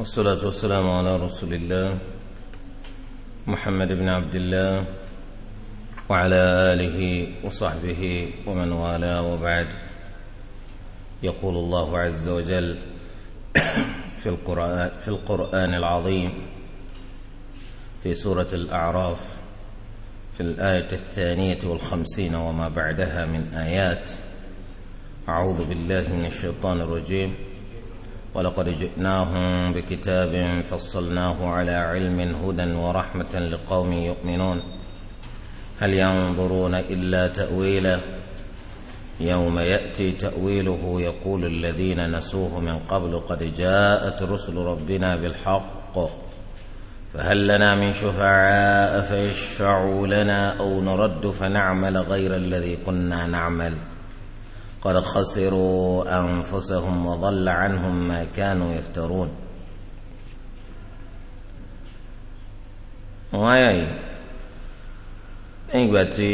والصلاة والسلام على رسول الله محمد بن عبد الله وعلى آله وصحبه ومن والاه وبعد يقول الله عز وجل في القرآن في القرآن العظيم في سورة الأعراف في الآية الثانية والخمسين وما بعدها من آيات أعوذ بالله من الشيطان الرجيم ولقد جئناهم بكتاب فصلناه على علم هدى ورحمة لقوم يؤمنون هل ينظرون إلا تأويله يوم يأتي تأويله يقول الذين نسوه من قبل قد جاءت رسل ربنا بالحق فهل لنا من شفعاء فيشفعوا لنا أو نرد فنعمل غير الذي كنا نعمل ۖ قد خسروا أنفسهم وضل عنهم ما كانوا يفترون wáyà yìí lẹ́yìn ìgbà tí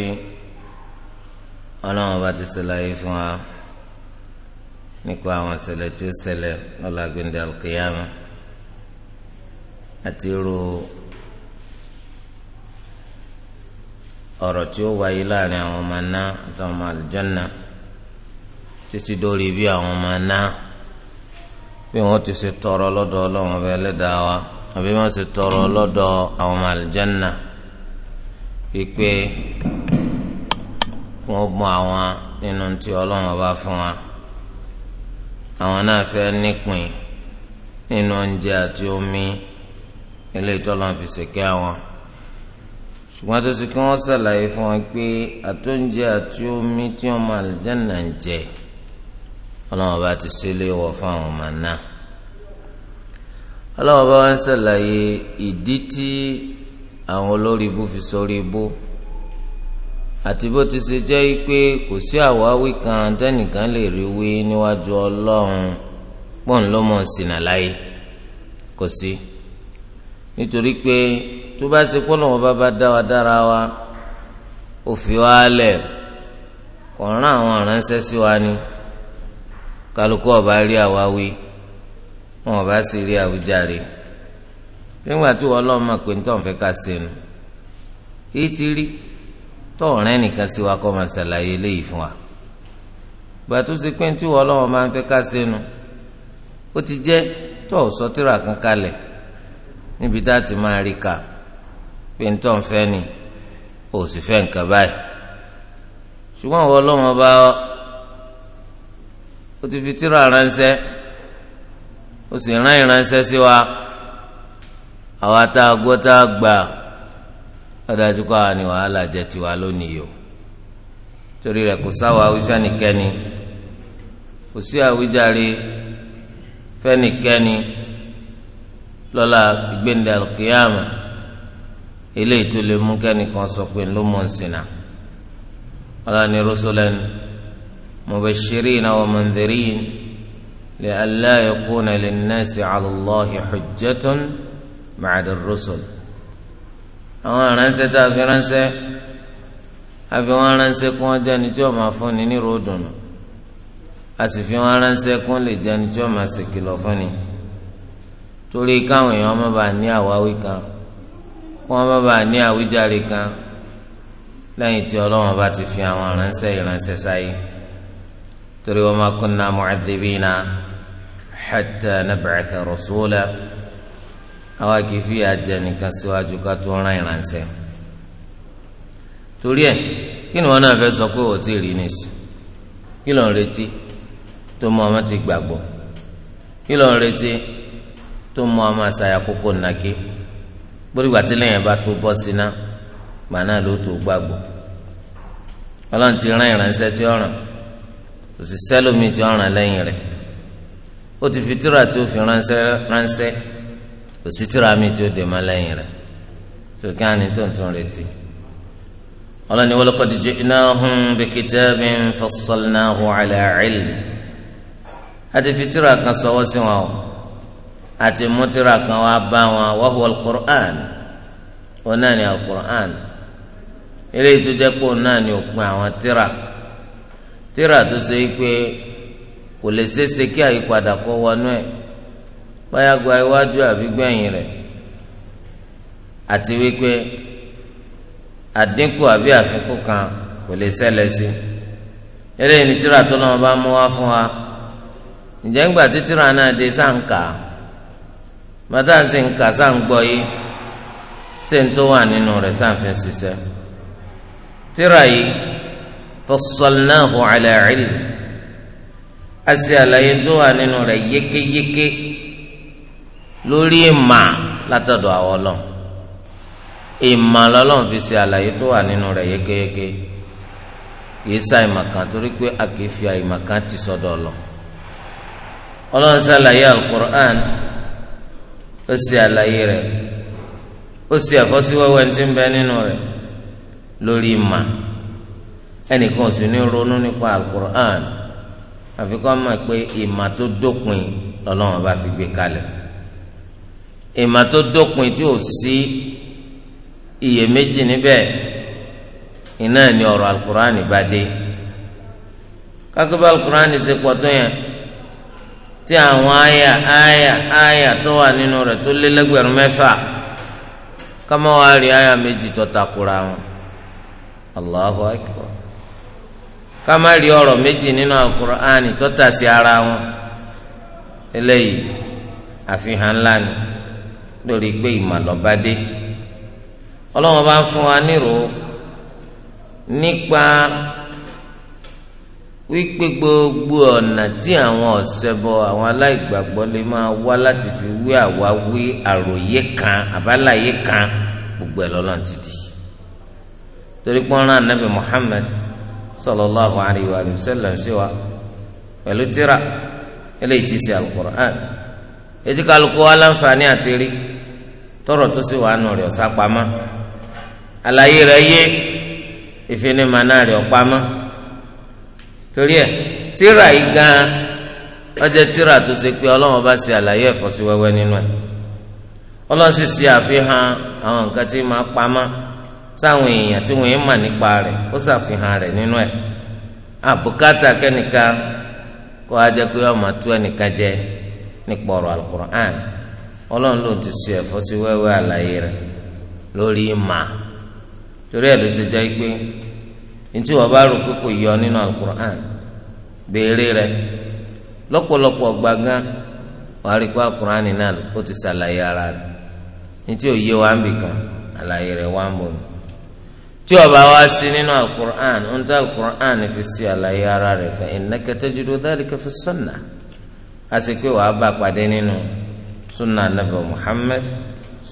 ọlọ́run bá ti ṣàlàyé fún wa nípa àwọn ìṣẹ̀lẹ̀ tí ó ṣẹlẹ̀ lọ́la gbẹ̀ndẹ̀ alkiyama àti irú ọ̀rọ̀ tí ó wáyé láàrin àwọn ọmọ náà àtàwọn ọmọ àlùjànnà náà títí dórí bí àwọn ọmọ náà bí wọn ti ṣe tọrọ lọ́dọ̀ Ọlọ́run ọba Ẹlẹ́dàá wa àbí wọn ṣe tọrọ lọ́dọ̀ àwọn ọmọ àlìjánà wípé wọn bùn àwọn nínú tí Ọlọ́run ọba fún wa àwọn náà fẹ́ nípìn nínú oúnjẹ àti omi ilé ìtọ́lọ́n fi ṣèké àwọn ṣùgbọ́n tó ṣe kí wọ́n ṣàlàyé fún wọn pé àtúnjẹ àti omi tí wọ́n máa lè jẹ́ nà ọlọ́wọ́n bá ti ṣe léwọ̀ fáwọn ọmọ náà ọlọ́wọ́n bá wá ń ṣàlàyé ìdí tí àwọn olórí ibú fi sórí ibú àti bó ti ṣe jẹ́ pé kò sí àwáwí kan tẹ́nìkan lè rí wí níwájú ọlọ́run pọ́n ló mọ̀ sínà láyé kò sí nítorí pé tó bá ṣe pọ́nlọ́ bá bá dá wa dára wa ó fi wá lẹ̀ kọ̀ àwọn ìránṣẹ́ sí wa ni. Si kálukú ọba rí àwa wí wọn ọba sì rí àwùjáre nígbà tí wọn lọ́ọ́ mọ̀ pé ní tọ́hún fẹ́ ká sẹ́nu èyí ti rí tọ́hún rẹ́ nìkan sí wa kọ́ máa ṣàlàyé eléyìí fún wa gbàtú sí pé ní tí wọn lọ́wọ́ máa ń fẹ́ ká sẹ́nu ó ti jẹ́ tọ́hún sọtírà kan níbi tá a ti máa rí ka pé ní tọ́hún fẹ́ ni ò sì fẹ́ nǹkan báyìí ṣùgbọ́n wọn lọ́wọ́ bá ọ ó ti fi tírà ránṣẹ́ ó sì rán ìránṣẹ́ sí wa àwa tá a gbọ́ tá a gbà ọ̀dájú kọ́ àwa ni wàhálà jẹ́ tiwa lónìí o torí rẹ̀ kò sáwọ́ awíṣẹ́ nìkẹ́ni kò sí àwíjàre fẹ́nìkẹ́ni lọ́la gbẹ̀ndẹ̀ alkiyama eléyìí tó lè mú kẹ́nìkan sọ pé ló mọ̀ ń sìn náà ọlọ́ni rọ́sọ́lẹ́nu. مبشرين ومنذرين لئلا يكون للناس على الله حجة بعد الرسل àwọn aránṣẹ́ tá a fi ránṣẹ́ a fi wọn ránṣẹ́ kí wọn jẹ ẹni tí wọn máa fúnni ní ròdùnú a sì fi wọn ránṣẹ́ kí wọn lè jẹ ẹni tí wọn máa ṣèkìlọ̀ fúnni torí káwọn èèyàn má bàa ní àwáwí kan kí wọn má bàa ní àwíjàre kan lẹ́yìn tí Ọlọ́run bá ti fi àwọn aránṣẹ́ ìránṣẹ́ sáyé torí wa ma kunna mu'adhibina hatta nab'atha rasula àwa kì í fi àjẹ nìkan síwájú ká tó rán ìrànṣẹ́ torí ẹ kí ni wọn náà fẹ́ sọ pé wò tí ì rí ní sùn kí ló ń retí tó mú ọmọ ti gbàgbọ́ kí ló ń retí tó mú ọmọ àṣàyà kókó nàké gbórígbà tí lẹ́yìn bá tó bọ́ sí náà gbà náà ló tó gbàgbọ́ Ọlọ́run ti rán ìrànṣẹ́ tí ó ràn kò sì sẹ́lómi tí ó ràn lẹ́yìn rẹ̀ ó ti fi tíra tí ó fi ránṣẹ́ ránṣẹ́ kò sí tíra mi tí ó dè má lẹ́yìn rẹ̀ sókè àní tó ń tún retí. ọlọ́ni wa laqad ji'nahum bi kitabin fassalnahu ala ilm a ti fi tíra kan sọwọ́ sí wọn o a ti mú tíra kan wá bá wọn wa huwa al-Qur'an náà ní al-Qur'an eléyìí tó náà ní òpin àwọn tíra. tíra tó ṣe é pé kò lè ṣe kí àyípadà kó wọnú ẹ̀ báyàgbọ́ iwájú àbí gbẹ̀yìn rẹ̀ àti wípé àdínkù àbí àfikún kan kò lè ṣẹlẹ̀ sí eré ní tíra tó náà bá mú wá fún wa ǹjẹ́ ńgbà tí tíra náà dé sáǹkà bàtà sì ń kà sáǹgbọ́ yìí ṣé ń tó wà nínú rẹ̀ sáǹfin ṣiṣẹ́ tíra yìí. fassalnahu ala ilm asi àlàyé tó wà nínú rẹ̀ yékéyéké lórí ìmà látọ̀dọ̀ àwọn Ọlọ́run ìmà lọ́lọ́run fi ṣe àlàyé tó wà nínú rẹ̀ yékéyéké kìí sa ìmàkan torí pé a kìí fi àìmàkan ti sọ́dọ̀ lọ Ọlọ́run ṣàlàyé alukur'an ó ṣe àlàyé rẹ̀ ó ṣe àfọsíwẹwẹ tí ń bẹ nínú rẹ̀ lórí ìmà ẹnìkan sì ní ronú nípa alukur'an àfi kọ́ mọ̀ pé ìmà tó dópin lọ́lọ́wọ́n bá fi gbé kalẹ̀ ìmà tó dópin tí ò sí iyèméjì níbẹ̀ iná ni ọ̀rọ̀ alukur'an bá dé kákébà alukur'an ti pọ̀ tó yẹn tí àwọn àyà àyà àyà tó wà nínú rẹ̀ tó lé lẹ́gbẹ̀rún mẹ́fà kámáwá rí àyà méjì tó takura wọn Allahu akbar. Kama má rí ọ̀rọ̀ méjì nínú alukur'ani tó ara wọn eléyìí àfihàn ńlá ni lórí pé ìmọ̀lọ́bádé ọlọ́wọ́n bá ń fún wa nírò nípa wípé gbogbo ọ̀nà tí àwọn ọ̀sẹ̀bọ àwọn aláìgbàgbọ́ lè máa wá láti fi wí àwáwí àròyé kan àbáláyé kan gbogbo ẹ̀ lọ́lọ́run torí pé wọ́n rán anabi Muhammad sallallahu alayhi wa sallam sí wa pẹ̀lú tira eléyìí ti ṣe alukur'an etí kálukú wa láǹfààní ri tọrọ tó sì wà nù rẹ̀ ọ̀sá pamọ́ àlàyé yé torí ẹ tira yìí gan tira tírà tó ṣe pé ọlọ́wọ́n bá ṣe ẹ̀fọ́ sí wẹ́wẹ́ nínú sì ṣe àfihàn àwọn nǹkan tí sáwọn èèyàn tí wọ́n yẹn mà nípa rẹ̀ ó ṣàfihàn rẹ̀ nínú ẹ̀ àbùkátà kẹ́nìkan kó a jẹ́ pé ọmọ tó ẹnìkan jẹ nípa ọ̀rọ̀ alukur'an ọlọ́run ló ti si ẹ̀fọ́ sí wẹ́wẹ́ àlàyé rẹ̀ lórí torí ẹ ló ṣe pé ntí bá rò pé kò yọ nínú alukur'an béèrè rí pé alukur'an náà ó ti ṣàlàyé ara ntí òye wa ń tí ó bá wá sí nínú alukur'an ń tẹ alukur'an fi sí àlàyé ara rẹ̀ fa innaka tajidu dhalika fi sunnah àti pé wàá bá pàdé nínú sunna anabi muhammed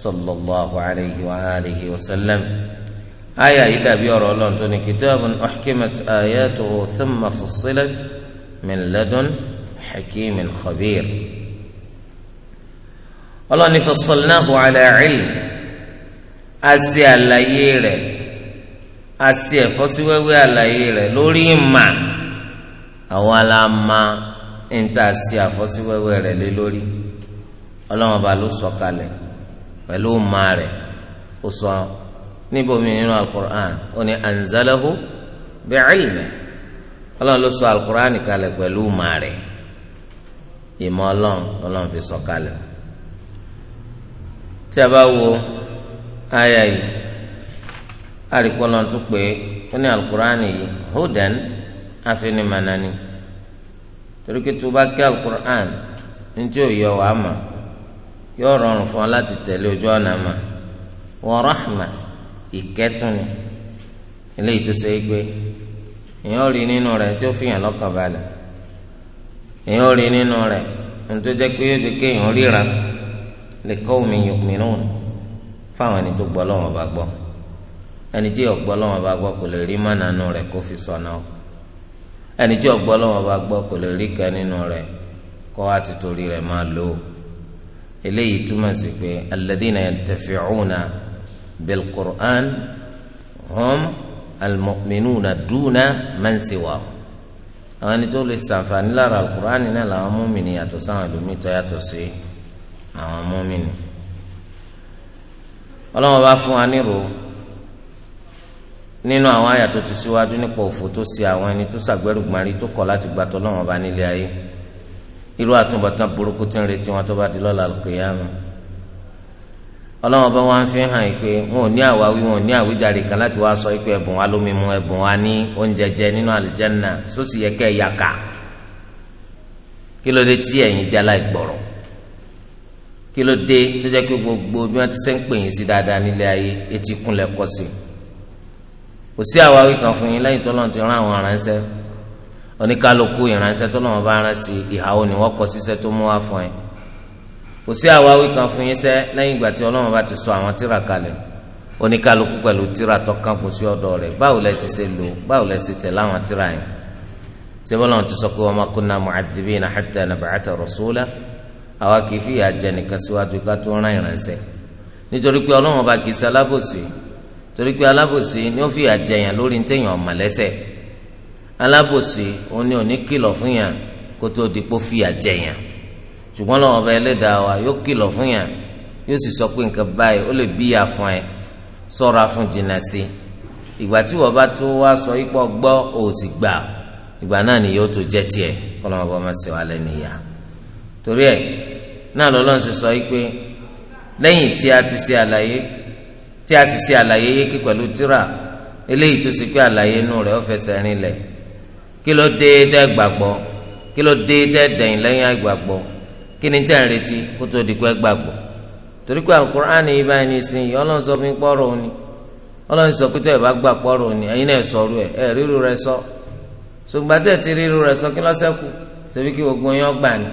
sallallahu alayhi wa alihi wa sallam aya yìí dàbí ọ̀rọ̀ Ọlọ́run tó ní kitabun uhkimat ayatuhu thumma fussilat min ladun hakimin khabir Ọlọ́run ní fassalnahu ala ilm àlàyé rẹ̀ a ṣe ẹ̀fọ́síwẹ́wẹ́ àlàyé rẹ̀ lórí ìmà àwọn aláma ń tà ṣe àfọ́síwẹ́wẹ́ rẹ̀ lé lórí ọlọ́wọ́n bá ló sọ kalẹ̀ pẹ̀lú ìmà rẹ̀ ó sọ níbòmí nínú alukur'an ó ní anzalahu bi'ilmi ọlọ́run ló sọ alukur'an kalẹ̀ pẹ̀lú ìmà rẹ̀ ìmọ̀ ọlọ́run ọlọ́run fi sọ kalẹ̀ tí a bá wo àyà àríkọlọ tún pé ó ní hudan afinimànani torí bá alukur'an ní tí yọ wàá mà yóò rọrùn fún ọ láti ojú ọ̀nà mà wa rahma ìkẹ́tùnú eléyìí tó n'inu gbé rí nínú tí ó fi hàn lọ́kàn balẹ̀ rí nínú jẹ́ pé yóò ẹni tí ọgbọ́ lọ́wọ́ bá gbọ́ kò lè rí mánánú rẹ̀ kó fi sọ̀nà o ẹni tí ọgbọ́ lọ́wọ́ bá gbọ́ kò lè rí kan nínú rẹ̀ kó wá ti torí rẹ̀ máa lò ó eléyìí túmọ̀ sí pé alladhina yantafi'una bil qur'an hum almu'minuna duna man àwọn ẹni tó lè sàǹfààní lára alukur'an náà làwọn mọ́mìnì yàtọ̀ sáwọn ẹlòmíì tó yàtọ̀ sí àwọn mọ́mìnì ọlọ́wọ́n bá fún wa nírò nínú àwọn àyà tó ti síwájú nípa òfò tó ṣe àwọn ẹni tó ṣàgbẹrùgbọ̀n rí tó kọ̀ láti gba t'Ọlọ́run Ọba nílé ayé irú àtúbọ̀tán burúkú tí ń retí wọn tó bá di lọ́la al-qiyāmah Ọlọ́run Ọba wa ń fi hàn pé wọn ò ní àwáwí wọn ò ní àwíjàre kan láti wá sọ pé ẹ̀bùn wa lómi mu ẹ̀bùn wa ní oúnjẹ jẹ nínú àlùjánnà tó sì yẹ kẹ́ ẹ̀ yà ká kí ló dé tí ẹ̀yin jẹ́ aláìgbọ̀rọ̀ kí ló dé tó jẹ́ pé gbogbo bí wọ́n ti sẹ́ ń pè yín sí dáadáa nílé ayé etí kúnlẹ̀ kọ́ sí i kò sí àwáwí kan fún yín lẹ́yìn tó lọ́n ti rán àwọn aránṣẹ́ oníkálukú ìránṣẹ́ tó lọ́n bá rán sí ìhàwó ni wọ́n kọ síṣẹ́ tó mú wá fún ẹ kò sí àwáwí kan fún yín sẹ́ lẹ́yìn ìgbà tí ọlọ́run bá ti sọ àwọn tírà kalẹ̀ oníkálukú pẹ̀lú tírà tó kàn kò sí ọ̀dọ̀ rẹ̀ báwo lẹ ti ṣe lò báwo lẹ ti tẹ̀ láwọn tírà yẹn ṣé bọ́lá wọn ti sọ pé wa ma kunna mu'adhibina hatta nab'atha torí pé alábòsí ni ó fi àjẹyàn lórí téèyàn ọmọ lẹ́sẹ̀ alábòsí òun ni òní kìlọ̀ fún yàn kó tó di pé ó fi àjẹyàn ṣùgbọ́n lọ́wọ́ ọba ẹlẹ́dàá wa yóò kìlọ̀ fún yàn yóò sì sọ pé nǹkan báyìí ó lè bí àfọn ẹ sọ́ra fún jìnnà sí i ìgbà tí wọ́n bá tó wá sọ ipò gbọ́ ò sì gbà ìgbà náà ni yóò tó jẹ́ tiẹ̀ kọ́lọ́mọ bá máa ṣe wà lẹ́nu ìyá torí ẹ̀ náà lọ́lọ́run tí a sì ṣe àlàyé yékè pẹ̀lú tíra eléyìí tó ṣe pé àlàyé inú rẹ̀ ó fẹsẹ̀ rinlẹ̀ kí ló dé tẹ́ gbàgbọ́ kí ló dé tẹ́ dẹ̀yìn lẹ́yìn àgbàgbọ́ kí ni tẹ́ ń retí kó tó di pé gbàgbọ́ torí pé alukur'an yìí báyìí ní sin yìí ọlọ́run sọ fún yín pọ́rọ̀ òní ọlọ́run sọ pé tẹ́ ẹ bá gbà pọ́rọ̀ òní ẹ̀yin náà sọ̀rọ̀ ẹ̀ ẹ̀ ríru rẹ̀ sọ ṣùgbọ́n tẹ́ ti ríru rẹ̀ sọ kí lọ́sẹ̀kù ṣebí kí gbogbo yín ọgbà ni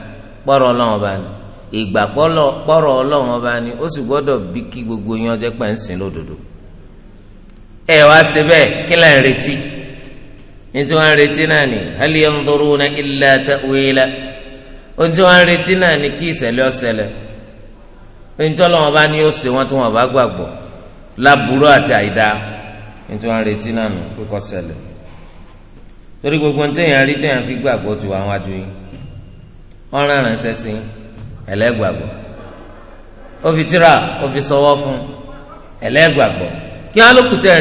pọ́rọ̀ ọlọ́run ọba ni ìgbàgbọ́lọ̀ pọ̀rọ̀ ọlọ́run ọba ni ó sì bí kí gbogbo yín ọjọ́ pẹ́ ń sìn lódodo ẹ wá kí lẹ́ ń retí ní tí ń retí náà ni hal yanzuruna illa ta'wila ohun tí wọ́n ń retí náà ni kí tí ọlọ́run ọba ni ó tí bá àti àìdá ní tí wọ́n ń retí náà gbogbo fi gbàgbọ́ ti wà Elegbagbo ó fi tíra ó fi sọwọ́ fún ẹlẹ́gbàgbọ́ kí wọ́n á ló kùtẹ́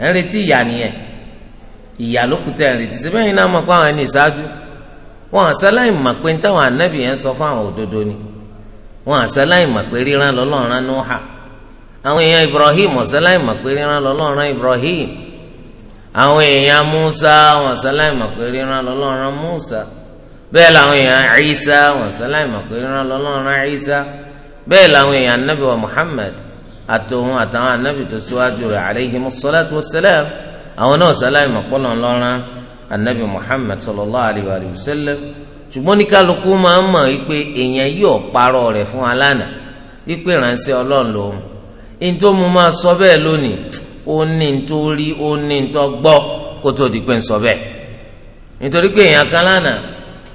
ń retí ń nìyẹn ìyà ló kùtẹ́ ń náà àwọn ẹni ìṣáájú wọn pé yẹn sọ fún àwọn ni wọn àṣàláì mọ̀ pé ríran lọ́lọ́run àwọn èèyàn Ibrahim ọ̀ṣàláì mọ̀ pé ríran Ibrahim àwọn èèyàn Musa wọn àṣàláì pé Musa bẹ́ẹ̀ làwọn èèyàn Ìsá wọn sáláì mọ̀ pé rán lọ́lọ́run rán bẹ́ẹ̀ làwọn èèyàn anabi wa Muhammad àtòhun àtàwọn anabi tó síwájú rẹ̀ alayhimu salatu wassalam àwọn náà sáláì mọ̀ anabi ṣùgbọ́n ní kálukú máa ń mọ̀ wípé èèyàn yóò parọ́ rẹ̀ fún alánà wípé ránṣẹ́ ọlọ́run lòun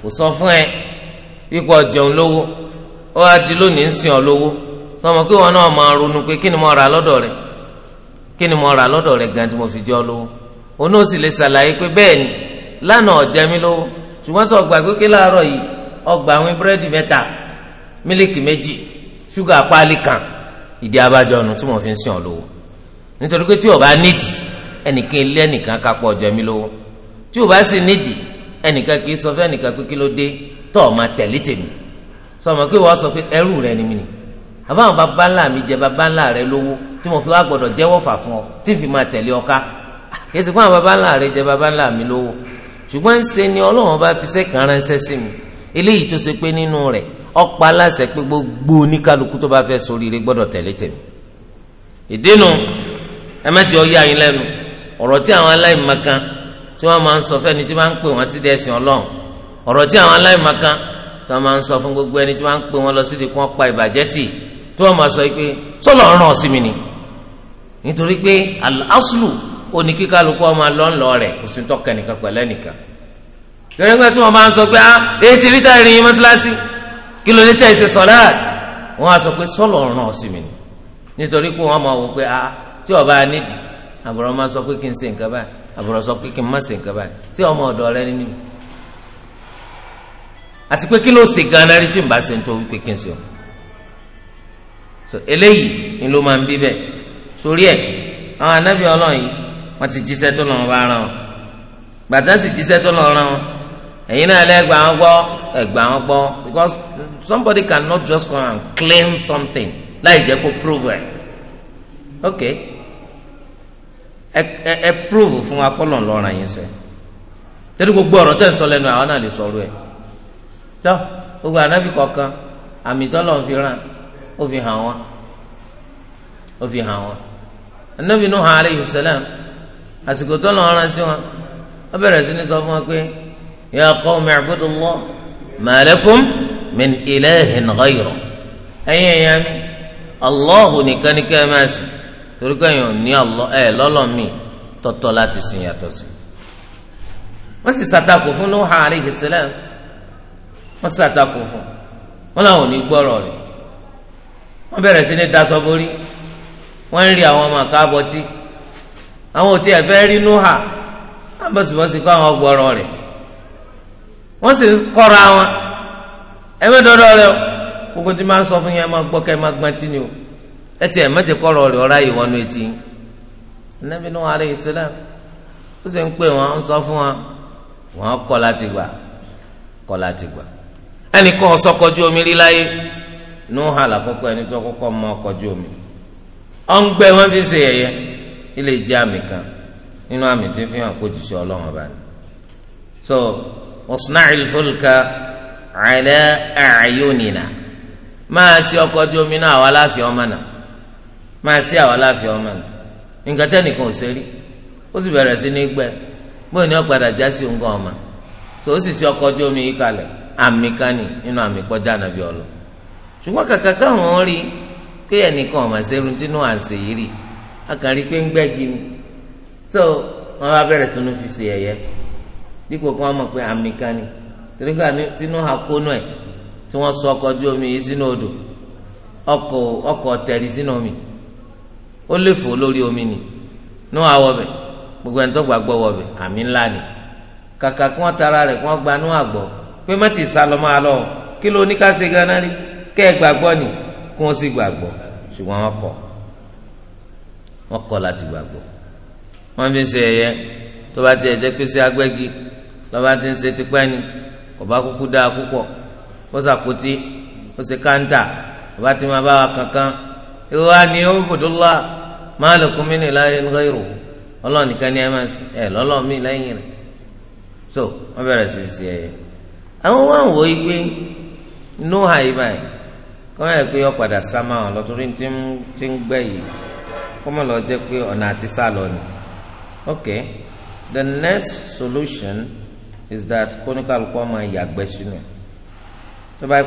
kò sọ fún ẹ wípé ọjọun lówó ó wá di lónìí ń sìn ọ lówó tọmọ kí wọn náà máa ronú pé kí ni mo rà lọ́dọ̀ rẹ kí ni mo rà lọ́dọ̀ rẹ gan tí mo fi jẹ ọ lówó òun náà sì lè ṣàlàyé pé bẹ́ẹ̀ ni lánàá ọjẹ mi lówó ṣùgbọ́n sọ gbàgbé pé láàárọ̀ yìí ọgbà àwọn búrẹ́dì mẹ́ta mílíkì méjì ṣúgà páálí kan ìdí abájọ ọ̀nà tí mo fi ń sìn ọ lówó nítorí pé tí o bá nídìí ẹnìkan ilé ẹnìkan kápọ̀ ọjọ́ mi lówó tí o bá sì nídìí ẹnìkan kì í sọ fẹ́nìkan pé kí ló dé tọ́ ọ máa tẹ̀lé tèmi sọmọ pé wọ́n sọ pé ẹrú rẹ ni mí ni àbáwọn bàbá ńlá mi jẹ bàbá ńlá rẹ lówó tí mo fi wá gbọdọ̀ jẹ́wọ́ fà fún ọ tí n fi máa tẹ̀lé ọ ká kì í sì fún àwọn bàbá ńlá rẹ jẹ bàbá ńlá mi lówó ṣùgbọ́n ń ṣe ni ọlọ́run bá fi sẹ́kàn ránṣẹ́ sí mi eléyìí tó ṣe pé nínú rẹ̀ ọ̀pá aláṣẹ pé gbogbo oníkálukú tó bá fẹ́ soríire gbọ́dọ̀ tẹ̀lé tèmi ìdínú ẹ má yá yín lẹ́nu ọ̀rọ̀ tí àwọn aláìmọ̀kan tí wọ́n máa ń sọ fẹ́ni tí wọ́n ń pè wọ́n sí dẹ́sìn ọlọ́run ọ̀rọ̀ tí àwọn aláìmọ̀kan tí wọ́n máa ń sọ fún gbogbo ẹni tí wọ́n pè wọ́n lọ sí di kí wọ́n pa tì tí wọ́n máa sọ pé sọ́lọ̀ ń sí mi ni nítorí pé al-aslu òní kíkálukú ọmọ lọ́nlọ́ rẹ̀ kò sí tọ́ka nìkan pẹ̀lẹ́ nìkan gbẹ̀rẹ́gbẹ̀ tí wọ́n máa ń sọ pé ah èyí ti rí tá ìrìn mọ́ṣáláṣí kí ló dé tẹ̀ ṣe sọ́láàt wọ́n á sọ pé sọ́lọ̀ ń sí mi ni nítorí pé wọ́n máa wò pé ah tí ọba nídìí àbúrò máa sọ pé kí n ṣe nǹkan báyìí àbúrò sọ má ṣe nǹkan báyìí tí ọmọ ọ̀dọ̀ rẹ ní mi àti pé kí ló ṣe ganan rí tí n bá ṣe ń tó wípé kí n ṣe o so eléyìí ni ló máa ń bí bẹ́ẹ̀ torí ẹ̀ àwọn anábì ọlọ́run yìí wọ́n ti jíṣẹ́ tó lọ́wọ́ bá ara wọn gbàtà sì jíṣẹ́ tó lọ́wọ́ ara wọn ẹ̀yin náà lẹ́ gbà gbọ́ ẹ̀ gbà gbọ́ because somebody cannot just come and claim something láì jẹ́ kó prove it okay ẹ prove fún wa kọ́lọ̀ lọ́ràn yín sẹ́ torí gbogbo ọ̀rọ̀ tẹ̀ ń sọ lẹ́nu àwọn náà lè sọ̀rọ̀ ẹ̀ tọ́ gbogbo ànábì kọ̀ọ̀kan àmì tọ́lọ̀ ń fi ràn ó fi hàn wọ́n ó fi hàn wọ́n ànábì Nuh alayhi salam àsìkò tọ́lọ̀ ń rán sí wọn ó bẹ̀rẹ̀ sí ní sọ fún wọn pé ya qawmi i'budullah ma lakum min ilahin ghayruh ẹ̀yin ẹ̀yà mi Allahu torí pé èèyàn ní ẹ lọ́lọ́ mi tọ́tọ́ láti sìn yàtọ̀ sí. wọ́n sì ṣàtakò fún Nuhu alayhi salam wọ́n ṣàtakò fún wọn làwọn ò ní gbọ́rọ̀ rẹ̀ wọ́n bẹ̀rẹ̀ sí ní daṣọ borí wọ́n ń rí àwọn ọmọ àkàbọ̀tì àwọn ò tiẹ̀ fẹ́ rí Nuhu àbọ̀sibọ̀sì kọ́ àwọn gbọ́rọ̀ rẹ̀ wọ́n sì ń kọ́ra wọn ẹ mẹ́tọ́dọ́ gbogbo tí máa ń sọ fún yẹn máa gbọ́ kẹ́ máa gbọ́n tí ni o. ẹtì ẹ mẹjẹ kọrọ rẹ ọrá yìí wọnú etí Ànábì Nuhu alayhi salam ó sì ń wọn ń wọn wọn kọ̀ láti gbà láti gbà ẹnìkan ọsọkọjú omi rí láyé Nuhu àlàkọkọ ẹni tó mọ ọkọjú omi ọ ń gbẹ wọn fi ṣe kan nínú àmì tí fi hàn kó máa sí àwọn aláàfin ọmọ mi nǹkan tẹ́nìkan ò ṣe rí ó sì bẹ̀rẹ̀ sí ní gbẹ bóyá ní ọ̀padà já sí nǹkan o sì si ọkọ̀ omi yìí kalẹ̀ àmì kan nínú àmì kọjá nàbí ọlọ ṣùgbọ́n kàkà káwọn rí pé ẹnìkan ọmọ ṣerun tínú àṣẹ yìí rí pé ń so wọn bá bẹ̀rẹ̀ tó ń fi ṣe ẹ̀yẹ dípò kí wọ́n mọ̀ pé àmì kan ní torí ká àkónú sọ omi yìí sínú odò ọkọ̀ ọkọ̀ ó lè fò lórí omi nì ní wàá wọ bẹ gbogbo ẹni tó gbàgbọ́ wọ bẹ àmì ńlá ni kàkà kí wọ́n tara rẹ̀ kí wọ́n gba ní àgbọ̀ pé má ti sá lọ máa lọ kí ló ní ká rí kẹ́ ẹ gbàgbọ́ ni kí wọ́n sì gbàgbọ́ ṣùgbọ́n wọ́n kọ̀ wọ́n kọ̀ láti gbàgbọ́ wọ́n fi ń ṣe ẹ̀yẹ tó bá tiẹ̀ jẹ́ pé ṣe agbẹ́gi lọ́ba ti ń ṣe tipẹ́ ni kò bá kúkú dáa púpọ̀ kó sàkótí kó ṣe káńtà kò ti máa bá wa kankan ìwà ni ó budullah ma lakum min ilahin ghayruhu ọlọ́run nìkan ni ẹ máa ẹ so wọ́n bẹ̀rẹ̀ sí sí ẹ̀yẹ. àwọn wà ń no báyìí kọ́ ẹ̀ pé ó padà sá máa rí ti ń gbẹ́ yìí kọ́ mọ̀ lọ jẹ́ pé ọ̀nà àti the next solution is that kóníkàlùkọ́ máa yàgbẹ́ sínú tó bá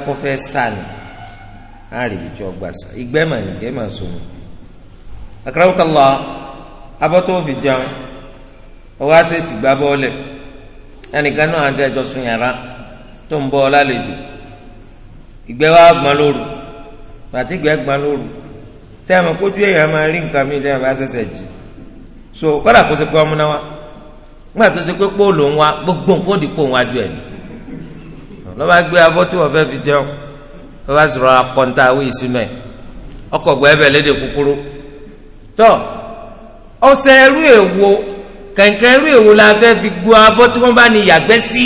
àríbi tí ọgbà sá ìgbẹ́ mà ní kẹ́ mà sọnù. àkàràwọ̀kàlà abọ́tọ́ fi jẹun ọwọ́ àṣẹ̀ṣì gbá bọ́ọ̀lẹ̀ ẹnìkan náà àti ẹjọ́ sun yàrá tó ń bọ́ ọ ìgbẹ́ wa gbọ́n lóru bàtí gbọ́n lóru tẹ́ ẹ̀ mọ̀ kójú èèyàn máa rí nǹkan mi lẹ́yìn ṣẹ̀ṣẹ̀ jì so kọ́dà kó ṣe pé ọmọ náà wá nígbà tó ṣe gbogbo nǹkan ó di wájú ẹ̀ lọ́ba gbé abọ́ tí wọ́n fẹ́ fi wọ́n bá sọ̀rọ̀ akọ́ńtà awé ìsúná ẹ̀ ọkọ̀ gbọ́ ẹbẹ̀ léde kúkúrú tọ́ ọ̀sẹ̀ ẹrú èwo kẹ̀kẹ́ ẹrú èwo la fẹ́ fi gbọ́ abọ́ tí wọ́n bá ní yàgbẹ́ sí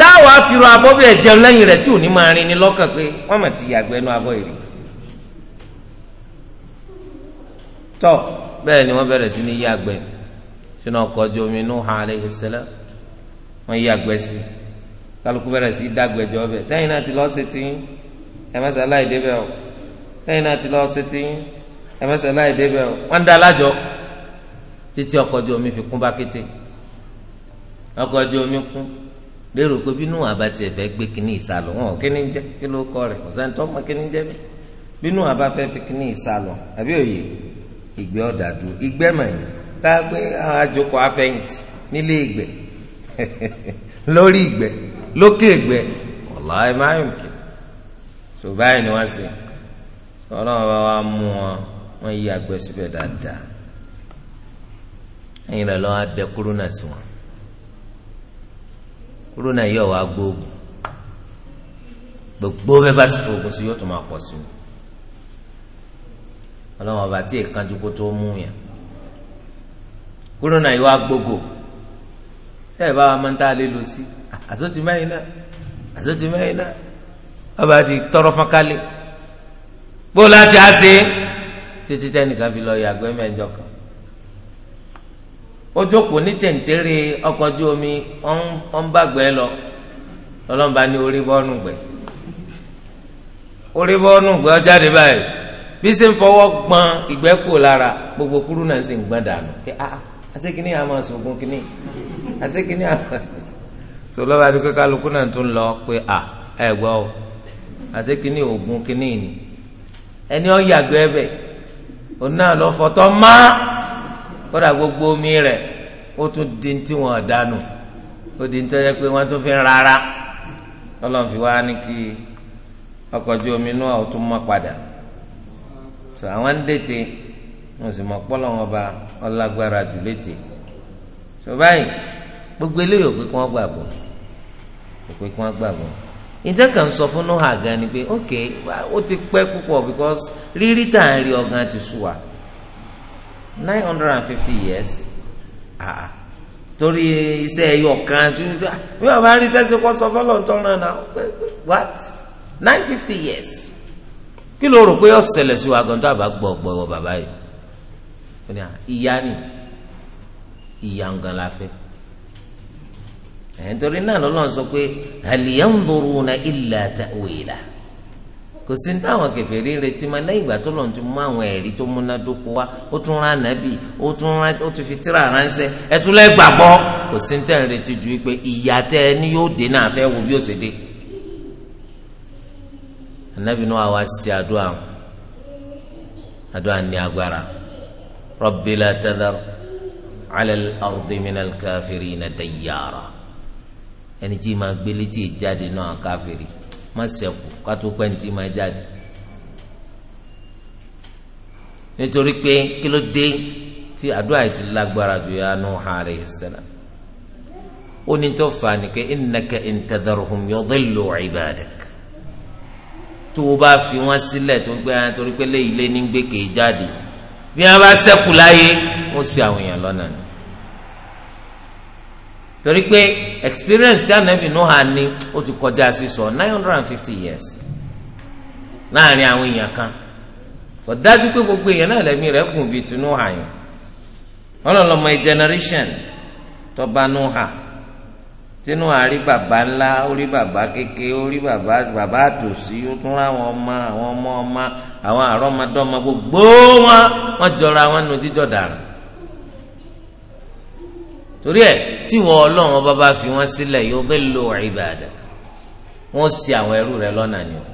táwọn afirọ abọ́ bẹ́ẹ̀ jẹun lẹ́yìn rẹ̀ tí ò ní máa rin ni lọ́kàn pé wọ́n mà ti yàgbẹ́ nú abọ́ yìí tọ́ bẹ́ẹ̀ ni wọ́n bẹ̀rẹ̀ sí ní yàgbẹ́ sínú ọkọ̀ ojú omi Nuh alayhi salam wọ́n yàgbẹ́ sí kálukú bẹ̀rẹ̀ sí dàgbẹ́jọ́ bẹ́ẹ̀ sẹ́yìn náà ti lọ́ọ́ ṣe ti ẹ má ṣàlàyé débẹ̀ o sẹ́yìn náà ti lọ ṣe ti títí ọkọ omi fi kún bá kété ọkọ di omi kún lérò bínú àbá tiẹ̀ gbé kínní ìsàlọ̀ wọn kínní jẹ́ kí ló kọ rẹ ọ̀sán tó mọ bínú àbá fi àbí òye dùn gbé àjòkò nílé lórí lókè tó báyìí ni wọ́n sì ọlọ́run bá wa mú wọn wọ́n yí àgbẹ̀ síbẹ̀ dáadáa ẹ̀yin rẹ̀ lọ́wọ́ adẹ kúrúnà sí wọn kúrúnà yìí ọ̀wá gbóògùn gbogbo bẹ́ẹ̀ bá sì fògùn sí yóò tún máa pọ̀ sí i ọlọ́run ọba tí èkánjú kó tó mú yàn kúrúnà yìí wá gbógò sẹ́ẹ̀ bá wa máa ń tá a lé lọ sí àsótì mẹ́rin náà àsótì mẹ́rin náà ọba ti tọrọ fọnkálẹ bó láti á sí títí tẹnìkan fi lọ yàgbẹ́ mẹ́jọ kan ó jókòó ní tẹ̀ǹtẹ̀rẹ̀ ọkọ̀ ojú omi ó ń bàgbẹ́ lọ ọlọ́mọba ní orí bọ́ọ̀nù gbẹ orí bọ́ọ̀nù gbẹ ọjáde báyìí bí ṣe ń fọwọ́ gbọn ìgbẹ́ kò lára gbogbo kúrú náà sì ń gbọn dànù kí ah, ah, a àṣekínní àmọ́ sògùn kínní àṣekínní àmọ́ sọlọ́ba dúkẹ́ kálukú náà tún lọ pé a ah, ẹ̀ gbọ́ àti kíní oògùn kíní ni, ẹni ọ yàgbẹ́ ẹbẹ̀ òun náà lọ fọtọ́ má kódà gbogbo omi rẹ̀ ó tún di tí wọ́n dànù ó di tí wọ́n yẹ pé wọ́n tún fi rárá ọlọ́run fi wá ní kí ọkọ̀ omi náà ó tún mọ́ padà tó àwọn ń dètè wọn sì mọ̀ pọ́ lọ́wọ́ ọba ọlágbára jù létè tó báyìí gbogbo eléyìí ò pé kí wọ́n gbàgbọ́ ò pé kí wọ́n gbàgbọ́ ìjẹ́ kàn sọ fún noha gan ni pé ok ó ti pẹ́ púpọ̀ because rírí tà ń rí ọ̀gán ti sú wa nine hundred and fifty years ah, ah. torí iṣẹ́ ẹyọ kan tún ah, bí wọ́n bá rí sẹ́sẹ́ kọ́ sọ fọ́lọ́ tó ràn náà what nine fifty years kí ló rò pé ó ṣẹlẹ̀ sí wa gan tó àbá gbọ́ gbọ́ wọ bàbá yìí ah, ìyá ni ìyá ń gan la fẹ́ nítorí náà lọ́lọ́run sọ pé hal yanzuruna illa ta'wila kò sí táwọn kèfèrí retí ma lẹ́yìn ìgbà tó lọ́n ti mú àwọn ẹ̀rí tó múnádóko wá ó tún rán ànábì ó tún rán ó tún fi tíra ránṣẹ́ ẹ tún lẹ́ gbàgbọ́ kò sí tẹ̀ ń retí ju pé ìyá tẹ ẹ ní yóò dé náà fẹ́ wo bí ó ṣe dé. ànábì náà wá sí àdúrà àdúrà ní agbára rabbi la tadhar ala al-ardi min al ẹni tí máa gbélé tí ìjáde náà káfíìrì má sẹ̀kù kátó pẹ́ ní tí máa jáde. nítorí pé kí ló dé tí àdúrà yìí ti lágbára ju ya Nuh alayhi salam ó ní tó fà á ni pé innaka in tadharhum yudillu ibadak tó o bá fi wọn sílẹ̀ tó gbé ara torí pé léyìí lé ní gbé kéé jáde bí wọn bá sẹ́kù láyé ó sì àwọn èèyàn lọ́nà ni torí pé experience tí anabi nuha ní ó ti kọjá sísọ nine hundred and fifty years láàrin àwọn èèyàn kan kò dájú pé gbogbo èèyàn náà lẹ́mí rẹ̀ gùn bíi ti nuha yẹn wọn lọ lọmọ generation tọba nuha tí nuha rí bàbá ńlá ó rí bàbá kéke ó rí bàbá bàbá àtòsí ó tún ráwọn ọmọ àwọn ọmọ ọmọ àwọn àrọmọdọ́mọ gbogbo wọn wọn jọra wọn nu jíjọ dàrú torí ẹ tí wọn ọlọ́run ọba bá fi wọn sílẹ̀ yudillu ibadak wọn sì àwọn ẹrú rẹ lọ́nà ni o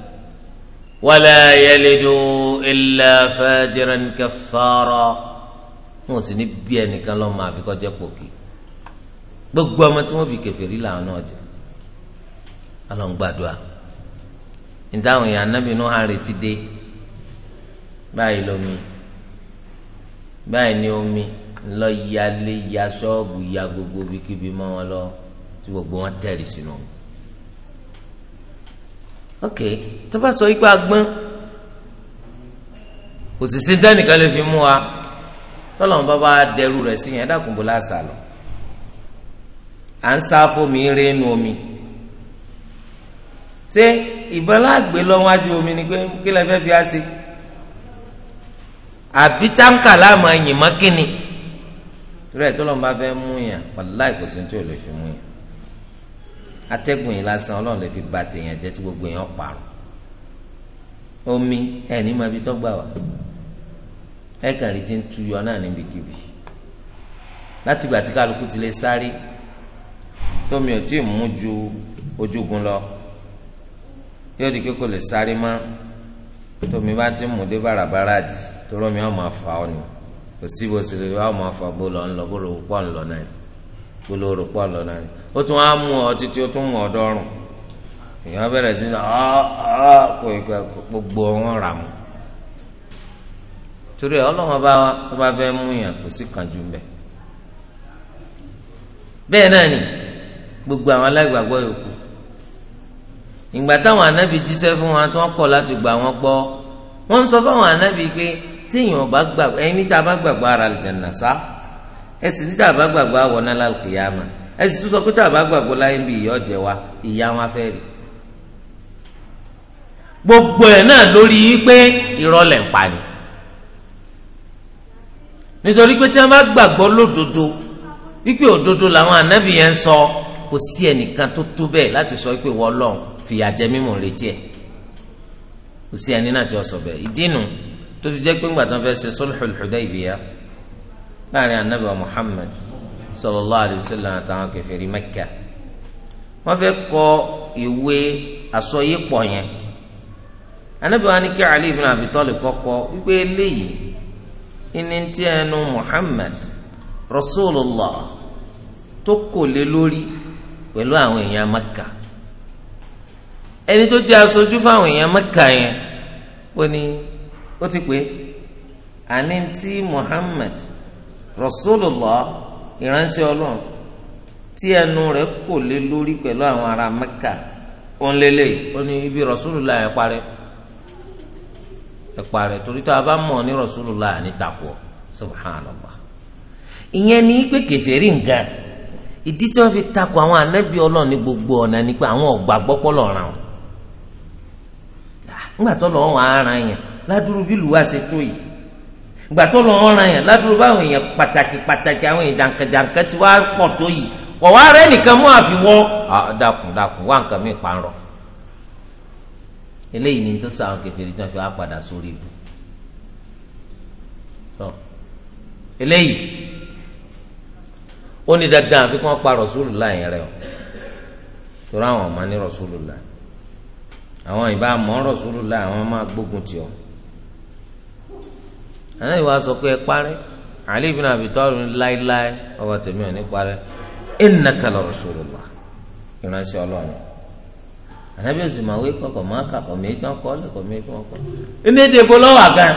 wala yalidu illa fajiran kaffara wọn sì ní bí ẹnìkan lọ máa fi kọjá pòkì gbogbo ọmọ tí wọn fi kèfèrí làwọn náà jẹ Ọlọ́run gbàdúrà nítawọn èèyàn anábì náà àrètí dé báyìí lómi báyìí ní omi ńlọ yalé ya ṣọ́ọ̀bù ya gbogbo bíkíbi mọ́ wọn lọ tí gbogbo wọn tẹ̀lé sínú. ok tó bá sọ ipá gbọ́n kò sì sí dánìkan lè fi mú wa tọ́lọ́mù bá bá dẹrù rẹ̀ sí yẹn dákun bó láṣà lọ. à ń sá fómi rénu omi ṣé ìbọn láàgbé omi ni pé kí lè fẹ́ fi á sí àbí táǹkà láàmú ẹ̀yìn mọ́kínni torí ẹ̀ tó lọ́n bá fẹ́ mú yàn wàláì kò sí ní tí ò lè fi mú yàn atẹ́gùn yìí lásán ọlọ́run lè fi ba tèèyàn jẹ́ tí gbogbo èèyàn parun omi ẹ̀ ní ma fi tọ́gbà wá ẹ̀ kàn rí ti ń tuyọ náà níbikíbi láti ìgbà tí kálukú ti lè sáré tómi ò tí ì mú ju ojúgun lọ yóò di pé lè sáré mọ́ tómi bá ti mú dé bàràbàrà dì tó rọ́mi ọ̀ máa fà ọ́ kò sí bó ṣe lè wá ọmọ afọbó lọ ńlọ bó lóru pọ ńlọ náà bó lóru pọ ńlọ náà ó tún á mú ọ títí ó tún mú ọ èèyàn bẹ̀rẹ̀ sí gbogbo wọn rà mọ́ torí ẹ ọlọ́wọ́n bá wa tó bá fẹ́ mú yàn kò sí kánjú mbẹ́ bẹ́ẹ̀ náà ni gbogbo àwọn aláìgbàgbọ́ yòókù ìgbà táwọn anábì jíṣẹ́ fún wa tí wọ́n kọ̀ láti gbà wọ́n gbọ́ wọ́n sọ fáwọn anábì pé téèyàn bá gbàgbọ́ ẹni tí a bá gbàgbọ́ ara àlùjáná sá ẹ tí a bá gbàgbọ́ sọ pé tí ìyá ọ̀jẹ̀ wa ìyá gbogbo ẹ̀ náà lórí pé ìrọ̀lẹ̀ ń pa ni nítorí pé tí a bá gbàgbọ́ lódodo wípé òdodo làwọn ànábì yẹn ń sọ kò sí ẹnìkan tó tó bẹ́ẹ̀ láti sọ pé wọ́n lọ́n tó fi jẹ́ pé ńgbà tán fẹ́ ṣe sulhul Hudaybiyah láàrin anabi Muhammad sallallahu alayhi wa sallam àtàwọn kèfèrí Mẹ́kà wọ́n fẹ́ kọ ìwé àsọyépọ̀ yẹn anabi wa ni kí Ali ibn Abi Talib kọ́kọ́ wípé eléyìí ìní tí ẹnu Muhammad rasulullah tó kò lé lórí pẹ̀lú àwọn èèyàn Mẹ́kà ẹni tó jẹ́ aṣojú fáwọn èèyàn Mẹ́kà yẹn wọ́n ní. ó ti pé àní tí Muhammad Rasulullah ìránṣẹ́ Ọlọ́run tí ẹnu rẹ̀ kò lé lórí pẹ̀lú àwọn ará Mẹ́kà òun lélẹ̀ ó ní ibi Rasulullah ẹ̀ parẹ́ ẹ̀ parẹ́ torí tá a bá mọ̀ ní Rasulullah ní takò ìyẹn ní pé ìdí Ọlọ́run ní gbogbo ọ̀nà ni pé àwọn ọ̀gbà gbọ́pọ̀ lọ́ràn nígbà ládùúrú bí lùwà ṣe tó yìí ìgbà tó lọ ọ̀ràn yẹn ládùúrú báwọn èèyàn pàtàkì pàtàkì àwọn èèyàn jàǹkàjàǹkà tí wàá pọ̀ tó yìí wọ́n wá rẹ́ nìkan mú àfiwọ́ dàkùn dàkùn wá nǹkan mìíràn pààrọ̀ eléyìí ni tó sọ àwọn kẹfìrì tí wọ́n fi wá padà sórí ibu eléyìí ó ní dandan àfi kí wọ́n pa rọ̀ṣúlù láàyè rẹ̀ o torí àwọn ọmọ ní rọ̀ṣúlù láàyè àwọn ìbá mọ́ rọ̀ṣúlù láàyè àwọn máa gbógun tì ọ́ àná ìwà sọ pé ẹ parẹ́ Ali ibn Abi Talib láéláé ọba tèmi ò ní parẹ́ innaka la rasulullah ìránṣẹ́ ọlọ́run ànábì òsì máa wé kọkọ máa kà kọ méjì wọn kọ ọ lẹkọọ méjì wọn kọ. ní èdè ìbò lọ́wọ́ àgán.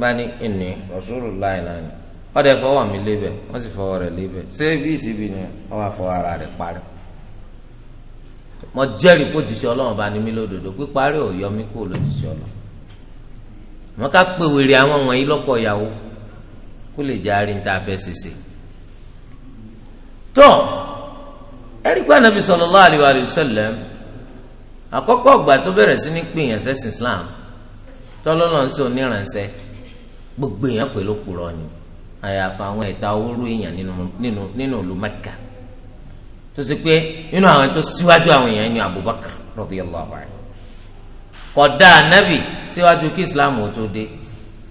bá ní ìní rasulullah náà ni ọdẹ fọwọ́ mi lébẹ̀ wọ́n sì fọwọ́ rẹ̀ lébẹ̀ ṣé bí ìsibí ni wọ́n wá ara rẹ̀ parí. mo jẹ́rìí kó jùṣe ọlọ́run bá ní mí lódodo píparí ò yọ mí kó lójúṣe ọlọ́run àmọ́ ká pè wèrè àwọn wọ̀nyí lọ́pọ̀ ìyàwó kó lè jẹ́ àárín tá a fẹ́ ṣèṣe. tó ẹ̀ríkpá nàbí sallallahu alaihi wa sallam àkọ́kọ́ ọ̀gbà tó bẹ̀rẹ̀ sí ní pìyàn sẹ́sìn Islam tọ́lọ́lọ́ ń sọ onírànṣẹ́ gbogbo èèyàn pẹ̀lú òpùrọ̀ ni àyàfà àwọn ẹ̀ta owóró èèyàn nínú ìlú Mẹ́kà tó ṣe pé nínú àwọn tó síwájú àwọn èèyàn ni Abubakar radiyallahu anhu kò dá anabi síwájú kí islam ò tó dé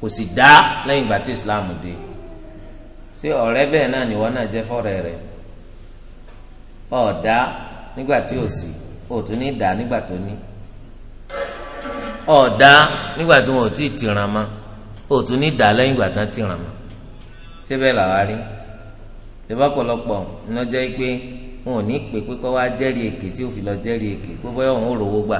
kò sì dá lẹ́yìn ìgbà tí islam dé ṣé ọ̀rẹ́ bẹ́ẹ̀ náà nìwọ náà jẹ́ fọ́rẹ́ rẹ̀ ọ̀dá nígbà tí ò sí ò tún ní dá nígbà tó ní ọ̀dá nígbà tí wọn ò tí ì tìràn mọ́ ò tún ní dá lẹ́yìn ìgbà tán tìràn mọ́ ṣé bẹ́ẹ̀ làwa rí ìbá pọ̀lọpọ̀ iná pé wọn ò ní pè pé kọ́ wá jẹ́rìí èké tí ò fi lọ jẹ́rìí èké pé bóyá òun ò rówó gbà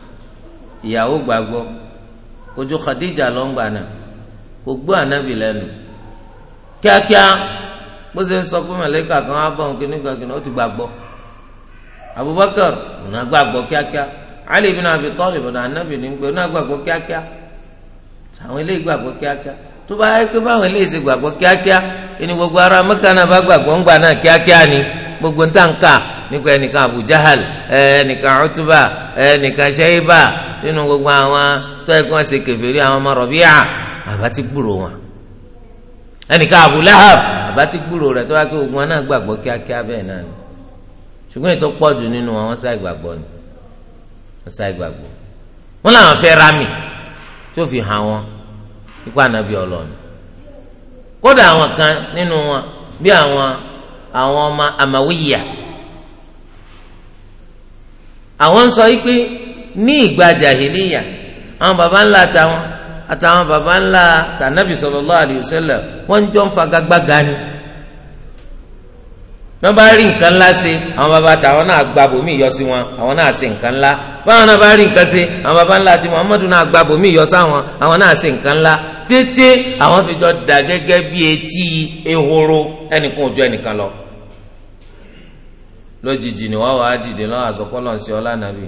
ìyàwó gbàgbọ́ ojú Khadija ló ń gbà náà kò gbọ́ ànábì lẹ́nu kíákíá bó ṣe ń sọ pé màlẹ́kà kan á bọ̀ nkíní gbàgbọ́ ó ti gbàgbọ́ Abubakar ọ̀nà gbàgbọ́ kíákíá Ali ibn Abi Talib ọ̀nà ànábì ní gbé ọ̀nà gbàgbọ́ kíákíá àwọn ilé gbàgbọ́ kíákíá tó bá yẹ kó báwọn ilé ìsè gbàgbọ́ kíákíá ẹni gbogbo ara Mẹ́kà náà bá gbàgbọ́ ńgbà náà kíákíá ni gbogbo ntànkà nípa ẹnìkan Abu Jahal ẹnìkan Utba ẹnìkan Shayba nínú gbogbo àwọn tó ẹgbẹ́ wọn ṣe kèfèrí àwọn ọmọ Rọ̀bíà àbá ti gbúrò wọn ẹnìkan Abu Lahab àbá ti gbúrò rẹ̀ tó wá pé gbogbo wọn náà gbàgbọ́ kíákíá bẹ́ẹ̀ náà ni ṣùgbọ́n ètò pọ̀jù nínú wọn wọ́n sá ìgbàgbọ́ ni wọ́n sá ìgbàgbọ́ wọn làwọn fẹ́ rami tó fi hàn wọn ipa ànábì ọlọ́ọ̀ni kódà àwọn kan nínú wọn bí àwọn àwọn ọmọ àmàwíyà àwọn sọ yìí pé ní ìgbà jàhìlíyà àwọn baba ńlá tàwọn àtàwọn baba ńlá tànàbì sallallahu alayhi sallam wọn ń jọ ń fagagbága ni wọ́n bá rí nǹkan ńlá ṣe àwọn baba tàwọn náà gba bòmí yọ sí wọn àwọn náà ṣe nǹkan ńlá báwọn náà bá rí nǹkan ṣe àwọn baba ńlá ti Muhammadu náà gba bòmí yọ sáwọn àwọn náà ṣe nǹkan ńlá tètè àwọn fi jọ dà gẹ́gẹ́ bí etí ehoro ẹnìkan ojú ẹnìkan lọ lójijì ni wọ́n wàá dìde lọ́wọ́ àsọkọ́lọ́ ń ṣe ọlá nàbì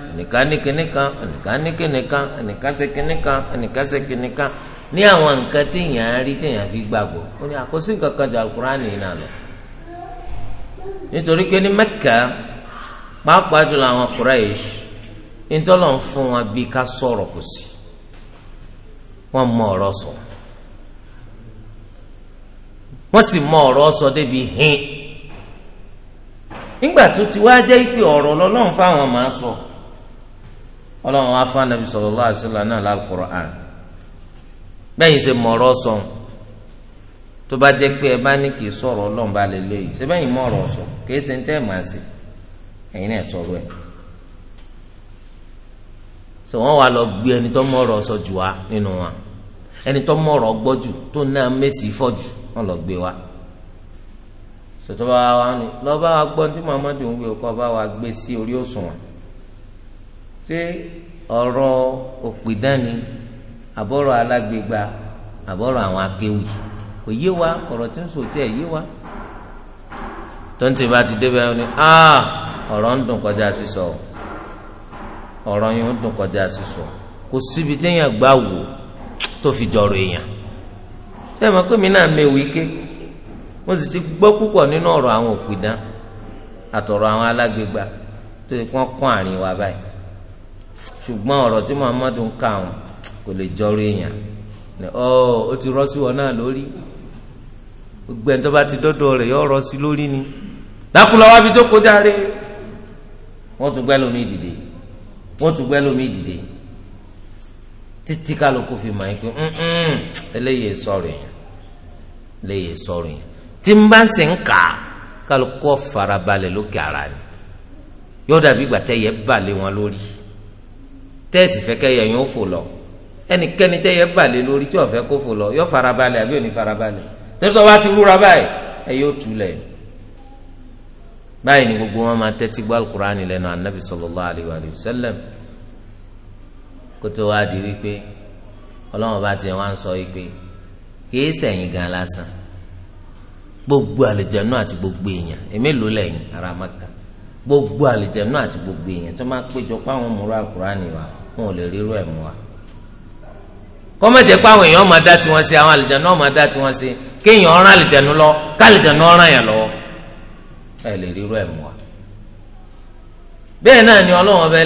ẹnìkan ní kinní kan ẹnìkan ní kinní kan ẹnìkan ṣe kinní kan ẹnìkan ṣe kinní kan ní àwọn nǹkan tí èèyàn rí tí èèyàn fi gbàgbọ́ ó ní àkóso nǹkan kan ju yìí nítorí pé ní Mẹ́kà pàápàá jùlọ àwọn Quraysh ntọ́lọ̀ ń fún wọn wọ́n mọ ọ̀rọ̀ sọ wọ́n sì mọ ọ̀rọ̀ sọ débi nígbà tó ti wá jẹ́ ọlọ́run wá fún anabi sallallahu alaihi wasallam náà lálùkùránì bẹ́ẹ̀ yìí ṣe mọ̀ọ́rọ́ sọ tó bá jẹ́ pé ẹ bá ní kì í sọ̀rọ̀ ọlọ́run bá lè lóye ṣé bẹ́ẹ̀ yìí mọ̀ọ́rọ́ sọ kì í ṣe ń tẹ́ ẹ̀ máa ṣe ẹ̀yin náà sọ̀rọ̀ ẹ̀ sọ wọ́n wá lọ gbé ẹni tó mọ̀ọ́rọ́ sọ jù wá nínú wa ẹni tó mọ̀ọ́rọ́ gbọ́ jù tó náà mẹ́sì fọ́ jù wọ́n lọ gbé wa sọ̀tọ́ bá wa ni lọ́ bá wa gbọ́ tí ṣé ọ̀rọ̀ òpìdánì àbọ̀rọ̀ alágbègbà àbọ̀rọ̀ àwọn akéwì kò yé wa ọ̀rọ̀ tí ń sọ tí ẹ̀ yé wa tonti bá ti débẹ̀ ọ ni aa ah, ọ̀rọ̀ ń dùn kọjá sísọ ọ̀rọ̀ yìí ń dùn kọjá sísọ kò síbi téèyàn gbà wò tó fi jọrọ èèyàn ṣé ẹ mọ̀ pé mi náà mẹ́wìí ké mo sì ti gbọ́ púpọ̀ nínú ọ̀rọ̀ àwọn òpìdán àtọ̀rọ̀ àwọn alágbègbà tó ti kọ́ kún àárín wa báyìí ṣùgbọ́n ọ̀rọ̀ tí muhammadu ń kà wọn kò lè jọrọ èèyàn ọ ó ti rọ́ sí wọn náà lórí gbogbo ẹni tó bá ti dọ́dọ̀ rẹ̀ yọ rọ́ sí lórí ni dákúlọ̀ wá bí tó kó dáre wọ́n tún gbẹ́ lómi dìde wọ́n tún gbẹ́ lómi dìde títí kálukú fi mọ̀ ẹ́ pé eléyìí sọ̀rọ̀ yẹn eléyìí sọ̀rọ̀ yẹn tí n bá ń sìn kà kálukú farabalẹ̀ lókè ara ni yóò dàbí gbàtẹ́ yẹ balẹ̀ wọn lórí tẹ́ẹ̀sì fẹ́ kẹ́yẹ yóò fò lọ ẹnikẹ́ni tẹ́yẹ balẹ̀ lórí tí ọ̀fẹ́ kó fò lọ yọ farabalẹ̀ àbí òní farabalẹ̀ tẹ́tọ́ bá ti rúra báyìí ẹ yóò túlẹ̀ báyìí ni gbogbo wọn máa tẹ́tí gbọ́ alukur'ani lẹ́nu anabi sallallahu alayhi wa sallam kótó wá di wípé ọlọ́run bá tiẹ̀ wá ń sọ wípé kìí sẹ̀yìn gan lásán gbogbo àlìjẹ̀nú àti gbogbo èèyàn èmi ló lẹ́yìn ara maka gbogbo àlìjẹ̀nú àti gbogbo èèyàn tó máa péjọ pé àwọn múra alukur'ani wà wọn ò lè rírú ẹ̀ mú wa kọ́mọ̀jẹ̀ pé àwọn èèyàn máa dá tiwọn sí àwọn àlìjánu náà máa dá tiwọn sí kéèyàn ọ̀ràn àlìjánu lọ ọ̀ràn yẹn lọ ẹ lè rírú ẹ̀ mú wa. bẹ́ẹ̀ náà ni ọlọ́wọ́n ọba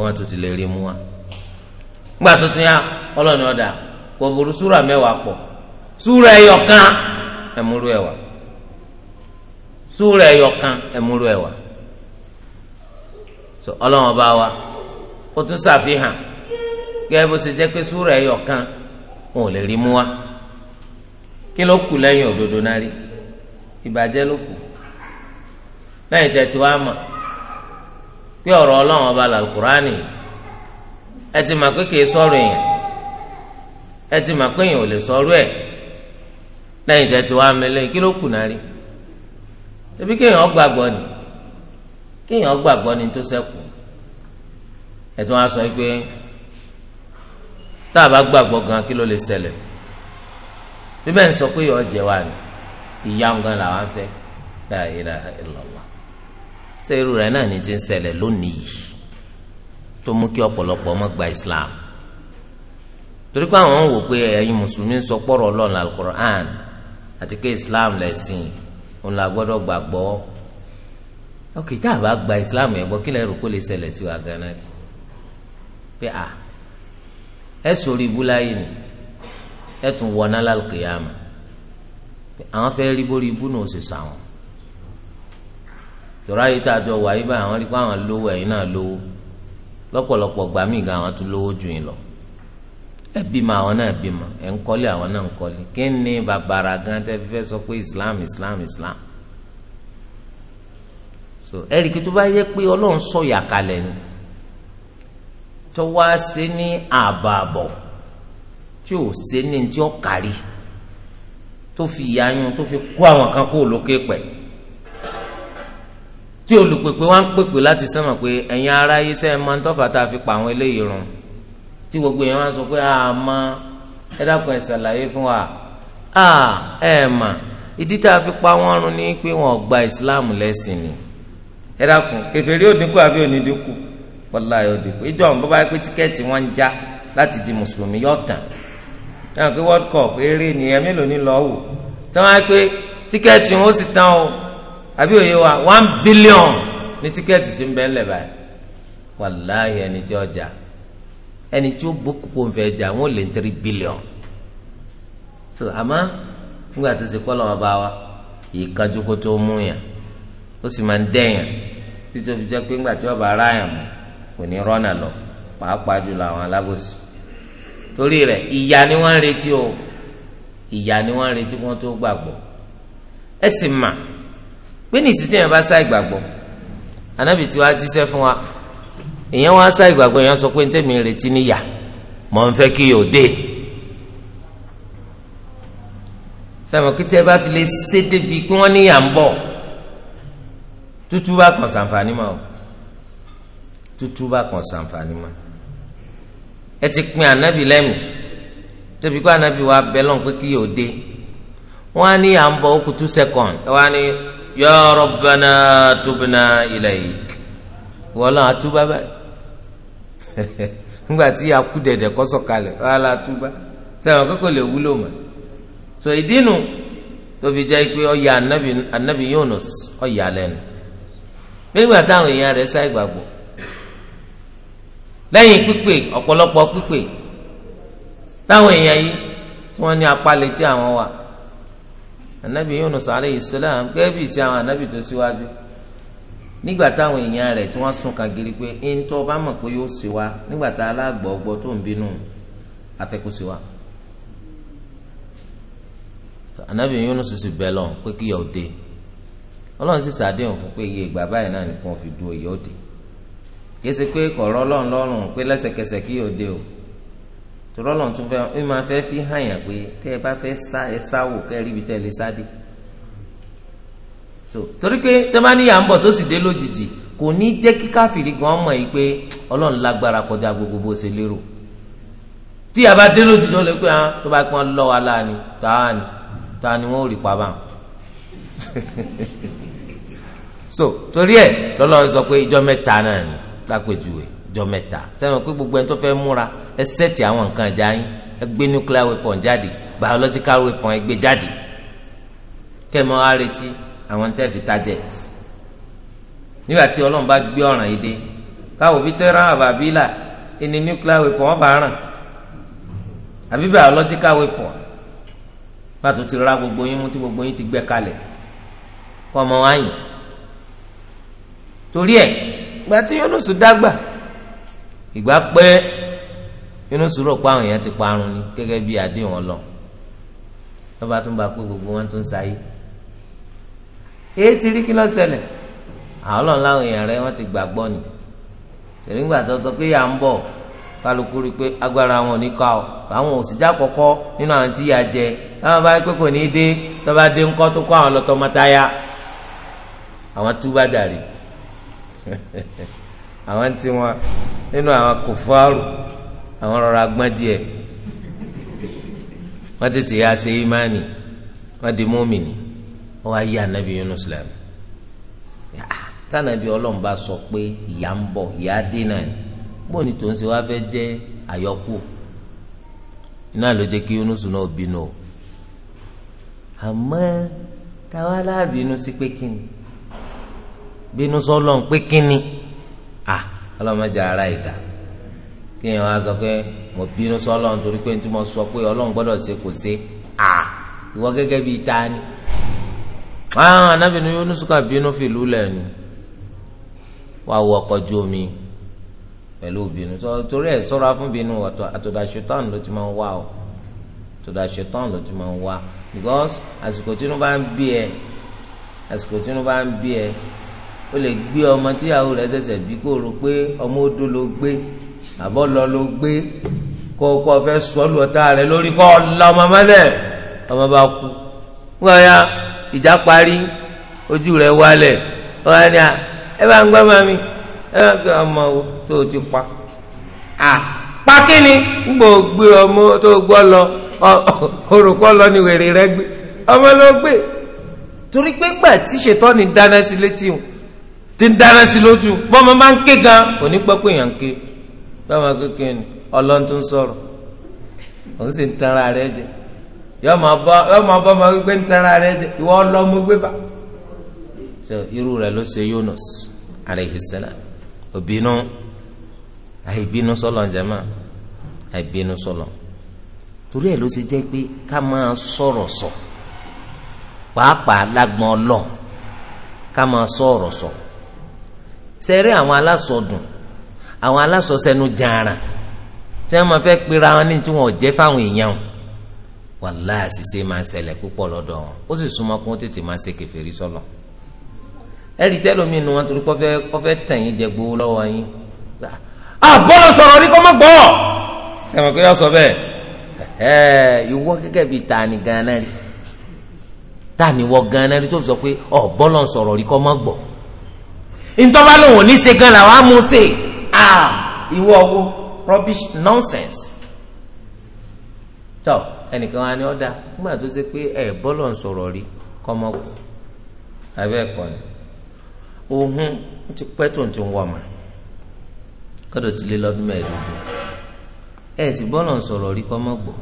wa ló gbà tuntun ya ọlọ́ni ọ̀dà kò burú súrà mẹ́wàá pọ̀ súrà ẹ̀yọ̀kan ẹ̀múrú ẹ̀wà súrà ẹ̀yọ̀kan ẹ̀múrú ẹ̀wà so ọba wa ó tún sàfihàn gẹ́gẹ́ bó ṣe jẹ́ pé súrà ẹ̀yọ̀kan wọn ò lè rí mú wa kí ló kù lẹ́yìn òdodo náà rí ìbàjẹ́ ló kù lẹ́yìn ọba làlùkùránì yìí ẹ ti mà pé kìí sọ̀rọ̀ èèyàn ẹ ti mà pé èèyàn ò lè sọ̀rọ̀ ẹ̀ lẹ́yìn ti wá mẹ́lẹ́ kí ló kù náà rí ebi kéèyàn gbàgbọ́ ni kéèyàn ni tó ṣẹ́kù ẹ̀ tí wọ́n sọ pé tá a bá gbàgbọ́ gan kí ló lè ṣẹlẹ̀ bíbẹ̀ ń sọ pé wa ni ìyá nǹkan làwọn fẹ́ ṣé irú náà ni ti ń tó mú kí ọ̀pọ̀lọpọ̀ ọmọ gba islam torí pé àwọn ń wò pé ẹ̀yin mùsùlùmí sọ pọ̀rọ̀ ọlọ́run alukur'an àti pé islam lẹ̀sìn òun la gbọ́dọ̀ gbàgbọ́ ok tá a bá gba islam yẹn gbọ́ kí lè rò kó lè ṣẹlẹ̀ sí wa gánà rí pé a ẹ sori ibúláyé ni ẹ tún wọná lálùkìyàmù àwọn fẹ́ rí bórí ibú náà ó sì sàwọn tòrá yìí tá a jọ wà yí báyìí àwọn rí pé àwọn lówó ẹ̀yin náà lówó lọ́pọ̀lọpọ̀ gbà mí gan àwọn tó lówó ju yín lọ ẹ bímọ àwọn náà bímọ ẹ ń kọ́lé àwọn náà ń kọ́lé kí ni bàbàrà gan tẹ́ fẹ́ sọ pé islam islam islam so ẹ̀rì kí tó bá yẹ pé ọlọ́run sọ yàkalẹ̀ ni tó wá sí ní àbàbọ̀ tí ò sí ní tí ó kárí tó fi yáyún tó fi kó àwọn kan kó lókè pẹ̀lú tí olùpèpè wá ń pèpè láti sẹ́mọ̀ pé ẹ̀yin ara yìí sẹ́ẹ̀ máa ń tọ́fà tá a fi pa àwọn eléyìí run tí gbogbo èèyàn wá sọ pé àmọ́ ẹ dákun ẹ fún wa à ẹ mà ìdí tá a fi pa wọ́n run ni pé wọ́n gba Islam lẹ́sìn ni ẹ dákun kèfèrí ò dínkù àbí ò ní dínkù ìjọ àwọn bàbá pé tíkẹ́ẹ̀tì wọn ń já láti di mùsùlùmí yọ̀ tàn ẹ̀ pé World Cup eré ni ẹ̀ mélòó ní lọ́wọ́ tí wọ́n á àbí òye wa one billion ní tíkẹ́ẹ̀tì tí ń bẹ́ ńlẹ̀ báyìí wàláhì ẹni tí ọjà ẹni tí ó gbókù kó ń jà wọ́n lé three billion so àmọ́ nígbà tó ṣe kọ́ lọ́wọ́ bá wa yìí kájú kó tó mú yàn ó sì máa ń dẹ́yàn títí jẹ́ pé ńgbà tí ọba ara yàn mú kò ní rọ́nà lọ pàápàá jùlọ àwọn alábòsí torí rẹ̀ ìyà ni wọ́n ń retí o ìyà ni wọ́n ń retí wọ́n tó gbàgbọ́ ẹ sì mà pé ní ìsìtì yẹn bá sá ìgbàgbọ́ anábì tí wàá jíṣẹ́ fún wa èèyàn wá sá ìgbàgbọ́ èèyàn sọ pé ntẹ́mi retí níyà mọ̀ ń fẹ́ kí yóò dé sẹ́mi kí tẹ́ bá fi lè ṣe débi kí wọ́n níyà ń bọ̀ tútú bá kàn sàǹfààní mọ́ tútú bá kàn sàǹfààní mọ́ ẹ ti pin ànábì lẹ́mìí tẹ́bi kó ànábì wa bẹ́ lọ́n pé kí yóò dé wọ́n á níyà ń bọ̀ ó kù two wọ́n á ní. ya rabbana tubna ilaik wọ́n náà túbá báyìí nígbà tí akú dẹ̀dẹ̀ kọsọ kalẹ wàhálà túbá sẹ́wọ̀n kọ́kọ́ lè wúlò so ìdínú tóbi jẹ pé ọ̀yà anabi Yunus ọ̀yà lẹ́nu nígbà táwọn èèyàn rẹ̀ sáì gbàgbọ́ lẹ́yìn pípé ọ̀pọ̀lọpọ̀ pípé táwọn èèyàn yìí tí wọ́n ní apá létí àwọn wà anabi yunus alayhi salam gẹ́gẹ́ bí ìṣe àwọn anabi tó síwájú nígbà táwọn èèyàn rẹ̀ tí wọ́n sún kan giri pé ń tọ́ bá mọ̀ pé yóò ṣe wa nígbà tá alágbọ̀ọ́gbọ́ tó ń bínú afẹ́kù ṣe wa. anabi yunus sì bẹ̀ lọ pé kí yọ̀ dé ọlọ́run sì ṣàdéhùn fún pé iye ìgbà báyìí náà nìkan fi du òye òde kí ẹ ṣe pé kọ̀ọ̀rọ̀ ọlọ́run lọ́rùn pé lẹ́sẹ̀kẹsẹ̀ kí yọ̀ dé o tòrọ́ lọ́n tún fẹ́ ẹ máa fẹ́ fi hàn yàn pé tẹ́ ẹ bá fẹ́ sá ẹ sá wò kẹ́ ẹ ríbi tẹ́ ẹ lè sá dé so torí pé tẹ́ bá níyà ń bọ̀ tó sì dé lójijì kò ní jẹ́ kí káfíìrì gan mọ̀ yìí pé ọlọ́run lágbára kọjá gbogbo bó ṣe lérò tí a bá dé lójijì ó lè pé hàn ah, tó bá pọn lọ́ wa láàánú tàá ni tàá ni wọ́n ò rí pa bá wọn so torí ẹ lọ́lọ́run sọ pé ìjọ mẹ́ta náà ni lápèjúwe jọ mẹ́ta sẹ́wọ̀n pé gbogbo ẹni tó fẹ́ múra ẹ sẹ́ẹ̀tì àwọn nǹkan ẹja yín ẹ gbé nuclear weapon jáde biological weapon ẹ gbé jáde kẹ́mọ́ á retí àwọn tẹ́ fi target nígbà tí ọlọ́run bá gbé ọ̀ràn yìí dé káwọ́ bí tẹ́ àbàbílà ẹni nuclear weapon wọ́n ràn àbí biological weapon pàtó ti ra gbogbo yín mú tí gbogbo yín ti gbẹ kalẹ̀ kọ́ ọmọ wáyìn torí ẹ̀ gbàtí Yunus dàgbà ìgbà pé inú sùúrù pa àwọn èèyàn ti parun ni gẹ́gẹ́ bí àdéhùn ọlọ lọba tó ń bá pé gbogbo wọn tó sáyé èyí ti rí kí ló ṣẹlẹ̀ àwọn ọlọ́run láwọn èèyàn rẹ wọ́n ti gbàgbọ́ ni tẹ̀léǹgbà tó sọ pé yà ń bọ̀ kálukú rí i pé agbára wọn ò ní ká ọ àwọn òsìjà kọ̀kọ́ nínú àwọn tí yà jẹ táwọn bá pé kò ní í dé tọ́ba dé ńkọ́ tó kọ́ àwọn lọ́tọ́ mọ́táyà àwọn túbá dàrí àwọn tí wọn nínú àwọn kòfáàrù àwọn rọra gbọ́n díẹ̀ wọ́n tètè yá ṣe ìmánì wọ́n di mọ́mìnì wọ́n wá yí ànábì Yunus lẹ́nu tànàbí ọlọ́mùbá sọ pé ìyá ń bọ̀ ìyá dínà ni bóun ni tòun ṣe wá fẹ́ jẹ́ àyọkù iná ló jẹ́ kí Yunus náà bínú o àmọ́ táwa pé kíni bínú pé kíni. Ah ọlọ́mọdé ara ìdá kí á sọ pé mo bínú sọ ọlọ́run pé tí mo sọ pé ọlọ́run gbọ́dọ̀ ṣe kò ṣe à ah, ìwọ gẹ́gẹ́ bíi ta ni. binu anábìnú Yunus bínú fìlú lẹ́nu wà omi pẹ̀lú bínú torí ẹ̀ sọra fún bínú àtọ̀dá ṣetán ló ti máa wá o àtọ̀dá ṣetán ló ti máa wá because àsìkò tí inú bá ń bí ẹ o lè gbé ọmọ tíyàwó rẹ̀ ṣẹ̀ṣẹ̀ bí kó rò pé ọmọ odò ló gbé àbọ̀ lọ ló gbé kó o kọ́ fẹ́ sọ́lù ọ̀tá rẹ lórí ọ la ọmọ mọ́lẹ̀ ọmọ bá kú wọ́n ìjà parí ojú ẹ bá ń ọmọ tó o pa a pa ọmọ tó o lọ orúkọ lọ ni wèrè rẹ gbé ọmọ ló gbé torí pé gbà ni dáná sí létí wọn ti ń dáná sí lójú bọ́mọ máa ń ké gan òní pẹ́pẹ́ èèyàn ń ké báwọn akéèké ni ọlọ́run tó ń sọ̀rọ̀ òun sì ń tanra rẹ jẹ yọ máa bọ́ ọmọ ń tanra rẹ jẹ ìwọ ọlọ́mọ gbé bá. irú rẹ ló ṣe Yunus alayhi òbínú àìbínú sọlọ sẹ́rí àwọn alásọdùn àwọn alásọsẹ́nu jaara tí wọ́n máa fẹ́ pera wọn ní tí wọ́n jẹ́ fáwọn èèyàn wàláhì àṣìṣe máa ń ṣẹlẹ̀ púpọ̀ lọ́dọ̀ wọn ó sì súnmọ́ kó tètè máa ṣe kèfèrí sọ́lọ̀ ẹ̀rí tẹ́lómi wọn torí yín jẹ gbowó lọ́wọ́ yín ntọ́ba lòun ò ní ṣe gan làwọn á mú ṣe ah ìwọ owó rubbish nonsense tọ ẹnìkan wa ni ọ da nígbà tó ṣe pé ẹ bọ́lọ̀ ń sọ̀rọ̀ rí kọ́mọ́kù abẹ́ ẹ̀kọ́ ni ohun ti pẹ́ tó ń tó ń wọ̀ mà kọ́dọ̀ ti lé lọ́dún mẹ́ẹ̀ẹ́dógún ẹ sì bọ́lọ̀ ń sọ̀rọ̀ rí kọ́mọ́gbọ̀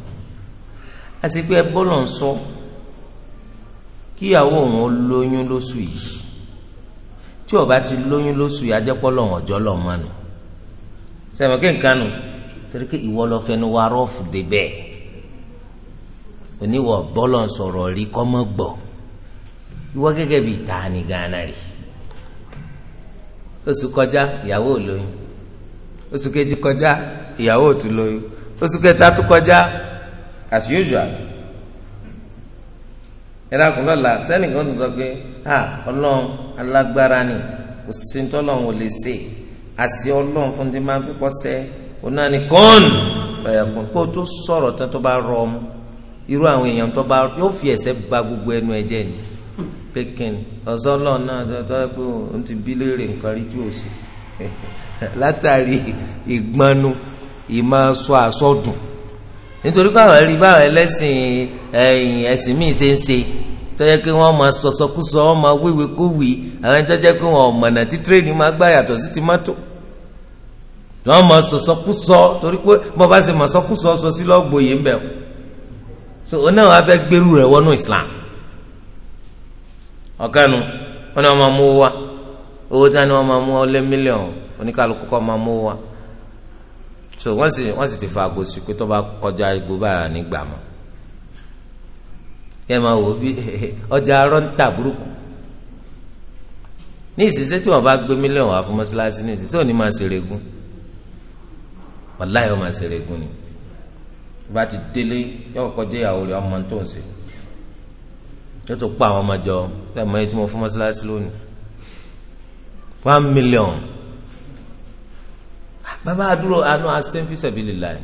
àti pé ẹ bọ́lọ̀ ń sọ kíyàwó òun ó lóyún lóṣù yìí tí ó bá ti lóyún lóṣù yàjẹpọ̀ lọ́wọ́n ọjọ́ lọ́wọ́ mánu sẹ́mi kí nǹkan nù torí pé ìwọ lọ fẹnu wa rọ́ọ̀fù débẹ̀ oníwọ̀ bọ́lọ̀ sọ̀rọ̀ rí kọ́mọ́ gbọ̀ ìwọ gẹ́gẹ́ bíi tani gánà rí oṣù kọjá ìyàwó ò lóyún oṣù kejì kọjá ìyàwó ò tún lóyún oṣù kẹta tún kọjá as usual ìrakùn lọ́la sẹ́nìkan tó sọ pé ha ọlọ́run alágbára ni kò sí tọ́lọ́run ò lè ṣe àṣì ọlọ́run fún ti máa ń fipọ́ sẹ́ ọ̀nà ni kọ́ọ̀n fẹ̀yàkùn kó tó sọ̀rọ̀ tó bá rọ ọmú irú àwọn èèyàn tó bá yóò fi ẹ̀sẹ̀ ba gbogbo ẹnu ẹ̀jẹ̀ ni pékin ọ̀sọ́ ọlọ́run náà tó yẹ pé òun ti bí léèrè nǹkan rí tí ò sí látàrí ìgbọ́nú ìmọ̀ sọ àsọdùn nítorí báwọn rí báwọn ẹlẹ́sìn ẹ̀yìn ẹ̀sìn míì ṣe ń ṣe tọ́jẹ́ pé wọ́n máa sọ̀sọ́kúsọ wọ́n máa wíwe kó wì í àwọn ẹni tọ́jẹ́ pé wọ́n mọ̀nà tí tírèèdì máa gbá yàtọ̀ sí ti mọ́tò wọ́n máa sọ̀sọ́kúsọ torí pé bọ́ bá ṣe máa sọ́kúsọ sọ sí lọ́gbòye ń bẹ̀ o so oná wa fẹ́ gbèrú rẹ̀ wọnú Islam ọ̀kanu wọn ni wọn máa mú wa owó tí wọn máa mú ọ lé mílíọ̀nù oníkàlùkù kọ́ máa mú wa so wọ́n sì wọ́n sì ti fa àgòsí pé tó bá kọjá igbó báyà nígbà mọ́ kí ẹ máa wò bí ọjà arọ́ ń tà burúkú ní ìsinsẹ́ tí wọ́n bá gbé mílíọ̀nù wá fún mọ́ṣáláṣí ní ìsinsẹ́ òní máa ṣeré gún wàláyé máa ṣeré gún ni bá ti délé yọ kọjá ìyàwó rẹ̀ ọmọ tó ń ṣe yóò tó pa àwọn ọmọ jọ ẹ mọ èyí tí mo fún mọ́ṣáláṣí lónìí one million bàbá àdúrò àánú asẹ́nfìsẹ̀bìlì láàyè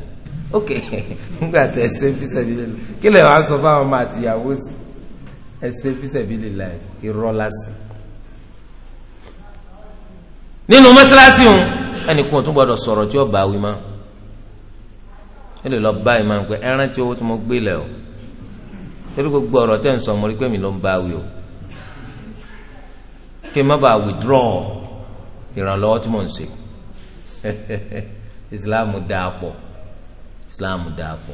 ok nígbà tó ẹsẹ́nfìsẹ̀bìlì láàyè kí lè wàá sọ fáwọn ọmọ àtìyàwó sí ẹsẹ́nfìsẹ̀bìlì láàyè irọ́ lásì. nínú mọ́sálásí òun ẹnìkan tún gbọ́dọ̀ sọ̀rọ̀ tí ó bá wí mọ́ ẹ lè lọ bá ẹ máa ń pẹ ẹran tí owó tí mo gbé lẹ o torí gbogbo ọ̀rọ̀ tẹ̀ ń sọ mo rí pé mi ló ń bá wí o kí n má bàa withdraw ìrànlọ́wọ́ tí mò ń ṣe. islam dáa pọ̀ islam dáa kò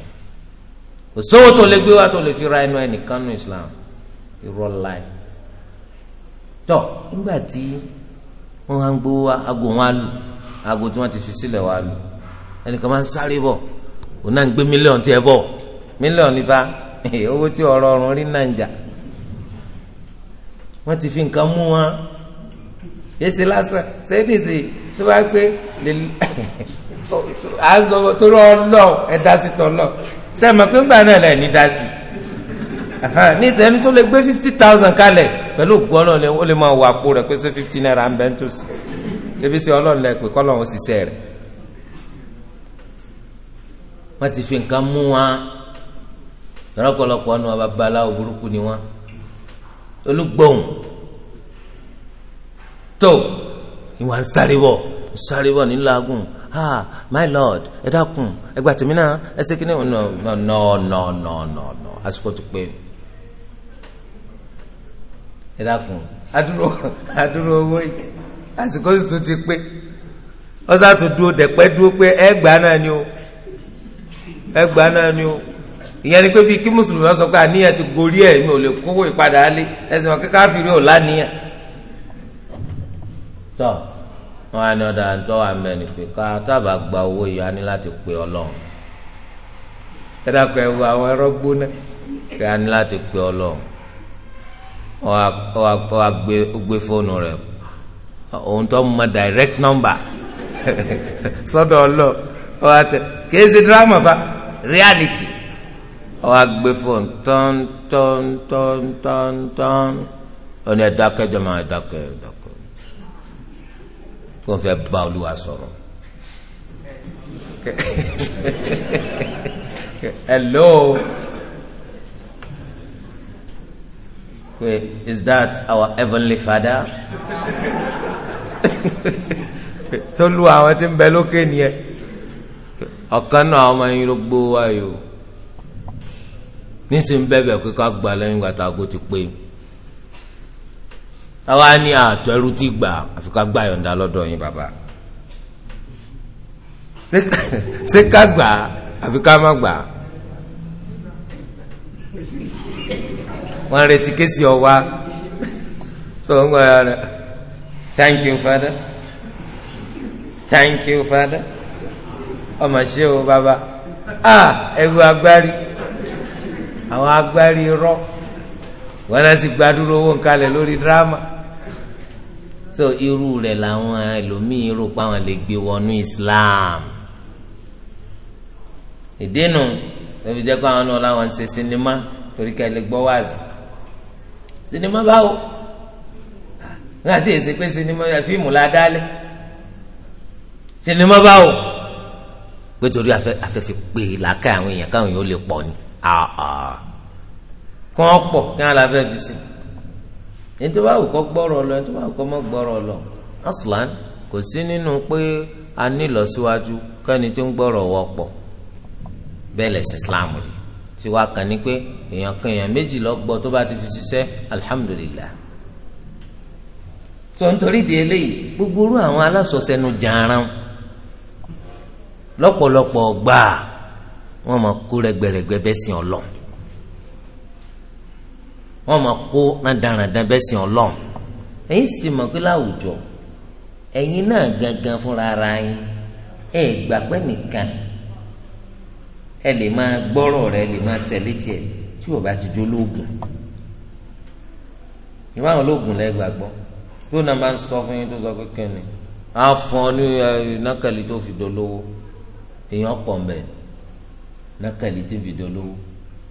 sówó tó lè gbé wá tó lè fi ra ẹnu ẹnìkan nù islam irọ́ láì tọ́ nígbà tí wọ́n á wọn á lù aago tí wọ́n ti fi sílẹ̀ wá lù ẹnìkan máa ń sáré bọ̀ òun náà ń gbé mílíọ̀nù tiẹ̀ bọ̀ mílíọ̀nù nípa owó tí ọ̀rọ̀ ọ̀run rí ti fi nǹkan mú wọn ṣe lásán ṣé é tó bá pé à ń sọ torí ọlọ ẹ dá sí tọlọ sẹmọ pé ńgbà náà lẹni dá sí ní ìsẹ́ni tó lè gbé fifty thousand kalẹ̀ pẹ̀lú ògùn ọlọ́ọ̀lẹ́ ó lè máa wà kó rẹ̀ pé ṣé fifty naira ń bẹ́ ń tò sí ebi sí ọlọ́ọ̀lẹ́ pé kọ́lọ́ wọn ṣiṣẹ́ rẹ̀ wọ́n ti fi nǹkan mú wọn lọ́pọ̀lọpọ̀ ọ̀nà babaláwo burúkú ni wọ́n olúgbòhùn tó. ìwà ń sáré ń sáré ní làágùn ah my lord ẹ dákun ẹ gbà tèmi náà ẹ ṣe kí ni no no no no no no àsìkò tó pé ẹ dákun adúrò adúrò owó yìí àsìkò tó ti pé wọ́n sá dúró dẹ̀pẹ́ dúró pé ẹ gbà náà ni o ẹ gbà náà ni o ìyẹn ni pé bíi kí mùsùlùmí wọn sọ pé àníyàn ti gorí ẹ̀ mi ò lè kówó ìpadà á lé kí káfíìrì ò tọ́ wọn á ní ọ̀dà àǹtọ́ wa mẹ́ ni pé ká tábà gba owó yìí á ní láti pè ọlọ́run ẹ dàpọ̀ ẹ wo àwọn ẹ̀rọ gbóná ká ní láti pè ọlọ́run ọ wa gbé fóònù rẹ̀ ohun tó mọ direct number sọ́dọ̀ ọlọ́ ọ wa tẹ kìí drama fa reality ọ wa gbé fóònù tán ọ ní ẹ dákẹ́ jọ máa dákẹ́ dákẹ́ kó n fẹ́ bá olúwa sọ̀rọ̀ hello pé is that our heavenly father tó lu àwọn tí ń bẹ lókè nìyẹn ọ̀kan náà àwọn ọmọ yín ló gbó wáyò nísìnyí bẹ́ẹ̀ bẹ́ẹ̀ pé ká gbà lẹ́yìn tá a kó ti pé yìí àwa ni àtọ ah, ẹrú ti gbà àfi ká gbà yọ̀ǹda lọ́dọ̀ yín bàbá ṣé ká gbà àfi ká má gbà wọn retí kéésì ọwa so ń gbọ́ ya rẹ thank you father thank you father ọmọ ṣé o bàbá ah ẹrú agbárí àwọn agbárí rọ wọn náà sì gbàdúró owó nǹkan lẹ lórí dírámà so irú rẹ̀ làwọn ẹlòmíín rò pé àwọn lè gbé wọnú Islam ìdínú lóbi jẹ́ pé àwọn náà làwọn ń ṣe sinimá torí ká lè gbọ́ wáàzì sinimá báwo nígbà tí èsì pé sinimá fíìmù la dálé sinimá báwo pé torí afẹ́fẹ́ pé làákà àwọn èèyàn káwọn yóò lè pọ̀ ni kí wọ́n pọ̀ kí wọ́n la fẹ́ fi sí i ètò bá wù kọ́ gbọ́rọ̀ lọ ètò bá wù kọ́ mọ́ gbọ́rọ̀ lọ aslan kò sí nínú pé a ní ìlọsíwájú kẹ́ni tó ń gbọ́rọ̀ wọ́pọ̀ bẹ́ẹ̀ lẹ̀sìn islam rí tí wàá kàn ní pé èèyàn kan èèyàn méjì lọ gbọ́ tó bá ti fi ṣiṣẹ́ alhamdulillah tó ń torí di eléyìí gbogbo orú àwọn alásọ̀sẹ́nu jàǹrán lọ́pọ̀lọpọ̀ gbà wọ́n mọ̀ kó rẹ̀gbẹ̀rẹ̀gbẹ̀ bẹ́sìn ọlọ́run wọ́n m'a kó rádaràdán bẹ́ẹ̀ sìn ọlọ́run ẹ̀yin sì ti mọ̀ pé láwùjọ ẹ̀yin náà gangan fúnra ara yín ẹ̀ gbàgbẹ́ nìkan ẹ lè máa gbọ́rọ̀ rẹ ẹ lè máa tẹ̀lé tiẹ̀ tí o bá ti jó lóògùn ìwà àwọn olóògùn lẹ gbàgbọ́ tó náà máa ń sọ fún yín tó sọ pé kẹ́ni àfọ̀n ní nákàlí tó fi dolówó èèyàn pọ̀ mbẹ́ nákàlí tó fi dolówó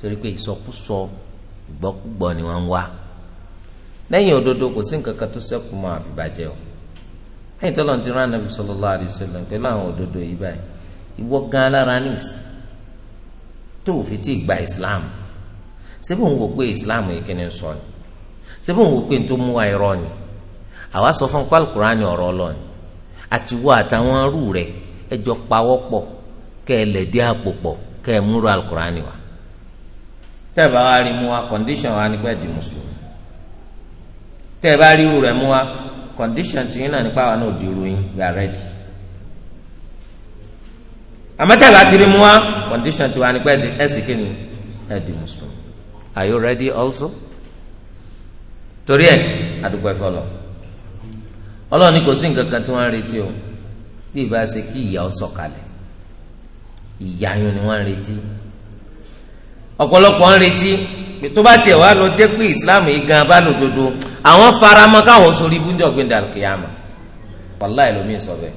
torí pé ìsọkúsọ ìgbọ́kúgbọ́ ni wọ́n ń wá lẹ́yìn òdodo kò sí nǹkan kan tó ṣẹ́kù mọ́ àfibàjẹ́ o lẹ́yìn tọ́lọ́ ti rán anabi sallallahu alaihi wasallam pẹ̀lú àwọn òdodo yìí báyìí ìwọ gan alára ní ìsìn tó o fi tí ì gba islam ṣé bóun wò pé islam yìí kí ni sọ ni ṣé bóun wò pé n mú wa irọ́ ni àwa sọ fún Al-Qur'ani ọ̀rọ̀ Ọlọ́run àtiwọ́ àtàwọn arú rẹ̀ ẹjọ́ pawọ́pọ̀ kẹ́ ẹ lẹ̀dí àpò pọ̀ kẹ́ ẹ múrò Al-Qur'ani wa tẹ́ẹ̀bá wa rí mu wa condition wa nípa ẹ̀dì mùsùlùmí tẹ́ẹ̀bá rí irú rẹ̀ mu wa condition tìyín náà nípa wa náà di irú yín we are ready àmọ́ tẹ́ẹ̀bá ti rí mu wa condition tiwa nípa ẹ̀dì ẹ̀sìn kìíní ẹ̀dì mùsùlùmí are you ready also torí ẹ̀ àdúgbò ẹ̀fọ́ lọ ọlọ́ọ̀ni kò sí nǹkan kan tí wọ́n ń retí o bí ìbá ṣe kí ìyà ọ sọ̀kalẹ̀ ìyà yun ni wọ́n ń retí ọ̀pọ̀lọpọ̀ ń retí pé tó bá tiẹ̀ wá lọ jẹ́ pé ìsìláàmù yìí gan bá lòdodo àwọn faramọ́ káwọn sórí búndọ̀ gbé dàrúkì àmọ́ wàláì lómi sọ bẹ́ẹ̀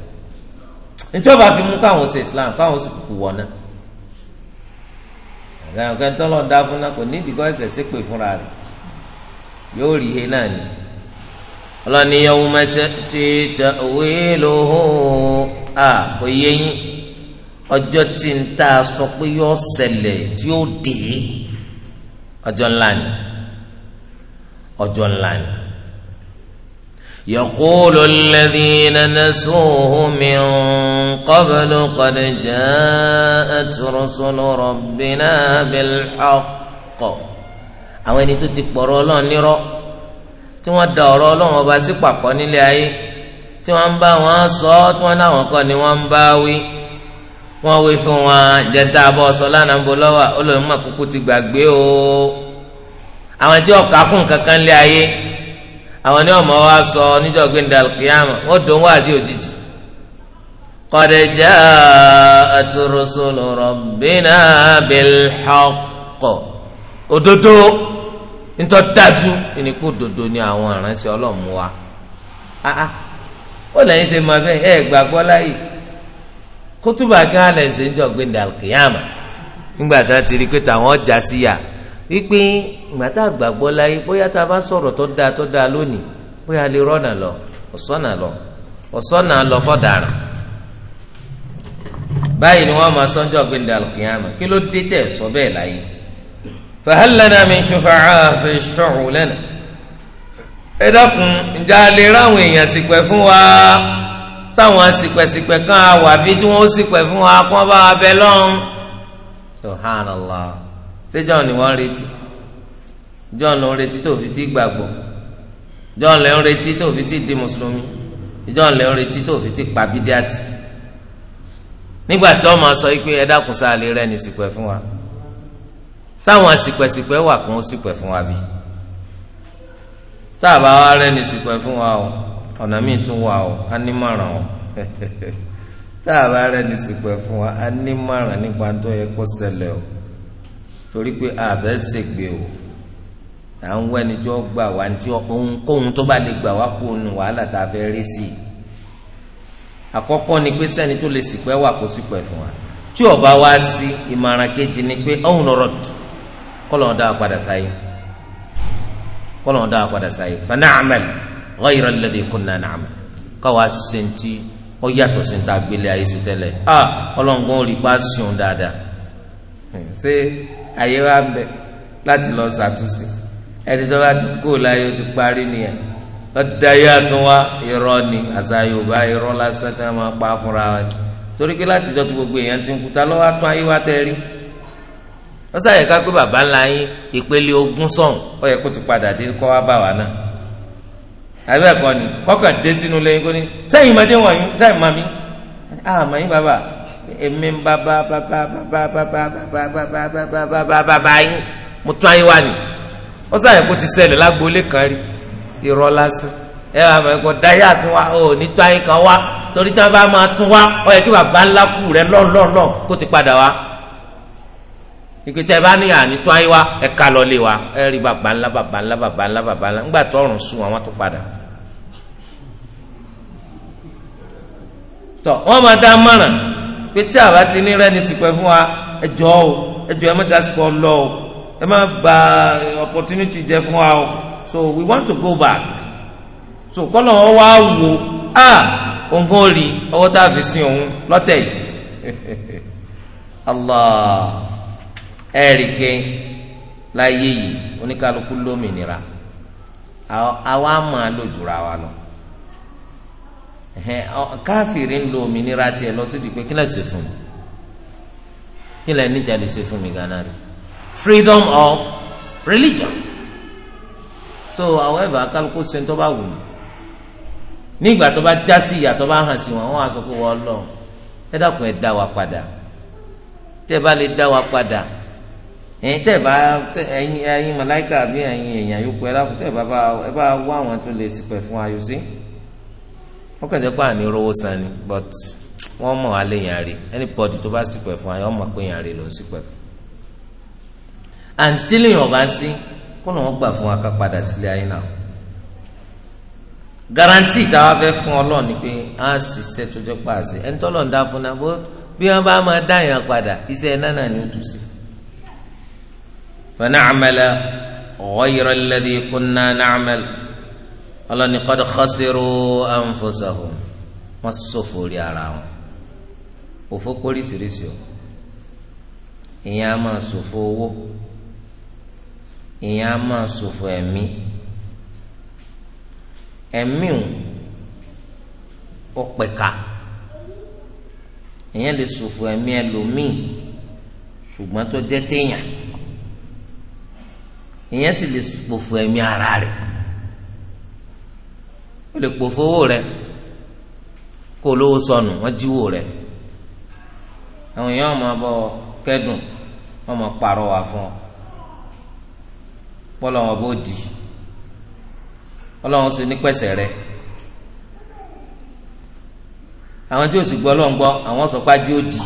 nítorí ọba fi mú káwọn ṣe ìsìláàmù káwọn sì kúkú wọ̀ náà àgbàyàn kan tọ́lọ̀ dá fún náà kò ní ìdíkọ́ ẹ̀sẹ̀ ṣépè fúnra rẹ̀ yóò rí he náà ni ọlọ́ni yawma ta'ti ta'wiluhu à kò yé yín ọjọ́ tí ń tá a sọ pé yóò ṣẹlẹ̀ tí yóò dé ọjọ́ ńlá ni ọjọ́ ńlá ni. يقول الذين نسوه من قبل قد جاءت رسل ربنا بالحق àwọn ẹni tó ti pọ̀rọ̀ ọlọ́run nírọ́ tí wọ́n da ọ̀rọ̀ ọlọ́run ọba sí pàpọ̀ nílé ayé tí wọ́n ń bá wọn sọ tí wọ́n láwọn kọ́ ni wọ́n ń bá wí. wọn wí fún wọn jẹta abọ sọlá náà ń bọ mọ kúkú ti gbàgbé o àwọn tí ọkà kún kankan lé ayé àwọn ní ọmọ wa sọ níjọ gbẹndà kìámà wọ́n dùn wá sí òjijì. قد جاءت رسل ربنا òdodo dájú ìníkú ni àwọn wa ah, ah, ó máa láyè. kótóbà gan alẹ̀ ṣe ń jọ gbé alkiyama nígbà tá a ti rí i pé ọjà ya wípé ìgbà tá a gbàgbọ́ láyé bóyá tá a bá sọ̀rọ̀ tó dáa tó dáa lónìí bóyá a lè rọ́nà lọ ọ̀sọ́nà lọ ọ̀sọ́nà lọ fọ́dàrà báyìí ni wọ́n máa alkiyama kí ló dé tẹ̀ sọ bẹ́ẹ̀ láyé fahal lana min shufa'a fashfa'u ẹ dákun ǹjẹ́ wa. sáwọn sìpẹ̀sìpẹ̀ kan á wà bí tí wọ́n sìpẹ̀ fún wa kí wọ́n bá wa bẹ lọ́hùn subhanallah ṣé john ni wọ́n retí john ló ń retí tó fi ti gbàgbọ́ john ló ń retí tó fi ti di mùsùlùmí john ló ń retí tó fi ti pàbídíàtì nígbà tí wọ́n máa sọ pé ẹ dákun sáà lè rẹ ní sìpẹ̀ fún wa sáwọn sìpẹ̀sìpẹ̀ wà kún ó sìpẹ̀ fún wa bí tá a bá wá rẹ ní sìpẹ̀ fún wa o. ọ̀nà míì tún wà ó ọ ó tá a bá rẹ ní sìpẹ́ fún a nípa tó yẹ kó ṣẹlẹ̀ o torí pé àbẹ̀ ṣègbè o à ń wẹ́ni tí ó gbà wá tí ohunkóhun tó bá lè a fẹ́ rí sí i àkọ́kọ́ ni pé sẹ́ni tó lè sìpẹ́ wà kó sìpẹ́ fún wa tí ghayra alladhi kunna na'mal káwa sèǹtì ó yàtọ̀ sèǹtì àgbélé ayé sí ah a ọlọ́ngàn rí bá sùn dáadáa hmm, ṣé wa láti lọ ẹni tó bá ti kú láyé ó ti parí nìyẹn ọ̀dà wa ni àṣà yorùbá irọ́ lásán tí máa pa fúnra torí pé láti tó gbogbo èèyàn lọ́wọ́ ayé wa tẹ́ rí pé bàbá ńlá yín ìpele ogún sọ̀hún yẹ kó ti padà dé wa náà àbẹ́ ẹ̀kọ́ ni kọ́kàn dé sínú lẹ́yìn kó ni. sẹ́yìn máa dé wọ̀nyí sẹ́yìn máa mi àmọ́ yín bàbá èmi ń bàbá bàbá bàbá bàbá bàbá bàbá bàbá bàbá yín mo tún ayé wá ni ó sàyẹn kó ti ṣẹlẹ̀ lágboolé kan rí irọ́ lásán ẹ wà mọ̀ ẹ̀kọ́ dáyà tún wá ò ní tún ayé kan wá torí tí wọ́n bá máa tún wá ó yẹ kí bàbá ńlá kù rẹ lọ́nlọ́nlọ́ kó ti padà wá ìpè tẹ bá ní àní tó ayé wa ẹ ká lọ lé wa ẹ rí bàbá ńlá bàbá ńlá bàbá ńlá bàbá ńlá ńgbà tó àwọn tó ti ní fún wa o o ẹ má opportunity fún wa so we want to go back so wọn wá a fi sin òun lọ́tẹ̀ yìí ẹ̀rìkẹ́ láyé yìí oníkálukú lómìnira àwa máa lò jùra wa lọ káfíìrì ń lo òmìnira tiẹ̀ lọ sí ìdìpé kílẹ̀ ṣe fún mi kílẹ̀ níjà lè ṣe fún mi gánà rí freedom of religion so however kálukú ṣe tó bá wù mí nígbà tó bá já sí ìyà tó bá hàn sí wọn wọn á sọ pé wọn lọ ẹ dákun ẹ dá wa padà tẹ bá lè dá wa padà ẹ̀yin tẹ́ bá ẹ̀yin ẹ̀yin mọláìkà bí ẹ̀yin èèyàn yòókù ẹ lákòókò tẹ́ bá ẹ bá wá àwọn tó lè fún ayò sí wọ́n àní rówó san ni but wọ́n mọ̀ wá lè yàn tó bá fún ayò ọmọ pé yàn rí ló ń fún and sílẹ̀ yàn bá sí kó ló ń gbà fún wa padà sílé ayé náà garanti táwa fún ni pé á ṣiṣẹ́ tó jẹ́ pàṣẹ ẹni tọ́lọ̀ ń dá fún náà bó bí wọ́n bá máa dá فنعمل غير الذي كنا نعمل Allah ni qad khasiru anfusahum wọ́n ṣòfò orí ara wọn òfò póríṣiríṣi o ìyẹn a máa ṣòfò owó ìyẹn a máa ṣòfò ẹ̀mí ẹ̀mí ò pẹ̀ka ìyẹn lè ṣòfò ẹ̀mí ẹlòmíì ṣùgbọ́n tó jẹ́ téèyàn. ìyẹn sì lè pòfò ẹ̀mí ara rẹ̀ o lè pòfò owó rẹ kó olówó sọnù wọ́n jíwó rẹ̀ àwọn èèyàn ọmọ bọ kẹ́dùn ọmọ mọ fún ọ pọlọ wọn bó di Ọlọ́run sì ní pẹsẹ rẹ àwọn tí o sì gbọ́ Ọlọ́run gbọ́ àwọn sọ pé ajé ó di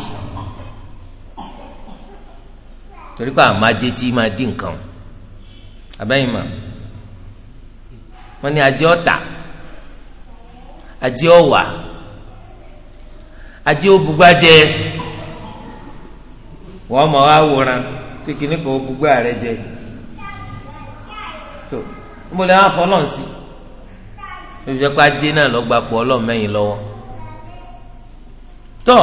torí pé àmàjẹ tí máa di nǹkan o. abẹ́yìn mọ̀ wọ́n ní ajé ọ̀tà ajé ọ̀wà ajé òbúgbàjẹ wọ́n mọ̀ wá wòran kékeré kan òbúgbà rẹ jẹ so níbo lè wá fọlọ́n sí ó jẹ́ pé ajé náà lọ́gbà pọ̀ ọlọ́mẹ́yìn lọ́wọ́ tọ́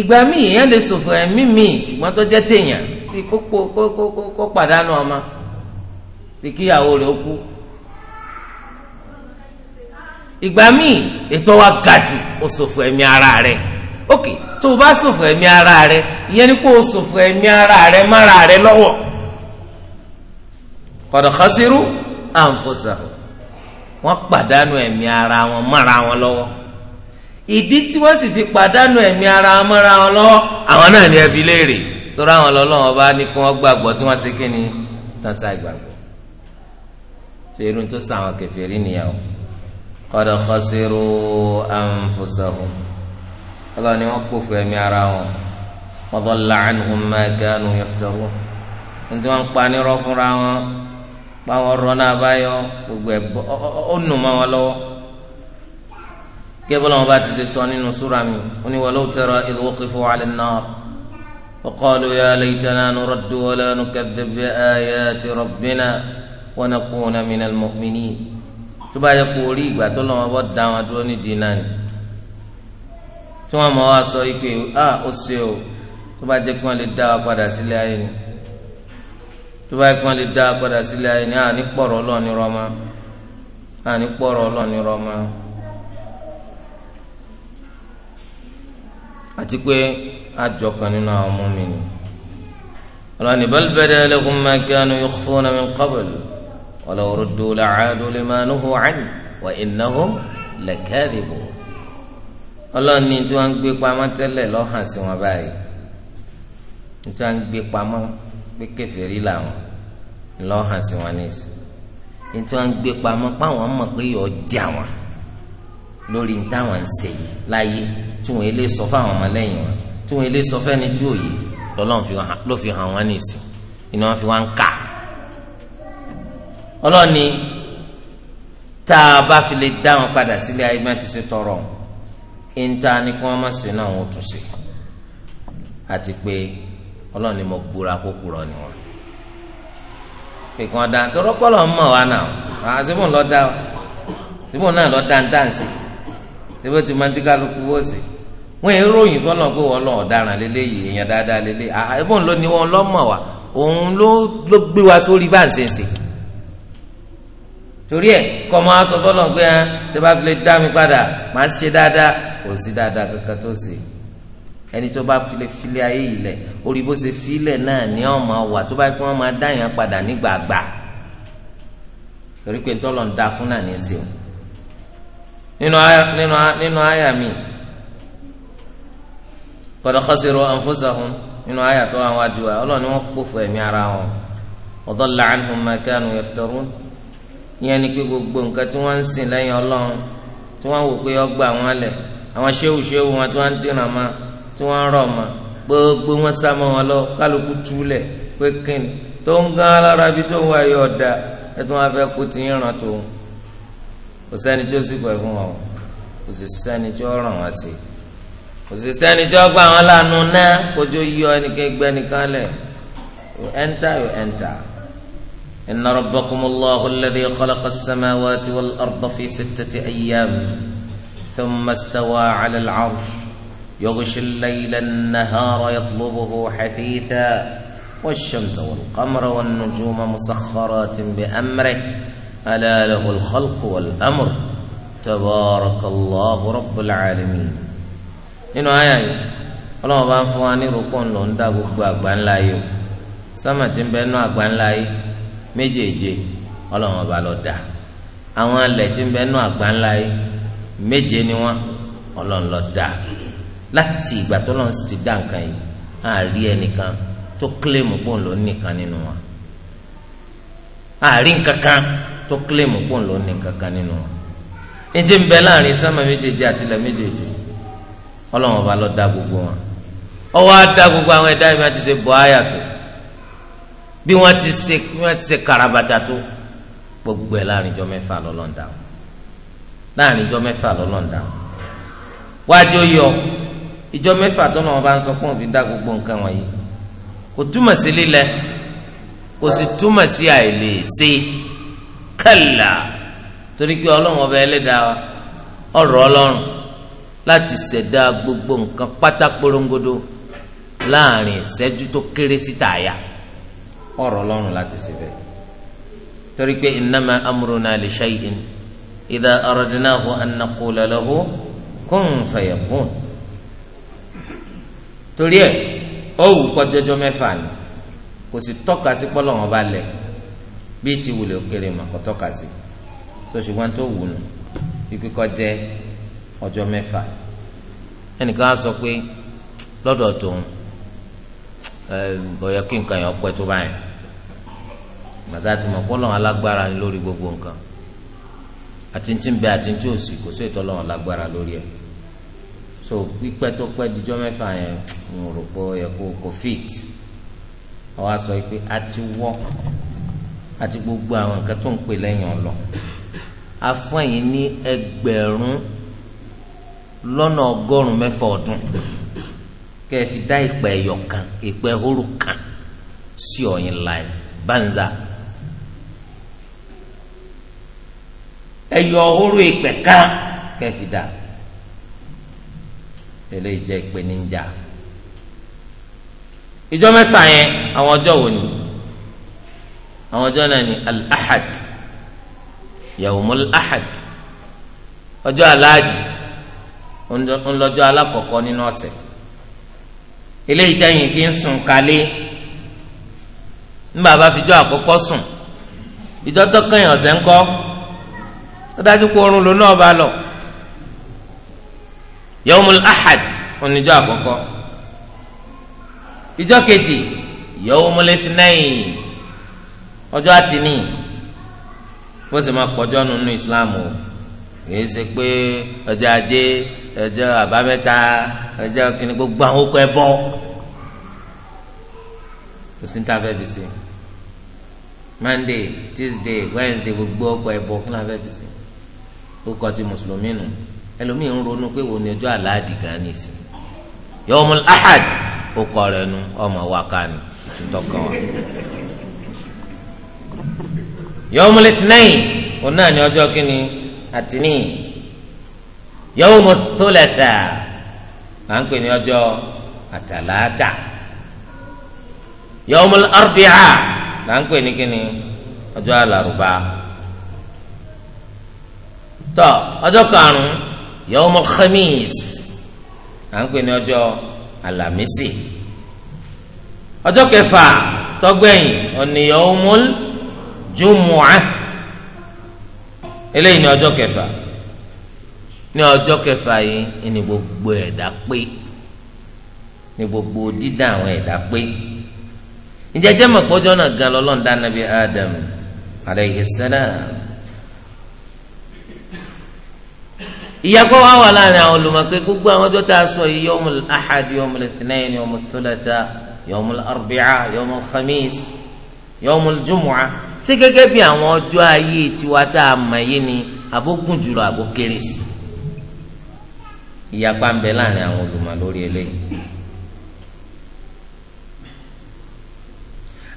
ìgbà míì èèyàn lè ṣòfò ẹ̀mí míì ṣùgbọ́n tó jẹ́ téèyàn bí kó kó kó kó pàdánù ọmọ bí kíyàwó rẹ̀ ó kú. ìgbà míì ètò wa ga jù ó ṣòfò ẹ̀mí ara rẹ̀ ok tó o bá ṣòfò ẹ̀mí ara rẹ̀ ìyẹn ni kó o ṣòfò ẹ̀mí ara rẹ̀ mára rẹ̀ lọ́wọ́ kọ̀dọ̀ xasiru ànfọ̀sàwọ̀ wọ́n pàdánù ẹ̀mí ara wọn mára wọn lọ́wọ́ ìdí tí wọ́n sì fi pàdánù ẹ̀mí ara wọn mára wọn lọ́wọ́ àwọn náà ní ẹbí léèrè torí àwọn lọ́lọ́wọ́ bá ní kí wọ́n gbàgbọ́ tí wọ́n ṣe kí ni tán sá ìgbàgbọ́ ṣe irun tó sá àwọn kèfèrí nìyẹn o qad khasiru anfusahum ọlọ́run ni wọ́n kpófò ẹ̀mí ara wọn wa dhalla anhum ma kanu yaftarun ní wọ́n ń pa nírọ́ fúnra wọn pa wọn rọ́ náà báyọ̀ gbogbo ẹ̀ ó nù mọ́ wọn lọ́wọ́ kébọ́lọ́wọ́n bá ti ṣe sọ nínú súra mi ó ní walau tara idh waqifu ala an-nar. وقالوا يا ليتنا نرد ولا نكذب بآيات ربنا ونكون من المؤمنين tuba yẹ kó orí ìgbà tó lọ́wọ́ bọ́ da wọn dúró ní dina ni tí wọ́n mọ̀ wá sọ pé a ó ṣe o tó bá jẹ́ kí wọ́n lè dá wa padà sílé ayé ni tó bá jẹ́ kí wọ́n lè dá wa padà sílé ayé ni a ní pọ̀rọ̀ ọlọ́ọ̀ni rọ́mọ́ a ní pọ̀rọ̀ ọlọ́ọ̀ni rọ́mọ́. àti pé àjọ kan nínú àwọn mùmínì ọlọ́ni bal bada lahum ma kanu yukhfuna min qabl walaw ruddu la'adu lima nuhu anhu wa innahum lakadhibun ọlọ́ni tí wọ́n ń gbé pamọ́ tẹ́lẹ̀ ló hàn sí wọn báyìí tí wọ́n ń gbé pamọ́ pé kèfèrí làwọn ló sí wọn nísì tí wọ́n ń gbé pamọ́ páwọn mọ̀ pé yóò jẹ́ àwọn lórí ní táwọn ń ṣe yìí láyé tí wọn ilé sọ fáwọn ọmọlẹ́yìn wọn tí wọn ilé sọ fẹ́ni tí òye lọ́lọ́run ló fi hàn wọ́n nìsín iná wọn fi wọ́n ń kà ọlọ́ni tá a bá fi lè dá wọn padà sílé ayé máa ti ṣe tọrọ níta ni kí wọ́n má ṣe náà wọ́n tún ṣe àti pé ọlọ́ni mo búra kó kúrọ̀ ni wọn pèkàn dáa tọrọ kọ́ lọ́ọ́ mọ̀ wá náà àti bóun lọ́ọ́ dá ọ síbò náà lọ́ọ́ dá ń dá ń sè é síbi tí mo ti kálukú wó sí wọn yẹn ròyìn fọlọ pé wọn lọ ọ̀daràn lélẹyìí èèyàn dáadáa lélẹ àbọn ah, ah, ló ní wọn lọmọ wa òun ló ló gbé wa sórí bá ń ṣe ṣe torí ẹ kọ máa sọ fọlọ pé ẹ tí bá fi lè dá mi padà máa ṣe dáadáa kò sí dáadáa kankan tó ṣe ẹni tó bá file file ayé yìí lẹ orí bó ṣe filẹ náà ni ọ máa wà tó bá yẹ kí wọn máa dá yẹn padà nígbàgbà torí pé ntọ́lọ́ ń da fún náà ní í nínú àyà nínú nínú àyà mi qad khasiru anfusahum nínú àyà tó àwọn àdúrà ọlọ́ọ̀ni wọn kófò ẹ̀mí ara wọn wa dalla anhum ma kanu yaftarun ìyẹn ni pé gbogbo nǹkan tí wọ́n ń sìn lẹ́yìn ọlọ́run tí wọ́n wò pé ọgbà wọn lẹ̀ àwọn ṣéwù ṣéwù wọn tí wọ́n ń dìràn ma tí wọ́n ń rọ̀ ma gbogbo wọn sá wọn lọ kálukú túlẹ̀ pé kíni tó ń gán alára ibi tó ń wáyé ọ̀dà ẹ̀ tí wọ́n á kó ti ń ràn tòun. kò sẹ́ni tí ó sì pẹ̀ fún wọn o kò sì sẹ́ni tí ó ràn wọn sí kò sì sẹ́ni tí ó gbà wọn lànà náà kójú yọ ẹnìkan gbẹ nìkan lẹ̀ you enter you enter. إن ربكم الله الذي خلق السماوات والأرض في ستة أيام ثم استوى على العرش يغشي الليل النهار يطلبه حثيثا والشمس والقمر والنجوم مسخرات بأمره ألا له الخلق والأمر تبارك الله رب العالمين nínú àyà yìí ọlọ́run bá ń fún wa ní rúkún ló ń dá gbogbo àgbáńlá yìí o sámà tí ń bẹ nú àgbáńlá yìí méjèèje ọlọ́run bá lọ dá àwọn alẹ̀ tí ń bẹ nú àgbáńlá yìí méje ni wọ́n ọlọ́run lọ dá láti ìgbà tó lọ́n sì ti dá nǹkan yìí àárí ẹnìkan tó kílèmù pò ń lò nìkan nínú wọn. àárín kankan tó kílèmù kó ń lò ní kankan nínú wọn ẹjẹ ń bẹ láàrin sánmà méjèèjì àtìlẹ̀ méjèèjì Ọlọ́run ọba lọ dá gbogbo wọn ọwọ á dá gbogbo àwọn ẹ̀dá ìmọ̀ bọ àyà tó bí ti ṣe karabata tó gbogbo ẹ̀ láàrin mẹ́fà láàrin mẹ́fà wájú mẹ́fà tó náà wọn bá ń gbogbo nǹkan wọ̀nyí kò túmọ̀ kò sì túmọ̀ sí àìlè ṣe kàlà torí pé ọlọ́run ọba ẹlẹ́dàá ọ̀rọ̀ ọlọ́run láti ṣẹ̀dá gbogbo nǹkan pátá porongodo láàrin ìṣẹ́jú tó kéré síta àyà ọ̀rọ̀ ọlọ́run láti ṣe bẹ́ẹ̀ torí pé innama amruna li shay'in idha aradnahu an naqula lahu kun fayakun torí ẹ̀ ó wù kọjọ́jọ́ mẹ́fà ni kò sì tọ́ka sí pọ́lọ́wọ́n bá lẹ̀ bí ti wulẹ̀ òkèrè mà kò tọ́ka sí tó ṣùgbọ́n tó wù nù ikú kọ́ jẹ́ ọjọ́ mẹ́fà ẹnìkan á sọ pé lọ́dọ̀ tòun kò yẹ kí nǹkan yẹn ọpẹ́ tó báyìí màtá ti mọ̀ pọ́lọ́wọ́n alágbára ni lórí gbogbo nǹkan àti tí ń bẹ àti tí ò kò sí ìtọ́lọ́wọ́n alágbára lórí ẹ̀ so pípẹ́ tó pẹ́ dijọ́ mẹ́fà yẹn mo rò pé ó yẹ kó kó fíìtì àwa sọ pé a ti wọ́ àti gbogbo àwọn nǹkan tó ń pè lẹ́yìn ọ̀lọ́ a fún ẹ̀yin ní ẹgbẹ̀rún lọ́nà ọgọ́rùn-ún mẹ́fà ọdún kẹ́ ẹ fi dá ìpẹ́ ẹ̀yọ̀ kan ìpẹ́ ehoro kan sí ọ̀yin láì banza ẹ̀yọ̀ ehoro ìpẹ́ kan kẹ́ ẹ fi dá eléyìí jẹ́ ìpèníjà ìjọ mẹ́sàn-án yẹn àwọn ọjọ́ wo ni àwọn ọjọ́ náà ni al-ahad yawmul ahad ọjọ́ aláàjì ńlọ́jọ́ alákọ̀ọ́kọ́ nínú ọ̀sẹ̀ eléyìí tẹ́yìn fi ń sùn kalẹ̀ nígbà bá fijọ́ àkọ́kọ́ sùn ìjọ tó kẹ́yìn ọ̀sẹ̀ ńkọ́ ó dájú pé oorun ló náà bá lọ yawmul ahad oníjọ́ àkọ́kọ́ ìjọ kejì yawmul ithnain ọjọ́ àtìní bó sì máa pọ̀jọ́ nínú ìsìláàmù o kìí ṣe pé ọjọ́ ajé ọjọ́ àbámẹ́ta ọjọ́ kìnnì gbogbo àwọn okọ̀ ẹbọ kò sí ní ta fi ṣe monday tuesday wednesday gbogbo okọ̀ ẹbọ kí ni a fẹ́ fi ṣe okọ̀ ti mùsùlùmí nù ẹlòmíì ń ronú pé wo ni ọjọ́ àlàádì gan ni sí yọmul ahad ó kọ rẹ nu ọmọ wa ká ni ntọ́ka wa. yọmul itnain òun náà ní ọjọ́ kínní àtìní yọmul thulatha à ń pè ní ọjọ́ àtàláta yọmul arbi'a là ń pè ní kínní ọjọ́ àlàrúbá tọ ọjọ́ karùn-ún yọmul khamis à ń pè ní ọjọ́ àlàmísì ọjọ́ kẹfà tọgbẹ̀yìn òní yaumul jumu'ah eléyìí ní ọjọ́ kẹfà ní ọjọ́ kẹfà yìí ní gbogbo ẹ̀dá pé ní gbogbo dídá àwọn ẹ̀dá pé ìjẹjẹ mọ̀pọ́jọ́ náà gan lọ́lọ́ọ̀dá nàbí Adam alayhi salam. ìyàgbọ́ wa wà láàrin àwọn olùmọ̀kẹ́ gbogbo àwọn ọjọ́ tá a sọ yìí yawmul ahad yawmul ithnain yawmul thulatha yawmul arbi'a yawmul khamis yawmul jumu'a ṣé gẹ́gẹ́ bí àwọn ọjọ́ ayé tiwa tá a mọ̀ yìí ni àbókùn jùlọ àbó kéré sí ìyapa ń bẹ láàrin àwọn olùmọ̀ lórí eléyìí.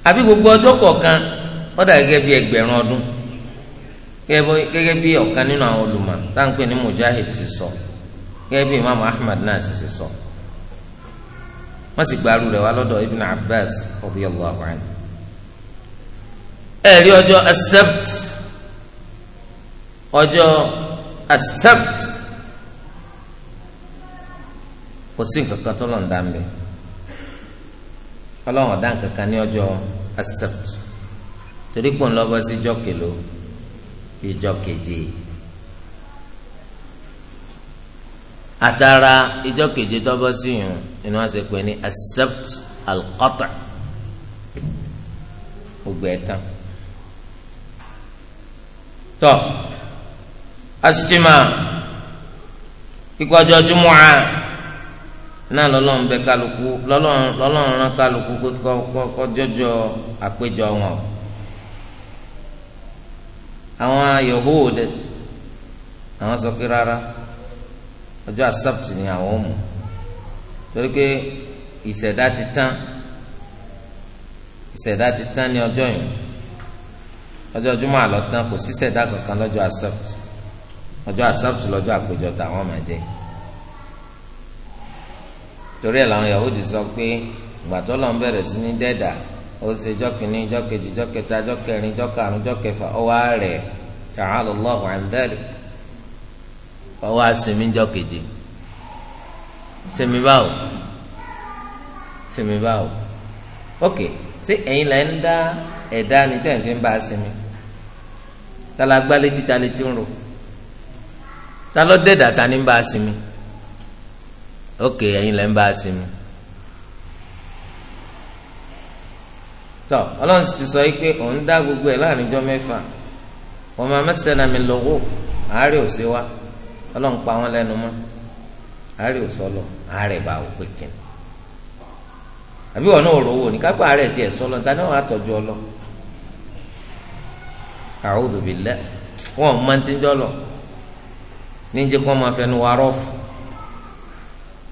àbí gbogbo ọjọ́ kọ̀ọ̀kan ó gẹ́gẹ́ bí ẹgbẹ̀rún ọdún gẹ́gẹ́ bí ọ̀kan nínú àwọn olùmọ̀ táǹpẹ ní mujahid ti sọ gẹ́gẹ́ bí imaamu ahmed náà sì ti sọ wọ́n sì gbàrú rẹ̀ wá lọ́dọ̀ ibn abbas radiyallahu anhu ẹ̀rí ọjọ́ accept ọjọ́ accept kò sí nǹkan kan tó lọ́n dá mbẹ́ ọlọ́run ọ̀dá nǹkan ní ọjọ́ accept torí pò ń lọ́bọ̀ sí jọ́kèlò ìjọ keje àtàrà ìjọ keje tọ́bọ́ sí yùn ni wọ́n ṣe pè ní accept alqata gbogbo ẹ̀ tán tọ́ asitima kíkọjọ júmọ́à náà lọ́lọ́run bẹ kálukú lọ́lọ́run rán kálukú kó kọjọ́jọ́ àpéjọ wọn. àwọn yahood àwọn sọ pé rárá ọjọ́ asabt ni àwọn ò mú torí pé ìṣẹ̀dá ti tán ìṣẹ̀dá ti tán ní ọjọ́ yìí ọjọ́ júmọ́ àlọ́ kò sí kankan lọ́jọ́ asabt ọjọ́ asabt lọ́jọ́ àpéjọ torí ẹ̀ làwọn sọ pé ìgbà tó lọ́n bẹ̀rẹ̀ sí ní ó ṣe jọ́kìnní jọ́kejì jọ́kẹta jọ́kẹrin jọ́karùn jọ́kẹfà ọwọ́ rẹ̀ ta'ala Allahu an dhalik ọwọ́ àsìmí jọ́kejì sèmi báwo sèmi báwo ok ṣé ẹ̀yin lẹ́ ń dá ẹ̀dá ni tẹ̀ ń fi ń bá a sèmi tala gbalẹ̀ títa ti ro ta ló dé dàtà ní ń ok ẹ̀yin lẹ́ ń bá a tọ ọlọ́run sì ti sọ yìí pé òun dá gbogbo ẹ̀ láàrin ọjọ́ mẹ́fà wọn máa mẹ́sàn-án mi lọ́wọ́ àárẹ̀ ò sí wa ọlọ́run pa wọn lẹ́nu mọ́ àárẹ̀ ò sọlọ àárẹ̀ bá wò pé kíni àbí wọn náà rówó ní kápẹ́ àárẹ̀ tiẹ̀ sọlọ níta náà wà á tọ́jú ọlọ a'udhu billah wọn ò máa ń jọlọ níjẹ́ kó máa fẹnu wa rọ́ọ̀fù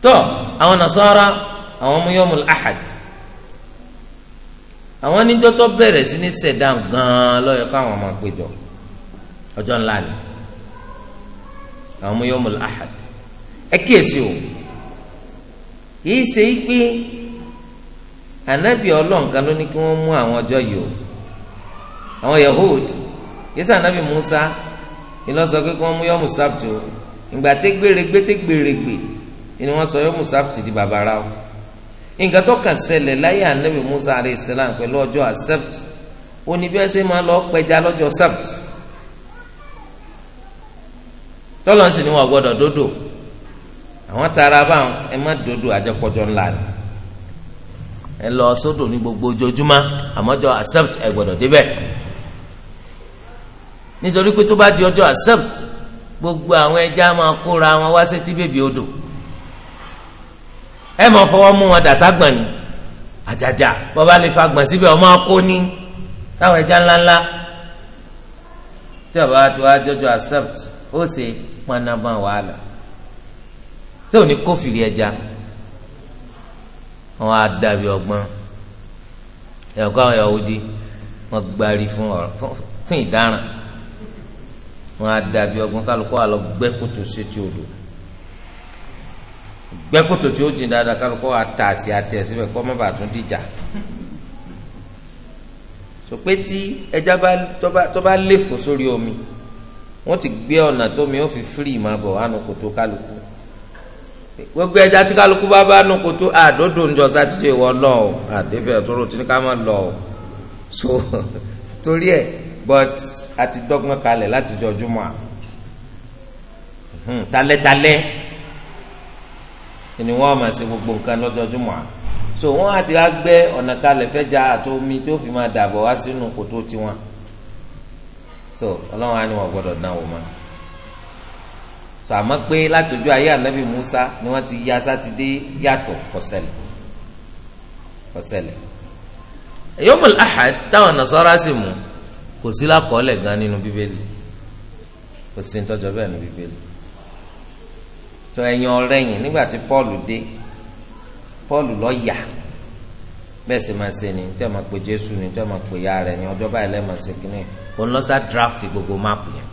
tọ́ àwọn nasara àwọn ọmọ yọmùl ahad àwọn níjọ́ tó bẹ̀rẹ̀ sí ní sẹ̀dá gan-an lọ́yọ̀ káwọn máa péjọ ọjọ́ ńlá ni àwọn ọmọ yọmọlá ahad ẹ kíyèsí o yìí ṣe pé ànábì ọlọ́nkan ló ní kí wọ́n mú àwọn ọjọ́ yìí o àwọn yahood yìí sàn ànábì musa ìlọsọ pé kí wọ́n mú yọmù sábtì o ìgbà tẹ́gbèrègbè tẹ́gbèrègbè ni wọ́n sọ yọmù sábtì di bàbá rà o nǹkan tó kàn ṣẹlẹ̀ láyé anabi musa alayhi salam pẹ̀lú ọjọ́ asept òní bí wọ́n ṣe máa lọ pẹja lọ́jọ́ sept tọ́lọ́ sì ni wọ́n gbọ́dọ̀ dodo àwọn tara báwọn ẹ má dodo àjẹpọ̀jọ ńlá ni ẹ lọ sódò ní gbogbo ojoojúmọ́ àmọ́jọ́ asept ẹ gbọ́dọ̀ débẹ̀ nítorí pé tó bá di ọjọ́ asept gbogbo àwọn ẹja máa kóra wọn wá sétí bèbí odò ẹ máa fọwọ́ mú wọn dàságbọ̀n ni àjàjà bọ́ba lè fagbọ̀n síbẹ̀ ọmọ akó ní táwọn ẹja ńláńlá tí ọba tí wàá jọjọ accept ó ṣe panaba wàhálà tí ò ní kófìrí ẹja wọn á dàbí ọgbọ́n ẹ̀kọ́ àwọn Yahudi wọn gbarí fún ọ̀rọ̀ fún ìdáràn wọn á dàbí ọgbọ́n kálukú àlọ́ gbẹ́kùtù sétí odò gbẹ́kòtò tí ó jìn dáadáa kálukọ́ ata àsì àti ẹ̀sìn bẹ́ẹ̀ kọ́ má bàa tún dìjà sọ pé tí ẹja tó bá léfò sórí omi wọ́n ti gbé ọ̀nà tómi ó fi fírì máa bọ̀ wá nu kòtò kálukú gbogbo ẹja tí kálukú bá bá nu kòtò àdódò ńjọ sátidé wọ lọ ọ àdébẹ̀ tó rò tí ní ká má lọ ọ so torí ẹ but a ti dọ́gbọ́n kalẹ̀ láti jọjúmọ́ a hmm, talẹ́talẹ́. Hmm, ni wọ́n máa ṣe gbogbo nǹkan lọ́jọ́júmọ́ à so wọ́n á ti wá gbẹ́ ọ̀nà kalẹ̀ fẹ́ ja àti omi tó fi máa dàbọ̀ wá sínú kòtò tiwọn so ọlọ́run á ní wọn gbọ́dọ̀ dán wò máa so àmọ́ pé látọjú ayé ànábì Musa ni wọ́n ti ya sátidé yàtọ̀ kọsẹ̀lẹ̀ kọsẹ̀lẹ̀ yomul ahad táwọn nasara sì mú kò sí lákọọ́lẹ̀ gan nínú bíbélì kò sí ní tọ́jọ́ bẹ́ẹ̀ nínú bíbélì sọ ẹ̀yìn ọ̀rẹ́yìn nígbà tí Pọ́ọ̀lù dé Pọ́ọ̀lù lọ yà bẹ́ẹ̀ sì máa ṣe ni tẹ́ máa pe Jésù ni tẹ́ máa pe ya rẹ̀ ni ọjọ́ báyìí lẹ́ẹ̀ma ṣe kínní òun lọ sá draft gbogbo máàpù yẹn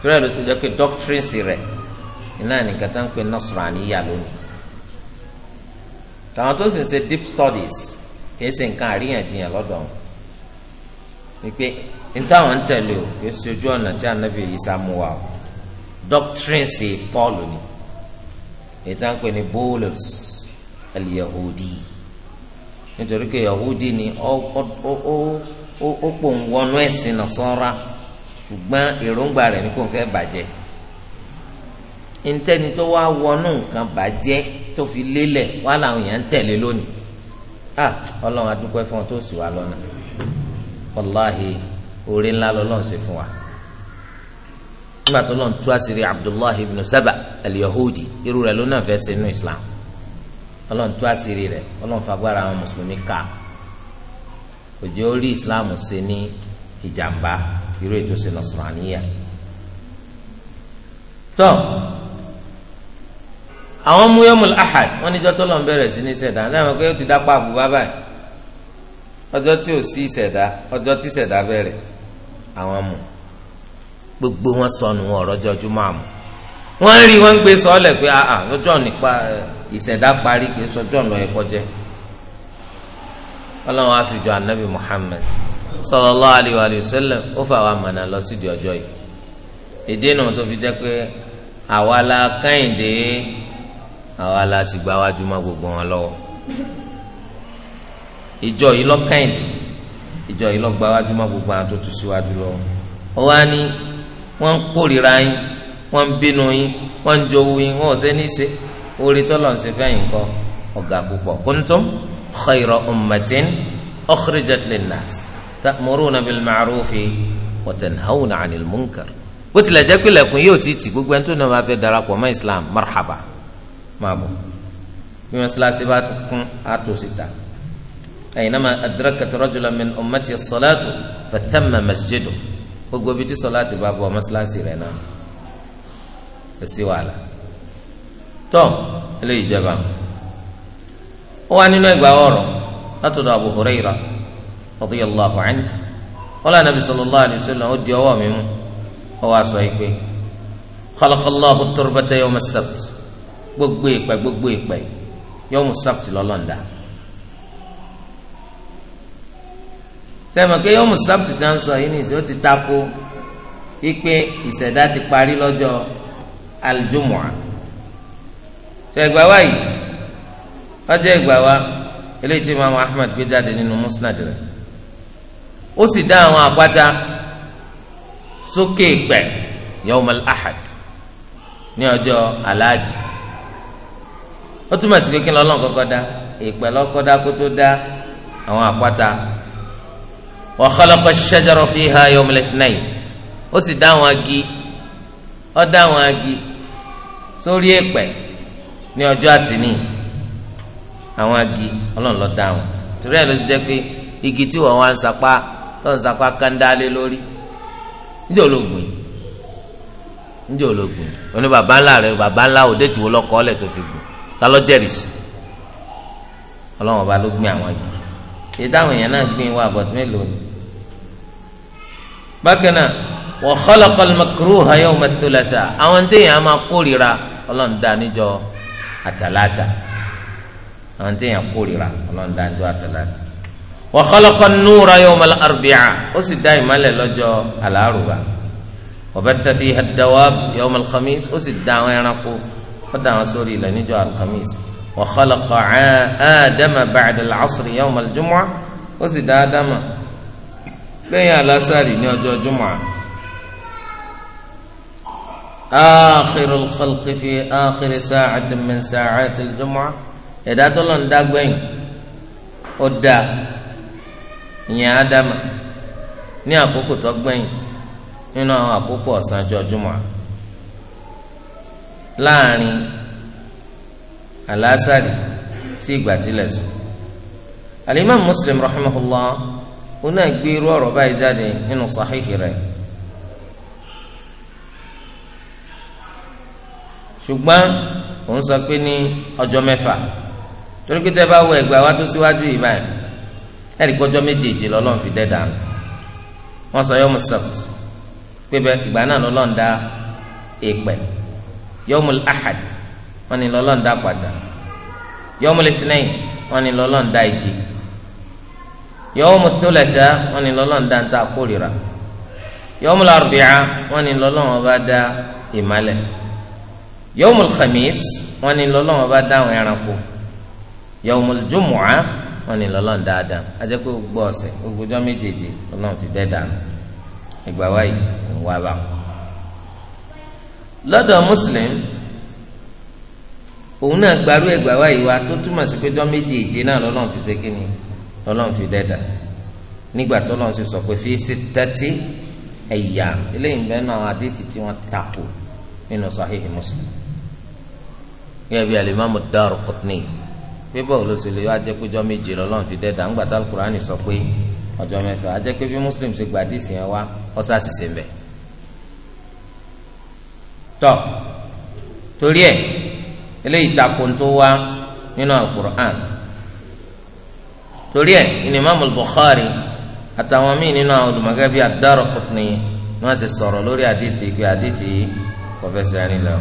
torí ẹ̀ ló ṣe jẹ́ pé doctrines rẹ̀ iná nìkan tá ń pe Nasraniya lónìí tàwọn tó sì ń ṣe deep studies kìí ṣe nǹkan àríyànjiyàn lọ́dọ̀ wọn wípé ní táwọn ń tẹ̀lé o kìí ṣe ọ̀nà tí Ànábì Ìsá mú wá o. doctrines Paul ni ìtàn pè ní Paulus al-Yahudi nítorí pé Yahudi ni ó ó ó pò ń wọnú ẹ̀sìn Nasara ṣùgbọ́n èròǹgbà rẹ̀ ni kò fẹ́ bàjẹ́ ntẹni tó wá wọnú nǹkan bàjẹ́ tó fi lélẹ̀ wà láwọn èèyàn ń tẹ̀lé lónìí ah ọlọ́run adúpẹ́ fún ọ tó sì wá lọ́nà nígbà tó lọ́n tú àṣírí abdullahi ibn saba al-yahudi irú rẹ̀ ló náà fẹ́ ṣe nínú islam ọlọ́n tú àṣírí rẹ̀ ọlọ́n fagbára àwọn mùsùlùmí ká òjò orí islam ṣe ní ìjàmbá irú ètò ṣe nasraniya tọ́ àwọn mú yọmùl ahad wọn níjọ́ tó lọ́n bẹ̀rẹ̀ sí ní ṣẹ̀dá náà pé ó ti dápọ̀ àbúbá báyìí ọjọ́ tí ò sí ìṣẹ̀dá ọjọ́ tí ìṣẹ̀dá bẹ̀rẹ̀ àwọn mú gbogbo wọn sọnù wọn ọrọ jọjú máa mú wọn rí wọn gbé sọọlẹ pé àà lọ́jọ́ nípa ìṣẹ̀dá parí kì í sọjọ́ lọ ẹkọ jẹ Ọlọ́run àfijọ anabi Muhammad sallallahu alaihi wa sallam ó fà wá mọ̀nà lọ sí di ọjọ́ yìí èdè náà tó fi jẹ́ pé àwa la kẹ́hìndé àwa la sì gba wájú mọ́ gbogbo wọn lọ́wọ́ ìjọ yìí lọ kẹ́hìndé ìjọ yìí lọ gba wájú mọ́ gbogbo àwọn tó tu síwájú lọ́wọ́ ó wá ní. wọ́n ń kórìíra yín wọ́n ń bínú yín wọ́n ń jowú yín wọ́n ò ṣe ní ṣe orí tọ́lọ̀ ń ṣe fẹ́yìn kọ́ ọ̀gá púpọ̀ kuntum khayra ummatin ukhrijat linnas ta'muruna bil ma'rufi wa tanhawna 'anil munkar bó tilẹ̀ jẹ́ pé lẹ́kùn yóò ti tì gbogbo ẹni tó náà bá fẹ́ darapọ̀ mọ́ Islam marhaba máa bọ̀ bí wọ́n síláṣí bá kún àtò síta ẹ̀yin náà ma adrakat rajulan min ummati as-salatu fa thamma masjiduhu gbogbo ibi tí sọlá ti bá bọ mọ́sálásí rẹ̀ náà kò sí wàhálà tọ́ eléyìí jẹba ó wà nínú ẹgbàá ọ̀rọ̀ látọ̀dọ̀ Abu Hurairah radiyallahu anhu wọ́n lànà bí sallallahu alayhi wa sallam ó di ọwọ́ mi mú ó wàá sọ yìí pé khalaqallahu turbata yawm as-sabt gbogbo ìpẹ́ gbogbo ìpẹ́ yawm as-sabt lọ́lọ́ndà. sẹ́mi pé yọ́mù sábùtì tá ń sọ yìí nìyí ó ti tako wípé ìṣẹ̀dá ti parí lọ́jọ́ aljumua sọ ìgbà wa yìí ọjọ́ ìgbà wa eléyìí tí imaamu ahmed gbé jáde nínú musnad rẹ̀ ó sì dá àwọn àpáta sókè pẹ̀ yọ́mù ahad ní ọjọ́ alaji. ó túmọ̀ sí pé kí lọ́lọ́n kọ́kọ́ dá ìpẹ́ lọ́kọ́ dá kó tó àwọn àpáta wa khalaqa ash-shajara fiha yawm al-ithnayn ó sì dá àwọn agi ó dá àwọn agi sórí èpẹ̀ ní ọjọ́ àtìní àwọn agi Ọlọ́run ló dá àwọn torí ẹ̀ ló ti jẹ́ pé igi tí wọ́n wá ń sapá tó ń sapá kándálé lórí níjẹ́ olóògbé níjẹ́ olóògbé oní bàbá ńlá rẹ bàbá ńlá òde tí wọ́n lọ́kọ́ ọ̀lẹ̀ tó fi gùn ta ló jẹ́rìí sí ló gbìn àwọn igi èyí táwọn náà gbìn wá àbọ̀tún mélòó ni bákan náà wa khalaqa al-makruha yawma ath-thulatha àwọn téèyàn á máa kórìíra ọlọ́run dá níjọ́ àtàlátà àwọn téèyàn kórìíra ọlọ́run dá níjọ́ àtàlátà wa khalaqa an-nura yawma al-arbi'a ó sì dá ìmọ́lẹ̀ lọ́jọ́ àlárùbá wa batha fiha ad-dawab yawma al-khamis ó sì dá àwọn ẹranko ó dá àwọn sórí ilẹ̀ níjọ́ al-khamis wa khalaqa Adama ba'da al lẹ́yìn alásàrì ní ọjọ́ jùmọ̀ akhirul khalqi fi akhiri sa'ati min sa'ati jùmọ̀ ẹ̀dá tó lọ́n dágbẹ́yìn ó da ìyẹn ádámà ní àkókò tó gbẹ̀yìn nínú àwọn àkókò ọ̀sán ọjọ́ jùmọ̀ láàrin alásàrì sí ìgbà tilẹ̀ sùn alimami muslim rahimahullah òun náà gbé irú ọ̀rọ̀ báyìí jáde nínú sàhíhì rẹ̀ ṣùgbọ́n òun sọ pé ní ọjọ́ mẹ́fà torí pé tẹ́ bá wọ ẹ̀gbà wa tó síwájú yìí báyìí ẹ̀rí kọjọ́ méjèèjì lọ́lọ́run fi dẹ́dà wọ́n sọ yọ́mù sabt pé ìgbà náà lọ́lọ́run dá èpẹ̀ yọ́mù ahad wọ́n ní lọ́lọ́run dá pàtà yọ́mù lẹ́tìnẹ́yìn wọ́n ní lọ́lọ́run dá igi. يوم الثلاثاء وان ní lọ́lọ́run dá níta kórìíra yawmul arbi'a wọ́n ní lọ́lọ́run ọba dá ìmálẹ̀ yawmul khamis wọ́n ní lọ́lọ́run ọba dá àwọn ẹranko yawmul jumu'a wọ́n ní lọ́lọ́run dáadáa ajẹ́ pé gbọ́ ọ̀sẹ̀ gbogbo ọjọ́ méjèèjì lọ́lọ́run fi dẹ́ dànù ìgbà wáyé ń wá bá lọ́dọ̀ muslim òun náà gbarú ẹ̀gbà wáyé wa tó túmọ̀ sí pé ọjọ́ méjèèjì náà lọ́lọ́run fi ṣe kí ni lọ́lọ́run fi dẹ́dà nígbà tó lọ́run sì sọ pé fi sittati ayyam eléyìí bẹ́ẹ̀ náà àdéhìí tí wọ́n takò nínú sahihi Muslim gẹ́gẹ́ bí alimami Daraqutni pé bọ́ọ̀ ló sì lè wá jẹ́ pé ọjọ́ méje lọ́lọ́run fi dẹ́dà ńgbà tá alukurani sọ pé ọjọ́ mẹ́fà á jẹ́ pé bí Muslim ṣe gbà díìsì yẹn wá ọ̀sà àṣìṣe ń bẹ̀. tọ́ torí ẹ̀ eléyìí takò tó wá nínú alukurani torí ẹ ìnìmọ́mù Bukhari àtàwọn míì nínú àwọn olùmọ̀gá bíi ad-Daraqutni ni wọ́n ti sọ̀rọ̀ lórí àdìsí pé àdìsí kò fẹsẹ̀ rìn lọ.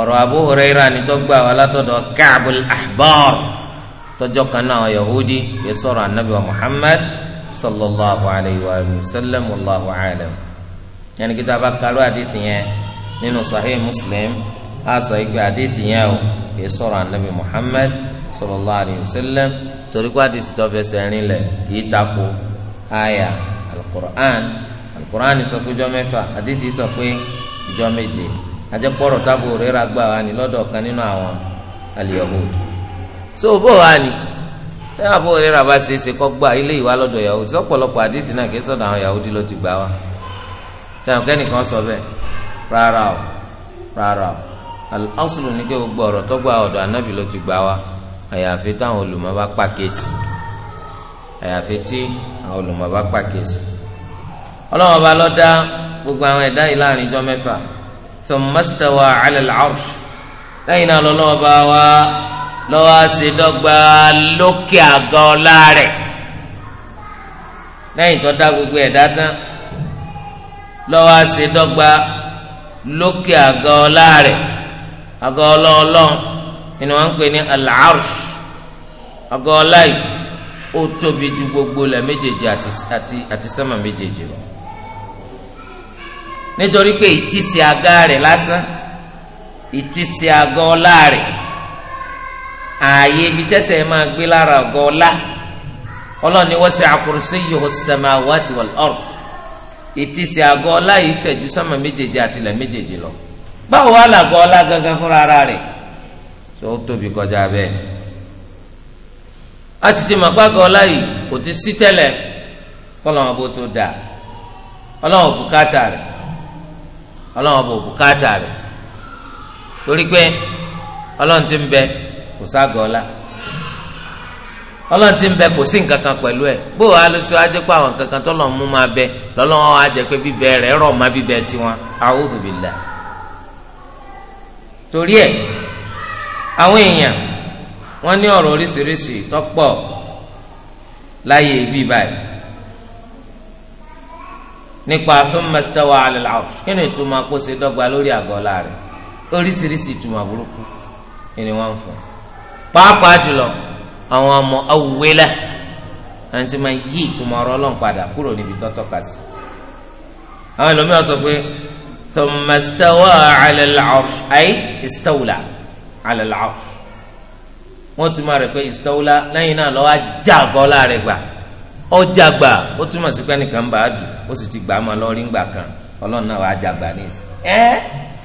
ọ̀rọ̀ Abu Hurairah ni tó gbà wá látọ̀dọ̀ Ka'bul Ahbar tọjọ́ kan náà àwọn Yahudi yẹ sọ̀rọ̀ anabi wa Muhammad sallallahu alayhi wa sallam wallahu alam. yẹn ni kí tá a bá káró àdìsí yẹn nínú Sahih Muslim á sọ ìgbà àdìsí yẹn o yẹ sọ̀rọ̀ anabi Muhammad sallallahu alayhi wa sallam torí pé àdìsí tó fẹsẹ̀ rin lẹ̀ kì í tako àyà alukur'an alukur'an sọ pé ìjọ mẹ́fà àdìsí sọ pé ìjọ méje ajẹ́pọ̀rọ̀ tábù rírà gbà wá ní lọ́dọ̀ kan nínú àwọn aliyahud so bó wá ni ṣé àbò rírà bá ṣe é ṣe kọ́ gbà ilé ìwà lọ́dọ̀ yahud sọ́pọ̀lọpọ̀ àdìsí náà kì í sọ̀dọ̀ àwọn yahud ló ti gbà wá táwọn kẹ́nìkan sọ bẹ́ẹ̀ rárá o rárá o al ní kí gbogbo ọ̀rọ̀ tó ọ̀dọ̀ anábì ló ti gbà wá àyàfi táwọn olùmọ̀ bá pàkíyèsí àyàfi tí àwọn olùmọ̀ bá pàkíyèsí ọlọ́wọ́n bá lọ́ dá gbogbo àwọn ẹ̀dá yìí láàrin ijọ́ mẹ́fà thumma stawa ala al-arsh lẹ́yìn náà lọ́wọ́ bá wá lọ́wọ́ àṣedọ́gba lókè àga ọlá lẹ́yìn tó dá gbogbo ẹ̀dá tán lọ́wọ́ àṣedọ́gba lókè àga ọlá rẹ̀ àga nínú wọn ń pè ní al-arsh ọgọ́ ọláì ó tóbi ju gbogbo ilẹ̀ méjèèjì àti àti sánmà méjèèjì lọ nítorí pé ìtìsí àga rẹ̀ lásán ìtìsí àga ọlá rẹ̀ ààyè ibi tẹ́sẹ̀ máa gbé lára àga ọlá ọlọ́ni wasi'a kursiyyuhu as-samawati wal-ard ìtìsí àga ọlá yìí fẹ̀ ju méjèèjì àti ilẹ̀ méjèèjì lọ báwo wà lága ọlá gangan fúnra rẹ̀ tó tóbi kọjá abe a sì ti mọ̀ pàgọ́ ọlá yìí kò ti sí tẹ́lẹ̀ kọ́lọ́wọ́n bó tó dà ọlọ́wọ́n bùkátà rẹ̀ ọlọ́wọ́n bò bùkátà rẹ̀ torí pé ọlọ́run ti ń bẹ kò ságọ́ ọlá ọlọ́run ti ń bẹ kò sí nǹkan kan pẹ̀lú bó àwọn èèyàn wọ́n ní ọ̀rọ̀ oríṣiríṣi tọ́pọ̀ láyé ibi báyìí nípa thumma stawa ala al-arsh kí ni ìtumọ̀ kó ṣe dọ́gba lórí àgọ́lá rẹ̀ oríṣiríṣi ìtumọ̀ burúkú ni wọ́n ń fún pàápàá jùlọ àwọn ọmọ awúwélẹ̀ àwọn tí máa yí ìtumọ̀ ọ̀rọ̀ ọlọ́run padà kúrò níbi tọ́tọ́ kà sí. àwọn ẹlòmíràn sọ pé thumma stawa ala al-arsh ay ala al-arsh wọ́n túmọ̀ rẹ̀ pé istawla lẹ́yìn náà lọ́wọ́ ajáàgọ́ láàrẹ̀ gbà ọjàgbà ó túmọ̀ sí pé nìkan bá a dùn ó sì ti gbà á máa lọ rí kan ọlọ́run náà wàá jàgbà ní ìsìn. ẹ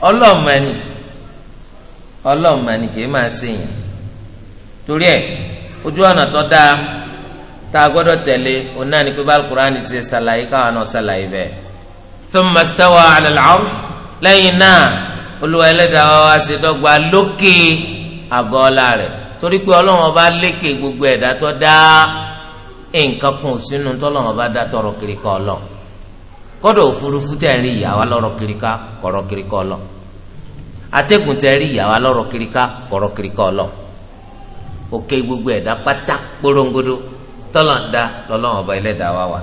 ọlọ́ọ̀mọ́ni ọlọ́ọ̀mọ́ni kì í máa ṣe yẹn torí ẹ ojú ọ̀nà tó dáa tá a gbọ́dọ̀ tẹ̀lé òun náà ni pé bá alukur'an ti ṣe ṣàlàyé káwọn stawa al lẹ́yìn náà olúwa ẹlẹ́dàá wa wá ṣe dọ́gba lókè àgọ́ ọlá rẹ̀ torí pé ọlọ́run ọba lékè gbogbo ẹ̀dá tó dá nǹkan kùn sínú tọ́lọ́run ọba dá tọrọ kiri kọ́ ọlọ́ kọ́dọ̀ òfurufú tẹ̀ rí ìyàwó lọ́rọ̀ kiri ká kọ̀rọ̀ kiri ọlọ́ atẹ́gùn tẹ̀ rí ìyàwó lọ́rọ̀ kiri kọ̀rọ̀ kiri ọlọ́ òkè gbogbo ẹ̀dá pátá kporongodo tọ́lọ̀ dá lọ́lọ́run ọba ẹlẹ́dàá wa wá.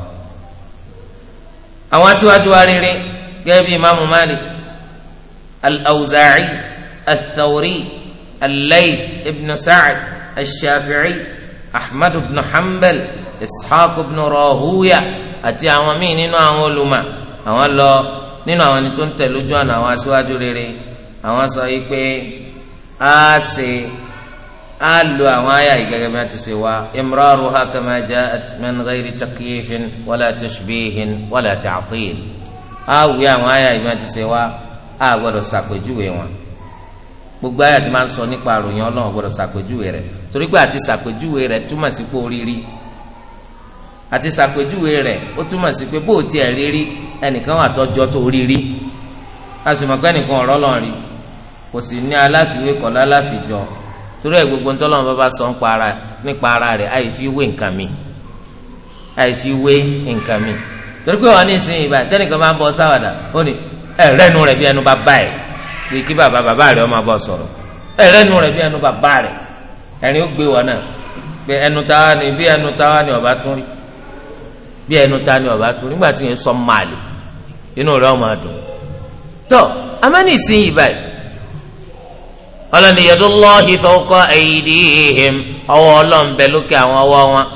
àwọn aṣíwájú wa rere gẹ́gẹ́ bí الأوزاعي الثوري الليث بن سعد الشافعي أحمد بن حنبل إسحاق بن راهوية أتي عوامين إنو عوالما عوالله nínú àwọn ẹni tó ń tẹ̀lé ojú ọ̀nà àwọn aṣáájú rere àwọn sọ yìí pé a ṣe a lo àwọn àyà yìí gẹ́gẹ́ bí wọ́n ti ṣe wá imraruha kama ja'at min ghairi takyifin wala tashbihin wala ta'til a wí àwọn àyà yìí bí wọ́n ti ṣe wá a gbọ́dọ̀ ṣàpèjúwe wọn gbogbo ayé àti máa ń sọ nípa àròyìn Ọlọ́run gbọ́dọ̀ ṣàpèjúwe rẹ̀ torí pé àti ṣàpèjúwe rẹ̀ túmọ̀ sí pé oríire àti ṣàpèjúwe rẹ̀ ó túmọ̀ sí pé bó o tiẹ̀ rírí ẹnìkan wà tọ́jọ́ tó rírí a sì mọ̀ pé ẹnìkan ọ̀rọ̀ lọ́n rí kò sì ní aláfiwé kọ̀lá aláfijọ́ torí ẹ̀ gbogbo ntọ́lọ́run bá bá sọ nípa ara rẹ̀ àì fi wé nǹkan mi àì fi wé nǹkan mi torí pé wọ́n ní ìsinyìí báyìí tẹ́nìkan máa ń bọ sáwàdà ó ní ẹrẹnu rẹ bí ẹnu bàbá ẹ bí kí bàbá bàbá rẹ ọmọ bọ sọ̀rọ̀ ẹrẹnu rẹ bí ẹnu bá rẹ ẹrin ó gbé wọn náà bí ẹnu ta ní bí ẹnu ta ọba tún rí bí ẹnu ta ọba tún rí nígbà tí yẹn sọ máàlì inú rẹ ọmọ dùn tọ amẹni báyìí ọwọ́ lókè àwọn ọwọ́ wọn.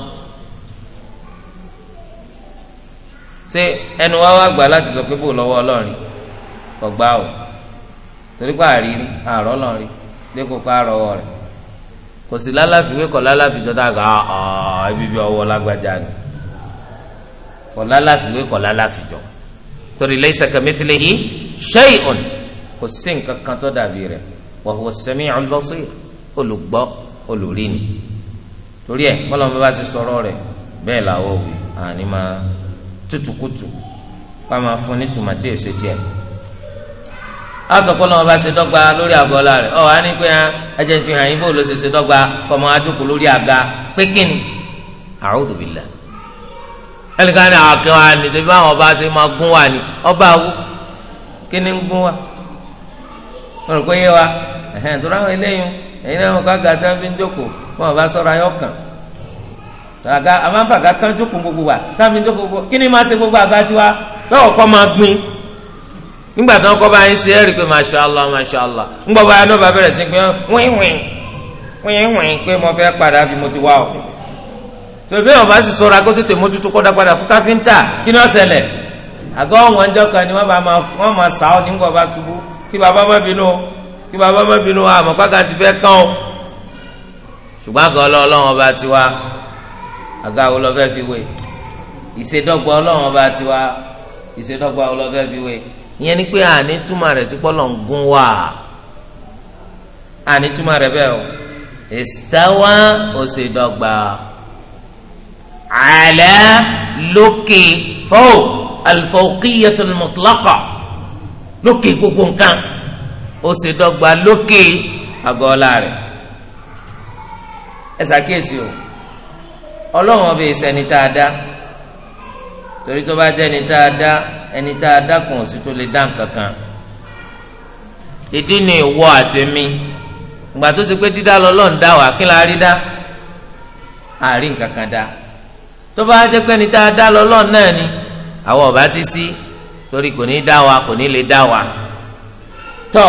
ṣé ẹnu wa wá gbà láti sọ pé bò lọ́wọ́ ọgbà o torí pé àrírí àárọ̀ lọ rí dépò pé àrọ̀wọ̀ rẹ̀ kò sí lálàfíwé kọ̀ lálàfíjọ́ tá a gà á ibi bí ọwọ́ lágbájá ni kọ̀ lálàfíwé kọ̀ lálàfíjọ́ torí laysa kamithlihi shay'un kò sí nǹkan kan tó dàbí rẹ̀ wa huwa as-sami'ul basir olùgbọ́ olùrí ni torí ẹ̀ kọ́lọ́mù bá ti sọ̀rọ̀ rẹ̀ bẹ́ẹ̀ làwọn òbí àní máa tútùkùtù ká máa fún nítumọ̀ tí èso tiẹ̀ a sọ pé ọlọ́wọ́n bá ṣe dọ́gba lórí àgọ́ ọ̀la rẹ̀ ọ̀ á ní pé ẹjẹ̀ ń fi hàn yín bó ló ṣe ṣe dọ́gba kọ́mọ ajókòó ni a'udhu billah ẹnìkan ní àwọn kan wà ní ṣe bí àwọn ọba ṣe máa gún wà ní ọba awú kí ni ń gún wà wọn rò pé yé wa ẹ̀hẹ́n tó ráwọn eléyìí ẹ̀yin náà wọn ká ga fi ń jókòó wọn ọba sọ̀rọ̀ ayọ́ kàn àga àmàfàgà kan jókòó gbogbo wa táwọn fi ń jókòó gbogbo kí ni máa gbogbo àga tiwa lọ́wọ́ kọ́ máa gbin nígbà tí wọn kọ́ bá yín ṣe é rí i pé masha allah masha allah ńgbọ́ bá yín náà bá bẹ̀rẹ̀ sí pé wíwìn wíwìn pé mo fẹ́ padà bí mo ti wá o. tòbí ọba sì sọ̀rọ̀ akó tètè mo tutù kọ́dà padà fún káfíńtà kí ni ó ṣẹlẹ̀ àgọ́ ọ̀wọ́n ọjọ́ kan ni wọ́n bá máa wọ́n máa sà ọ́ nígbà bá ṣubú kí bàbá má bínú kí bàbá má bínú àmọ́ pàkà ti fẹ́ kàn ó. ṣùgbọ́n àgọ́ ọlọ́run ọba tiwa àgọ́ àwọn ọlọ́fẹ́ fi wé ìṣèdọ́gba ọlọ́run ọba tiwa ìṣèdọ́gba ọlọ́fẹ́ fi wé ìyẹn ni pé àní túmọ̀ rẹ̀ ti pọ́lọ̀ ń gún wá àní túmọ̀ rẹ̀ bẹ́ẹ̀ o ìsítáwá òsèdọ́gba àlẹ́ lókè fọ́ọ̀ al-fawqiyyatul mutlaqa lókè gbogbo nǹkan òsèdọ́gba lókè agọ́ọ́lá rẹ̀ ẹ ṣàkíyèsí o ọlọ́run ọbẹ̀ ìsẹ̀ni tá a dá torí tó bá jẹ́ ẹni tá a dá ẹni tá a dá kùn sí tó lè dá nǹkan ìdí ni ìwọ àtẹmí ìgbà tó ṣe pé dídá lọ́lọ́run dá wà kí la rí dá àárín nǹkan kan dá tó bá jẹ́ pé ẹni tá a dá lọ́lọ́run náà ni àwọn ọba ti sí torí kò ní dá wa kò ní lè dá wa tọ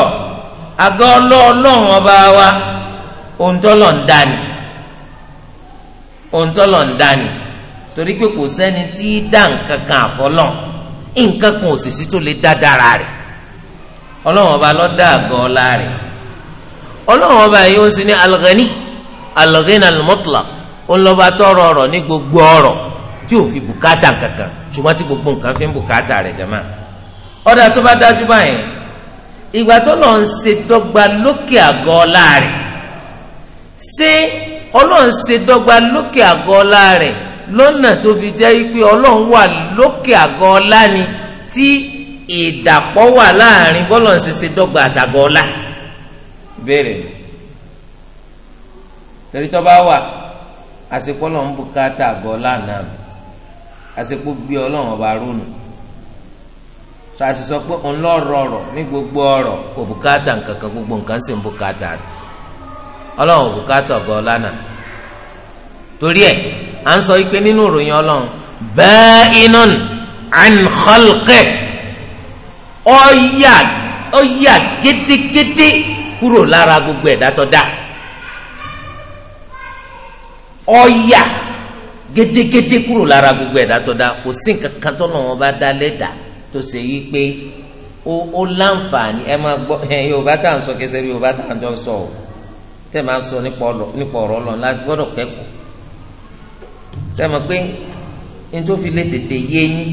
àgọ́ ọlọ́ọ̀lọ́run ọba wa ohun lọ́n dá ni ohun lọ́n dá ni torí pé kò sẹ́ni tí í dá nǹkan kan àfọlọ́n nǹkan kan òṣìṣì tó lè dá dára rẹ̀ ọlọ́run ọba ló dá àgọ́ ọlá rẹ̀ ọlọ́run ọba yìí ó sì ní al-Ghani al-Ghina al-mutlaq ó lọ́ba tọrọ ọ̀rọ̀ ní gbogbo ọ̀rọ̀ tí ò fi bùkátà kankan ṣùgbọ́n tí gbogbo nǹkan fi ń bùkátà rẹ̀ jẹ́ ọ̀dà tó bá dájú báyìí ìgbà tó lọ́n ń ṣe dọ́gba lókè àgọ́ rẹ̀ ṣé ọlọ́run ṣe dọ́gba lókè àgọ́ ọlá rẹ̀ lọ́nà tó fi jẹ́ pé ọlọ́run wà lókè àgọ́ ọlá ni tí ìdàpọ̀ wà láàrin bọ́lọ̀ ń ṣe ṣe dọ́gba àtàgọ́ ọlá. béèrè torí tó bá wà àsìkò ọlọ́run bùkátà àgọ́ ọlá náà àsìkò gbé ọlọ́run ọba rónù sàṣìṣọ pé òun lọ́ọ́ rọrọ̀ ní gbogbo ọ̀rọ̀ kò bùkátà gbogbo nǹkan sì ń bùkátà rẹ̀ ọlọ́run bùkátà ọ̀gá ọ̀lànà torí ẹ̀ à ń sọ pé nínú ìròyìn ọlọ́run bẹ́ẹ̀ iná àn xọlùkẹ́ ọ̀yà ọ̀yà gédégédé kúrò lára gbogbo ẹ̀dá tó dá ọ̀yà gédégédé kúrò lára gbogbo ẹ̀dá tó dá kò sí nǹkan kan tó lọ́wọ́ bá dá lẹ́dà tó ṣe yí pé ó láǹfààní ẹ máa gbọ́ yorùbá tá à ń sọ kẹsẹ́ yorùbá tá à ń sọ o tẹ́ máa sọ nípa ọ̀rọ̀ Ọlọ́run la gbọ́dọ̀ kẹ́kọ̀ọ́ ṣé mọ̀ pé nítorí fi lè tètè yé yín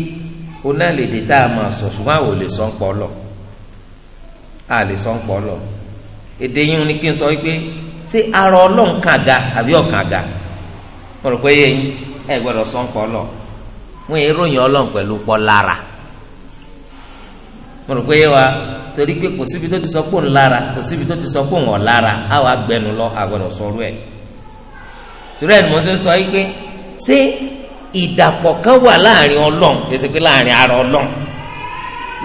o náà lè dé tá a máa sọ ṣùgbọ́n àwọn ò lè sọ ń pọ̀ lọ a lè sọ ń pọ̀ lọ èdè yín ni kí n sọ wípé ṣé ara Ọlọ́run kàn ga àbí ọ̀kàn ga mo rò pé yé yín ẹ gbọ́dọ̀ sọ ń pọ̀ lọ wọn èrò yín Ọlọ́run pẹ̀lú pọ̀ lára mo rò pé yé wa torí pé kò síbi tó ti sọ pé òun lára kò síbi tó ti sọ pé òun ọ̀ lára á wàá gbẹnu lọ àgbọ̀dọ̀ sọ̀rọ̀ ẹ̀ torí ẹ̀ ni mo ti ń sọ yìí pé ṣé ìdàpọ̀ kan wà láàrin ọlọ́run kì í ṣe pé láàrin ara ọlọ́run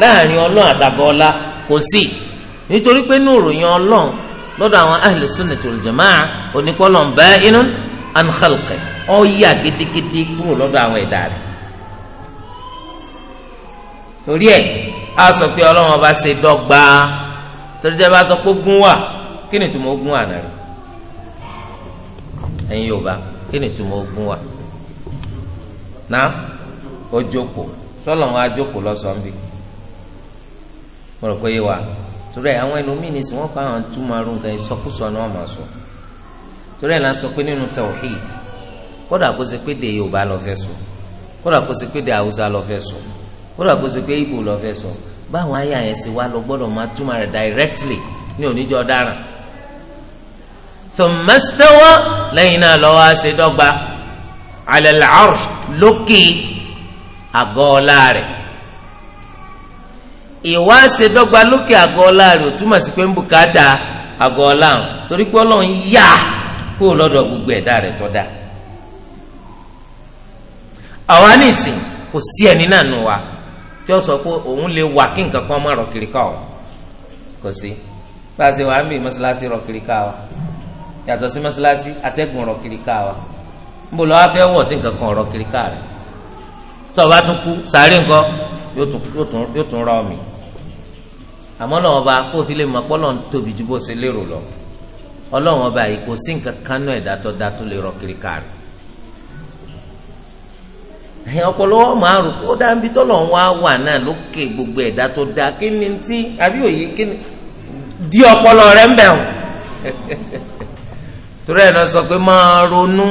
láàrin ọlọ́run àtàgọ́ ọlá kò sí nítorí pé ní òròyìn ọlọ́run lọ́dọ̀ àwọn ahli sunnati wal jamaa onípọ́lọ́n ba'inun an khalqi ó yà gidigidi kúrò lọ́dọ̀ àwọn ẹ̀dá rẹ̀ torí ẹ̀ a sọ pé ọlọ́run ọba ṣe dọ́gba torí tẹ́ bá sọ pé ogun wà kí ni ìtumọ̀ ogun wà náà rí ẹ̀yin yorùbá kí ni ìtumọ̀ ogun wà ná ojoko sọlọ wọn ajoko lọsàn bí mo rò pé yé wa torí àwọn ẹlòmíì ní sìn wọn kọ àwọn túmọ̀ arúgbó nǹkan ìsọkúsọ ni wọn máa sọ torí ẹ̀ la sọ pé nínú tawhid kódà kó ṣe pé de yorùbá lọ fẹ́ sọ kódà kó ṣe pé de haúsá lọ fẹ́ sọ. kódà kó ṣe pé ibo lọ sọ báwọn ayé àyẹ̀ ṣe wá lọ gbọ́dọ̀ máa túmọ̀ rẹ̀ directly ní oníjọ́ dáràn thumma lẹ́yìn náà lọ́wọ́ ṣe dọ́gba lókè rẹ̀ ṣe dọ́gba lókè gbogbo ẹ̀dá rẹ̀ da àwa nìsín kò sí ẹni náà tí ó sọ pé òun lè wà kí nǹkan kan má rọ kiri ká o kò sí bá a ṣe wà ń bì mọ́ṣáláṣí rọ kiri ká wa yàtọ̀ sí mọ́ṣáláṣí atẹ́gùn rọ kiri ká wa ń bò lọ́wọ́ fẹ́ wọ̀ tí nǹkan kan rọ kiri ká rẹ̀ tó o bá tún kú sàárè nǹkan yóò tún rọ mi àmọ́ lọ́wọ́ bá kó o fi lè mọ̀ pọ́ lọ́n tóbi ju bó ṣe lérò lọ ọlọ́wọ́n bá yìí kò sí nǹkan kan náà ẹ̀dá dá tó lè rọ kiri rẹ̀ ẹ̀yìn ọpọlọ máa rò kó dáńbí tọ́lọ̀ ń wá wà náà lókè gbogbo ẹ̀dá tó dáa kí ni ti àbí òye kí ni di ọpọlọ rẹ ń bẹ̀ wọ́n. torí ẹ̀ náà sọ pé máa ronú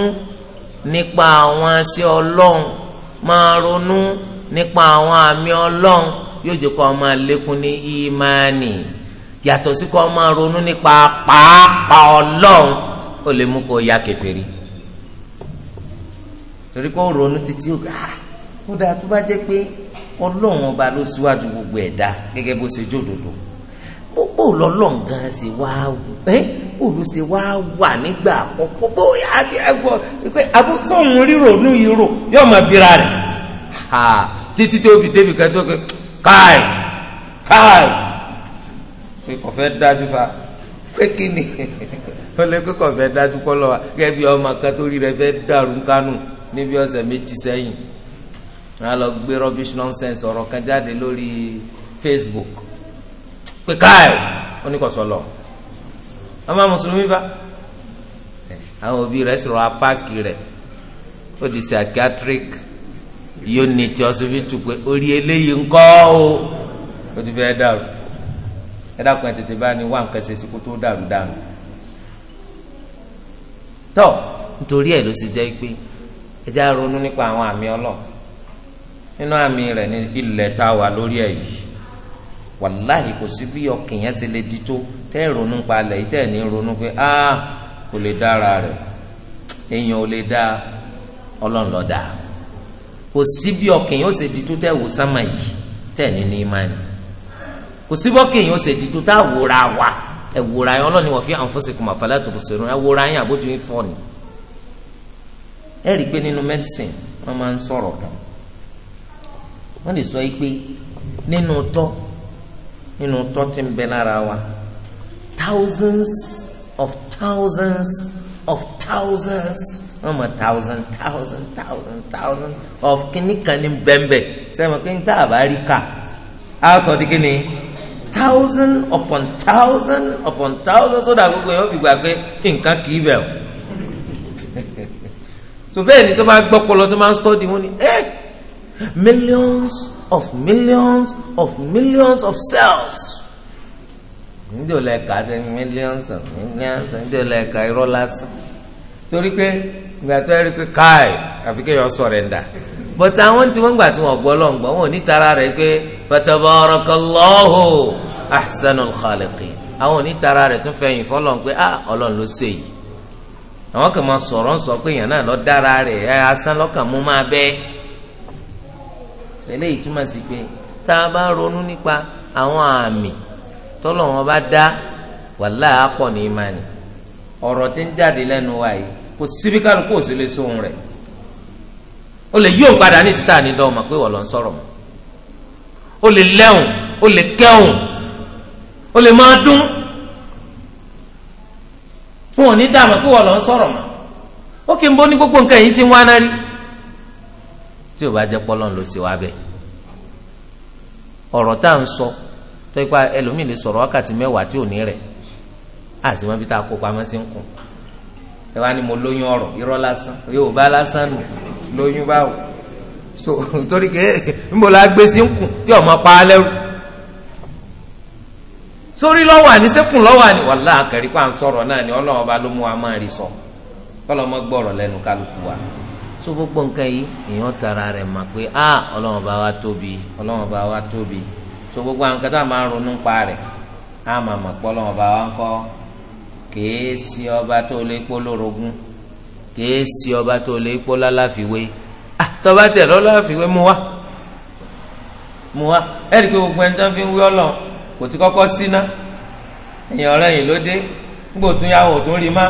nípa àwọn àṣẹ ọlọ́run máa ronú nípa àwọn àmì ọlọ́run yóò jẹ́ kó o máa lékún ní ìmánì yàtọ̀ sí kó o máa ronú nípa pàápàá ọlọ́run ó lè mú kó o yá kèfèrí torí pé ó ronú títí ó gbà ó dáa tó bá jẹ́ pé ọlọ́run ọba ló síwájú gbogbo ẹ̀dá gẹ́gẹ́ bó ṣe jódodo gbogbo lọ́lọ́run gan ṣe wá ẹ́ olùṣe wá wà nígbà àkọ́kọ́ bó àgbọ̀ pé àbúsọ̀hún rírònú yìí rò yóò máa bira rẹ̀ títí tí ó fi débi kan tí káì káì pé kò fẹ́ dájú fa pé kí ni ó lè pé kò fẹ́ dájú kọ́ lọ́wọ́ gẹ́gẹ́ bí ọmọ kan tó rí rẹ fẹ́ dàrú kánú níbi ọ̀sẹ̀ méjì sẹ́yìn wọn á lọ gbé rubbish nonsense ọ̀rọ̀ kan jáde lórí Facebook pé káyọ̀ oníkọ̀sọ́lọ̀ ọmọ mùsùlùmí bá àwọn òbí rẹ̀ sọ̀rọ̀ apáàkì rẹ̀ ó di psychiatric unit hospital pé orí eléyìí ńkọ́ o ó ti fẹ́ dàrú ẹ dákun ẹ tètè bá ní wá nǹkan ṣe sí kó tó dàrú dànù tọ́ nítorí ẹ̀ ló ṣe jẹ́ pé ẹjẹ́ ronú nípa àwọn àmì ọlọ nínú àmì rẹ̀ ní ilẹ̀ tá a wà lórí ẹ̀ yìí wàláhì kò sí bí ọkàn yẹn ṣe lè di tó tẹ́ ẹ̀ ronú nípa alẹ̀ yìí tẹ́ ẹ̀ ní ronú pé a kò lè dára rẹ̀ èèyàn ò lè dá ọlọ́run dá kò sí bí di tó wò sánmà yìí ní ní kò sí di tó wòra wa wòra yẹn fi ẹ rí i pé nínú medicine wọ́n máa ń sọ̀rọ̀ kan wọ́n lè sọ yìí pé nínú tọ́ nínú tọ́ tí ń bẹ lára wa thousands of thousands of thousands wọ́n mọ̀ thousand thousand thousand thousand of kíní kan ní bẹ́ẹ̀nbẹ́ sẹ́wọ̀n kí n tá a bá rí kà á sọ di kíni thousand upon thousand upon thousand sódà gbogbo yẹn ó fi gbà pé nǹkan kì í bẹ̀ so bẹ́ẹ̀ ni tó bá gbọ́ pọlọ tó máa ń stọ́dì wọn ni ẹ́ eh, millions of millions of millions of cells ndí ò lẹ́ka ṣe millions of millions ndí ò lẹ́ka irọ́ lásán torí pé ìgbà tó rí pé káì àfi kéèyàn sọ̀rẹ̀ndà but àwọn tí wọ́n gbà tí wọ́n gbọ́ lọ́ngbọ́n wọn ò ní tara rẹ̀ pé fatabarakallahu ahsanul khaliqin àwọn ò ní tara rẹ̀ tún fẹ̀yìn fọlọ́n pé ah ọlọ́run ló ṣèyí àwọn kan máa sọ̀rọ̀ ń sọ pé èèyàn náà lọ dára rẹ̀ ẹ asán lọ́kàn mú máa bẹ́ eléyìí túmọ̀ sí pé tá a bá ronú nípa àwọn àmì tọ́lọ̀ wọn bá dá wàláhì àpọ̀ ní ìmánì ọ̀rọ̀ tí ń jáde lẹ́nu wa yìí kò síbi kálukú ò lè sóhun rẹ̀ o lè yóò padà ní síta ní dọ́ọ̀mà pé wọ́n lọ ń sọ̀rọ̀ o lè lẹ́hùn o lè kẹ́hùn o lè máa dún wọn ò ní dààmú kí wọn lọ sọ̀rọ̀ mọ́ ó kì í bó ní gbogbo nǹkan yìí ti ń wá náà rí tí ò bá jẹ pọlọ ló sì wá bẹ ọ̀rọ̀ tá à ń sọ tó ipa ẹlòmíì lè sọ̀rọ̀ wákàtí mẹ́wàá tí ò ní rẹ̀ àti wọn bí tá a kó pamọ́ sí ń kún ẹ wá ní mo lóyún ọ̀rọ̀ irọ́ lásán yóò bá lásán nù lóyún báwò so torí ké ń bò la gbé sí ń kún tí ọmọ pa á lẹ́rù. sórí lọ́wọ́ àní sẹ́kùn lọ́wọ́ àní wàhálà àkàrí pa à ń sọ̀rọ̀ náà ni ọlọ́run ọba ló mú wa máa rí sọ kọ́lọ́ mọ́ gbọ́rọ̀ lẹ́nu kálukú wa tó gbogbo nǹkan yìí èèyàn tara rẹ̀ mà pé a ọlọ́run ọba wa tóbi ọlọ́run ọba wa tóbi tó gbogbo àwọn kẹta máa ń ronú pa rẹ̀ a máa mọ̀ pé ọlọ́run ọba wa ń kọ́ kèé sí ọba tó lè pọ́ lórogún kèé sí ọba tó lè pọ́ lálàfiwé tọ́ba tẹ̀ lọ́làfiwé mú wa mú wa ẹ̀rí kò ti kọ́kọ́ síná èèyàn ọ̀rẹ́ yìí ló dé nígbà tó tó rí má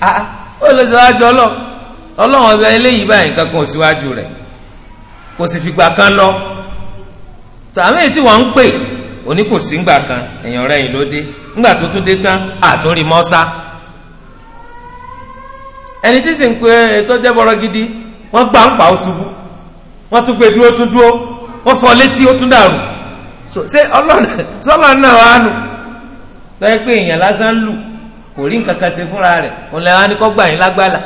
a ah, ah, ó lọ síwájú ọlọ́ọ̀ ọlọ́run ọba eléyìí báyìí rẹ̀ kò sì kan lọ tó èyí tí wọ́n ń pè òní kò sí kan èèyàn ọ̀rẹ́ yìí ló dé tó tún dé tán mọ́sá ẹni tí sì ń pe ètò eh, ọjọ́ gidi wọ́n gbà ń ṣé ọlọ́nà sọlọ náà wà nù tọ́yẹ pé èèyàn lásán lù kò rí nǹkan kan ṣe fúnra rẹ̀ òun lẹ́yìn wọn ni kọ́ gbà yín lágbàlá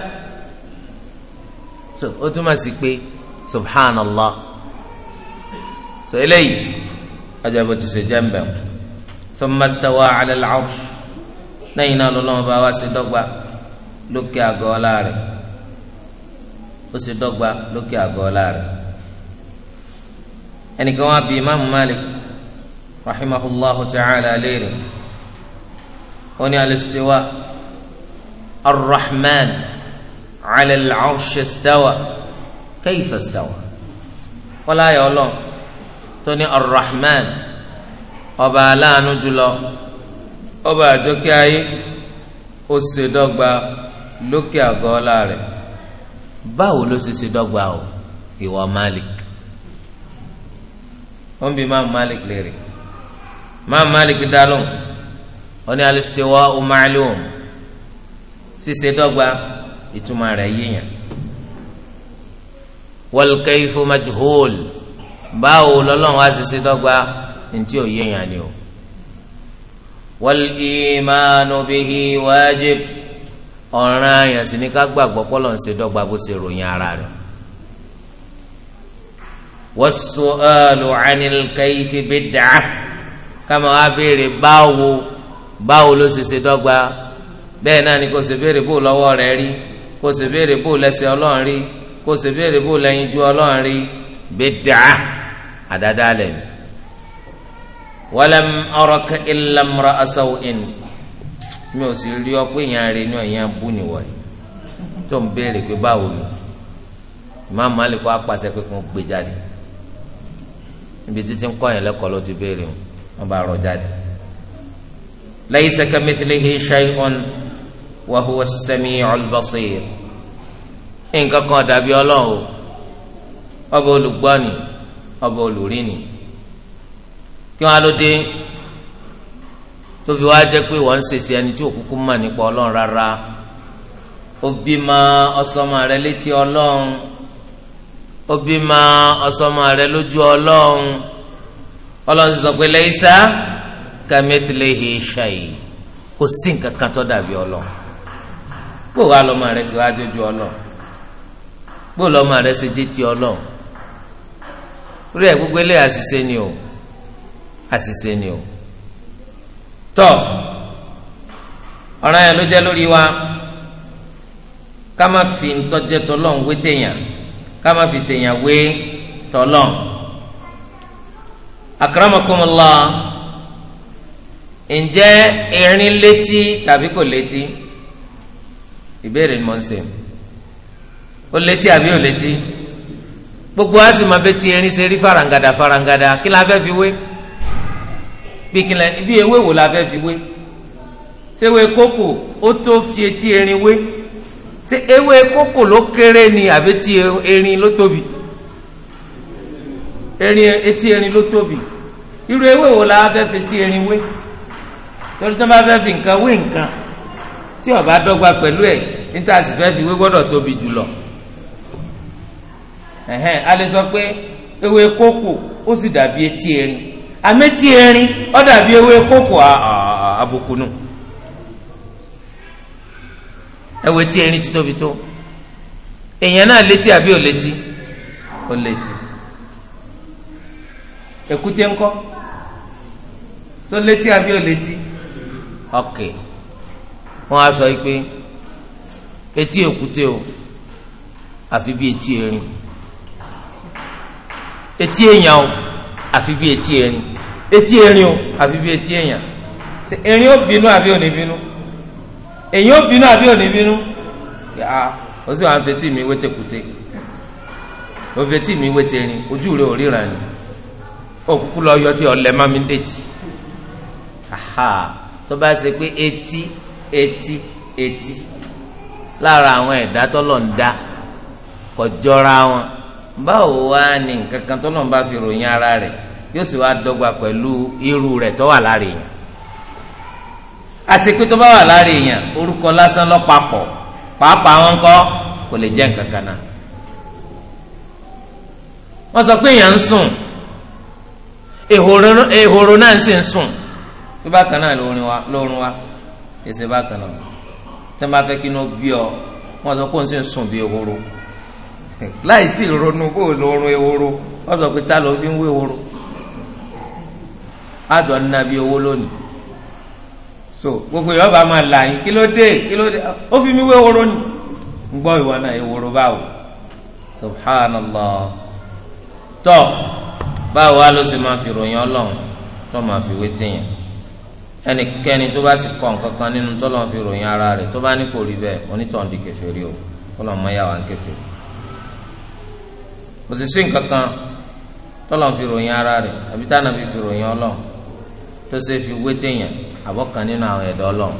so ó túmọ̀ sí pé subhanallah so eléyìí ajabo ti ṣe jẹ́mbẹ̀ thumma stawa ala al lẹ́yìn náà lọ́lọ́mọ bá wá ṣe dọ́gba lókè àgọ́ rẹ̀ ó ṣe dọ́gba lókè àgọ́ rẹ̀ ẹnìkan wá bí imáàmù Malik rahimahullahu ta'ala léèrè ó ní alistiwa arrahman ala al-arsh istawa kayfa istawa wọ́n láyà ọlọ́ tó ní arrahman ọba aláàánú jùlọ ọba àjọkẹ́ ayé ó ṣe dọ́gba lókè àgọ́ ọlá rẹ̀ báwo ló ṣe ṣe dọ́gba o ìwọ malik ó ń bi máa malik léèrè máa Malik dálóhùn ó ní al-istiwa'u ma'lum ṣíṣe dọ́gba ìtumọ̀ rẹ̀ yíyan wal-kayfu majhul báwo lọ́lọ́run á ṣe ṣe dọ́gba ntí ò yíyan ni o wal-imanu bihi wajib ọ̀ràn àyàn sì ni ká gbàgbọ́ pé Ọlọ́run ṣe dọ́gba bó ṣe ròyìn ara rẹ̀ was-su'alu 'anil kayfi bid'ah káma wá béèrè báwo báwo ló ṣe ṣe dọ́gba bẹ́ẹ̀ náà ni kò sì béèrè bó lọ́wọ́ rẹ̀ rí kò sì béèrè bó lẹ́sẹ̀ ọlọ́run rí kò sì béèrè bó lẹ́yìn ju ọlọ́run rí bid'a àdáadáa lẹ̀ ni. walam araka illa imra'a saw'in mi ò sì rí ọ pé èèyàn rẹ ní ọ̀yàn bú nìwọ̀ yìí tó ń béèrè pé báwo ni Imam Malik kó apàṣẹ pé kò gbé jáde níbi títí ń kọ́ yẹn lẹ́kọ̀ọ́ ló ti béèrè wọn wọn bá rọ jáde. laysa kamithlihi shay'un wa huwa as-sami'ul basir nǹkan kan dàbí ọlọ́run o ọba olùgbọ́ni ọba olùríni kí wọn á ló dé tó fi wá jẹ́ pé wọ́n ń ṣèṣe ẹni tí òkúkú mọ̀ nípa ọlọ́run rárá òbí ma ọsọmọ rẹ létí ọlọ́run òbí ma ọsọmọ rẹ lójú ọlọ́run ọlọ́run sọ pé laysa kamithlihi shay kò sí nǹkan kan tó dàbí ọlọ́run bó wàá lọ́mọ rẹ sí wàá jójú ọlọ́run bó lọ́mọ rẹ sí jíjí ọlọ́run rí ẹ gbogbo eléyà àṣìṣe ni o àṣìṣe ni o tọ ọ̀ràn yẹn ló jẹ́ lórí wa ká má fi ntọ́jẹ́ tọ́lọ́n wé téèyàn ká má fi téèyàn wé tọ́lọ́n akramakumullah ǹjẹ́ erin létí tàbí kò létí ìbéèrè ni mo ń ṣe ó létí àbí ò létí gbogbo a sì máa bẹ ti erin ṣe rí farangada farangada kí la fẹ́ fi wé bí kí la bí ewé wo la fẹ́ fi wé ṣé ewé kókò ó tó fi etí erin wé ṣé ewé kókò ló kéré ni àbí ti erin ló tóbi erin etí erin ló tóbi irú ewé wo la fẹ́ fi erin wé torí tí wọ́n bá fẹ́ fi nǹkan wé nǹkan tí ó dọ́gba pẹ̀lú ẹ̀ níta sì fẹ́ fi wé gbọ́dọ̀ tóbi jùlọ a lè sọ pé ewé kókò ó sì dàbí etí erin àmẹ́tí erin ó dàbí ewé ti tóbi tó èèyàn náà létí àbí ò létí ò létí èkúté tó létí àbí ò létí ok wọn á sọ pé etí èkúté o àfi bí etí erin etí èèyàn o àfi bí etí erin etí erin o àfi bí etí èèyàn erin ó bínú àbí ò ní bínú èèyàn ó bínú àbí ò ní bínú yàá ó sì wà ń fetí mi wété kúté ó fetí mi wété rin ojú rẹ ò ríran ni ó kúkú lọ yọ tí ọ lẹ déjì aha tó bá ṣe pé etí etí etí lára àwọn ẹ̀dá tọ́lọ̀ ń dá kò wọn báwo wá ní fi ròyìn ara rẹ̀ yóò sì wá dọ́gba pẹ̀lú irú rẹ̀ tó wà lára èèyàn àsìkò tó bá wà lára èèyàn orúkọ lásán lọ́pàpọ̀ pàápàá wọn kọ́ kò lè jẹ́ nǹkan kan náà wọ́n sọ pé èèyàn ń bí bákan náà lóorun wa lóorun wa èsè bákan náà tẹ́ máa fẹ́ kí inú bí ọ wọ́n sọ pé òun sì ń sùn bí ehoro láì tí ì ronú kó lóorun ehoro wọ́n sọ pé ta ló fi ń wé ehoro àdọ̀ nínú abí owó lónìí so gbogbo yọba máa là yín kí ló dé kí ló dé ó fi mí wé ehoro ni ń gbọ́ ìwọ náà ehoro báwo subhanallah tọ́ báwo a ló ṣe máa fi ròyìn ọlọ́run tó máa fi wé téèyàn. ẹnikẹ́ni tó bá sì kọ́ nǹkan kan nínú tó lọ́n fi ròyìn ara rẹ̀ tó bá ní kò di o kó lọ́n mọ yà wá kò sì sí nǹkan kan tó lọ́n fi ròyìn ara rẹ̀ àbí tá nàbí fi ròyìn ọlọ́run tó ṣe fi wé téèyàn àbọ̀kan nínú àwọn ẹ̀dọ́ ọlọ́run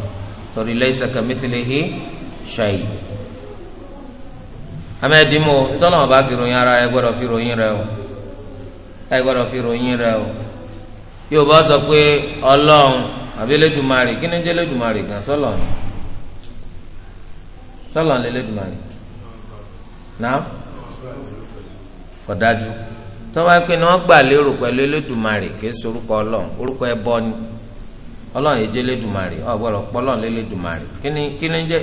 torí laysa kamithlihi amẹ́dìmọ̀ bá fi ròyìn ara rẹ̀ gbọ́dọ̀ fi ròyìn rẹ̀ o àbí Elédùmarè kí ni jẹ́ Elédùmarè gan sọ́lọ̀ ni sọ́lọ̀ ni Elédùmarè náà kọ̀dájú tọ́wá pé ni wọ́n gbà lérò pẹ̀lú Elédùmarè kì í sorúkọ Ọlọ́run orúkọ ẹbọ ni Ọlọ́run yìí jẹ́ Elédùmarè ọ̀gbọ́dọ̀ pọ́lọ́n lélẹ́dùmarè kí ni kí ni jẹ́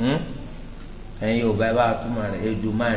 hmm? Yorùbá ẹ bá túmọ̀ rẹ̀ èdù máa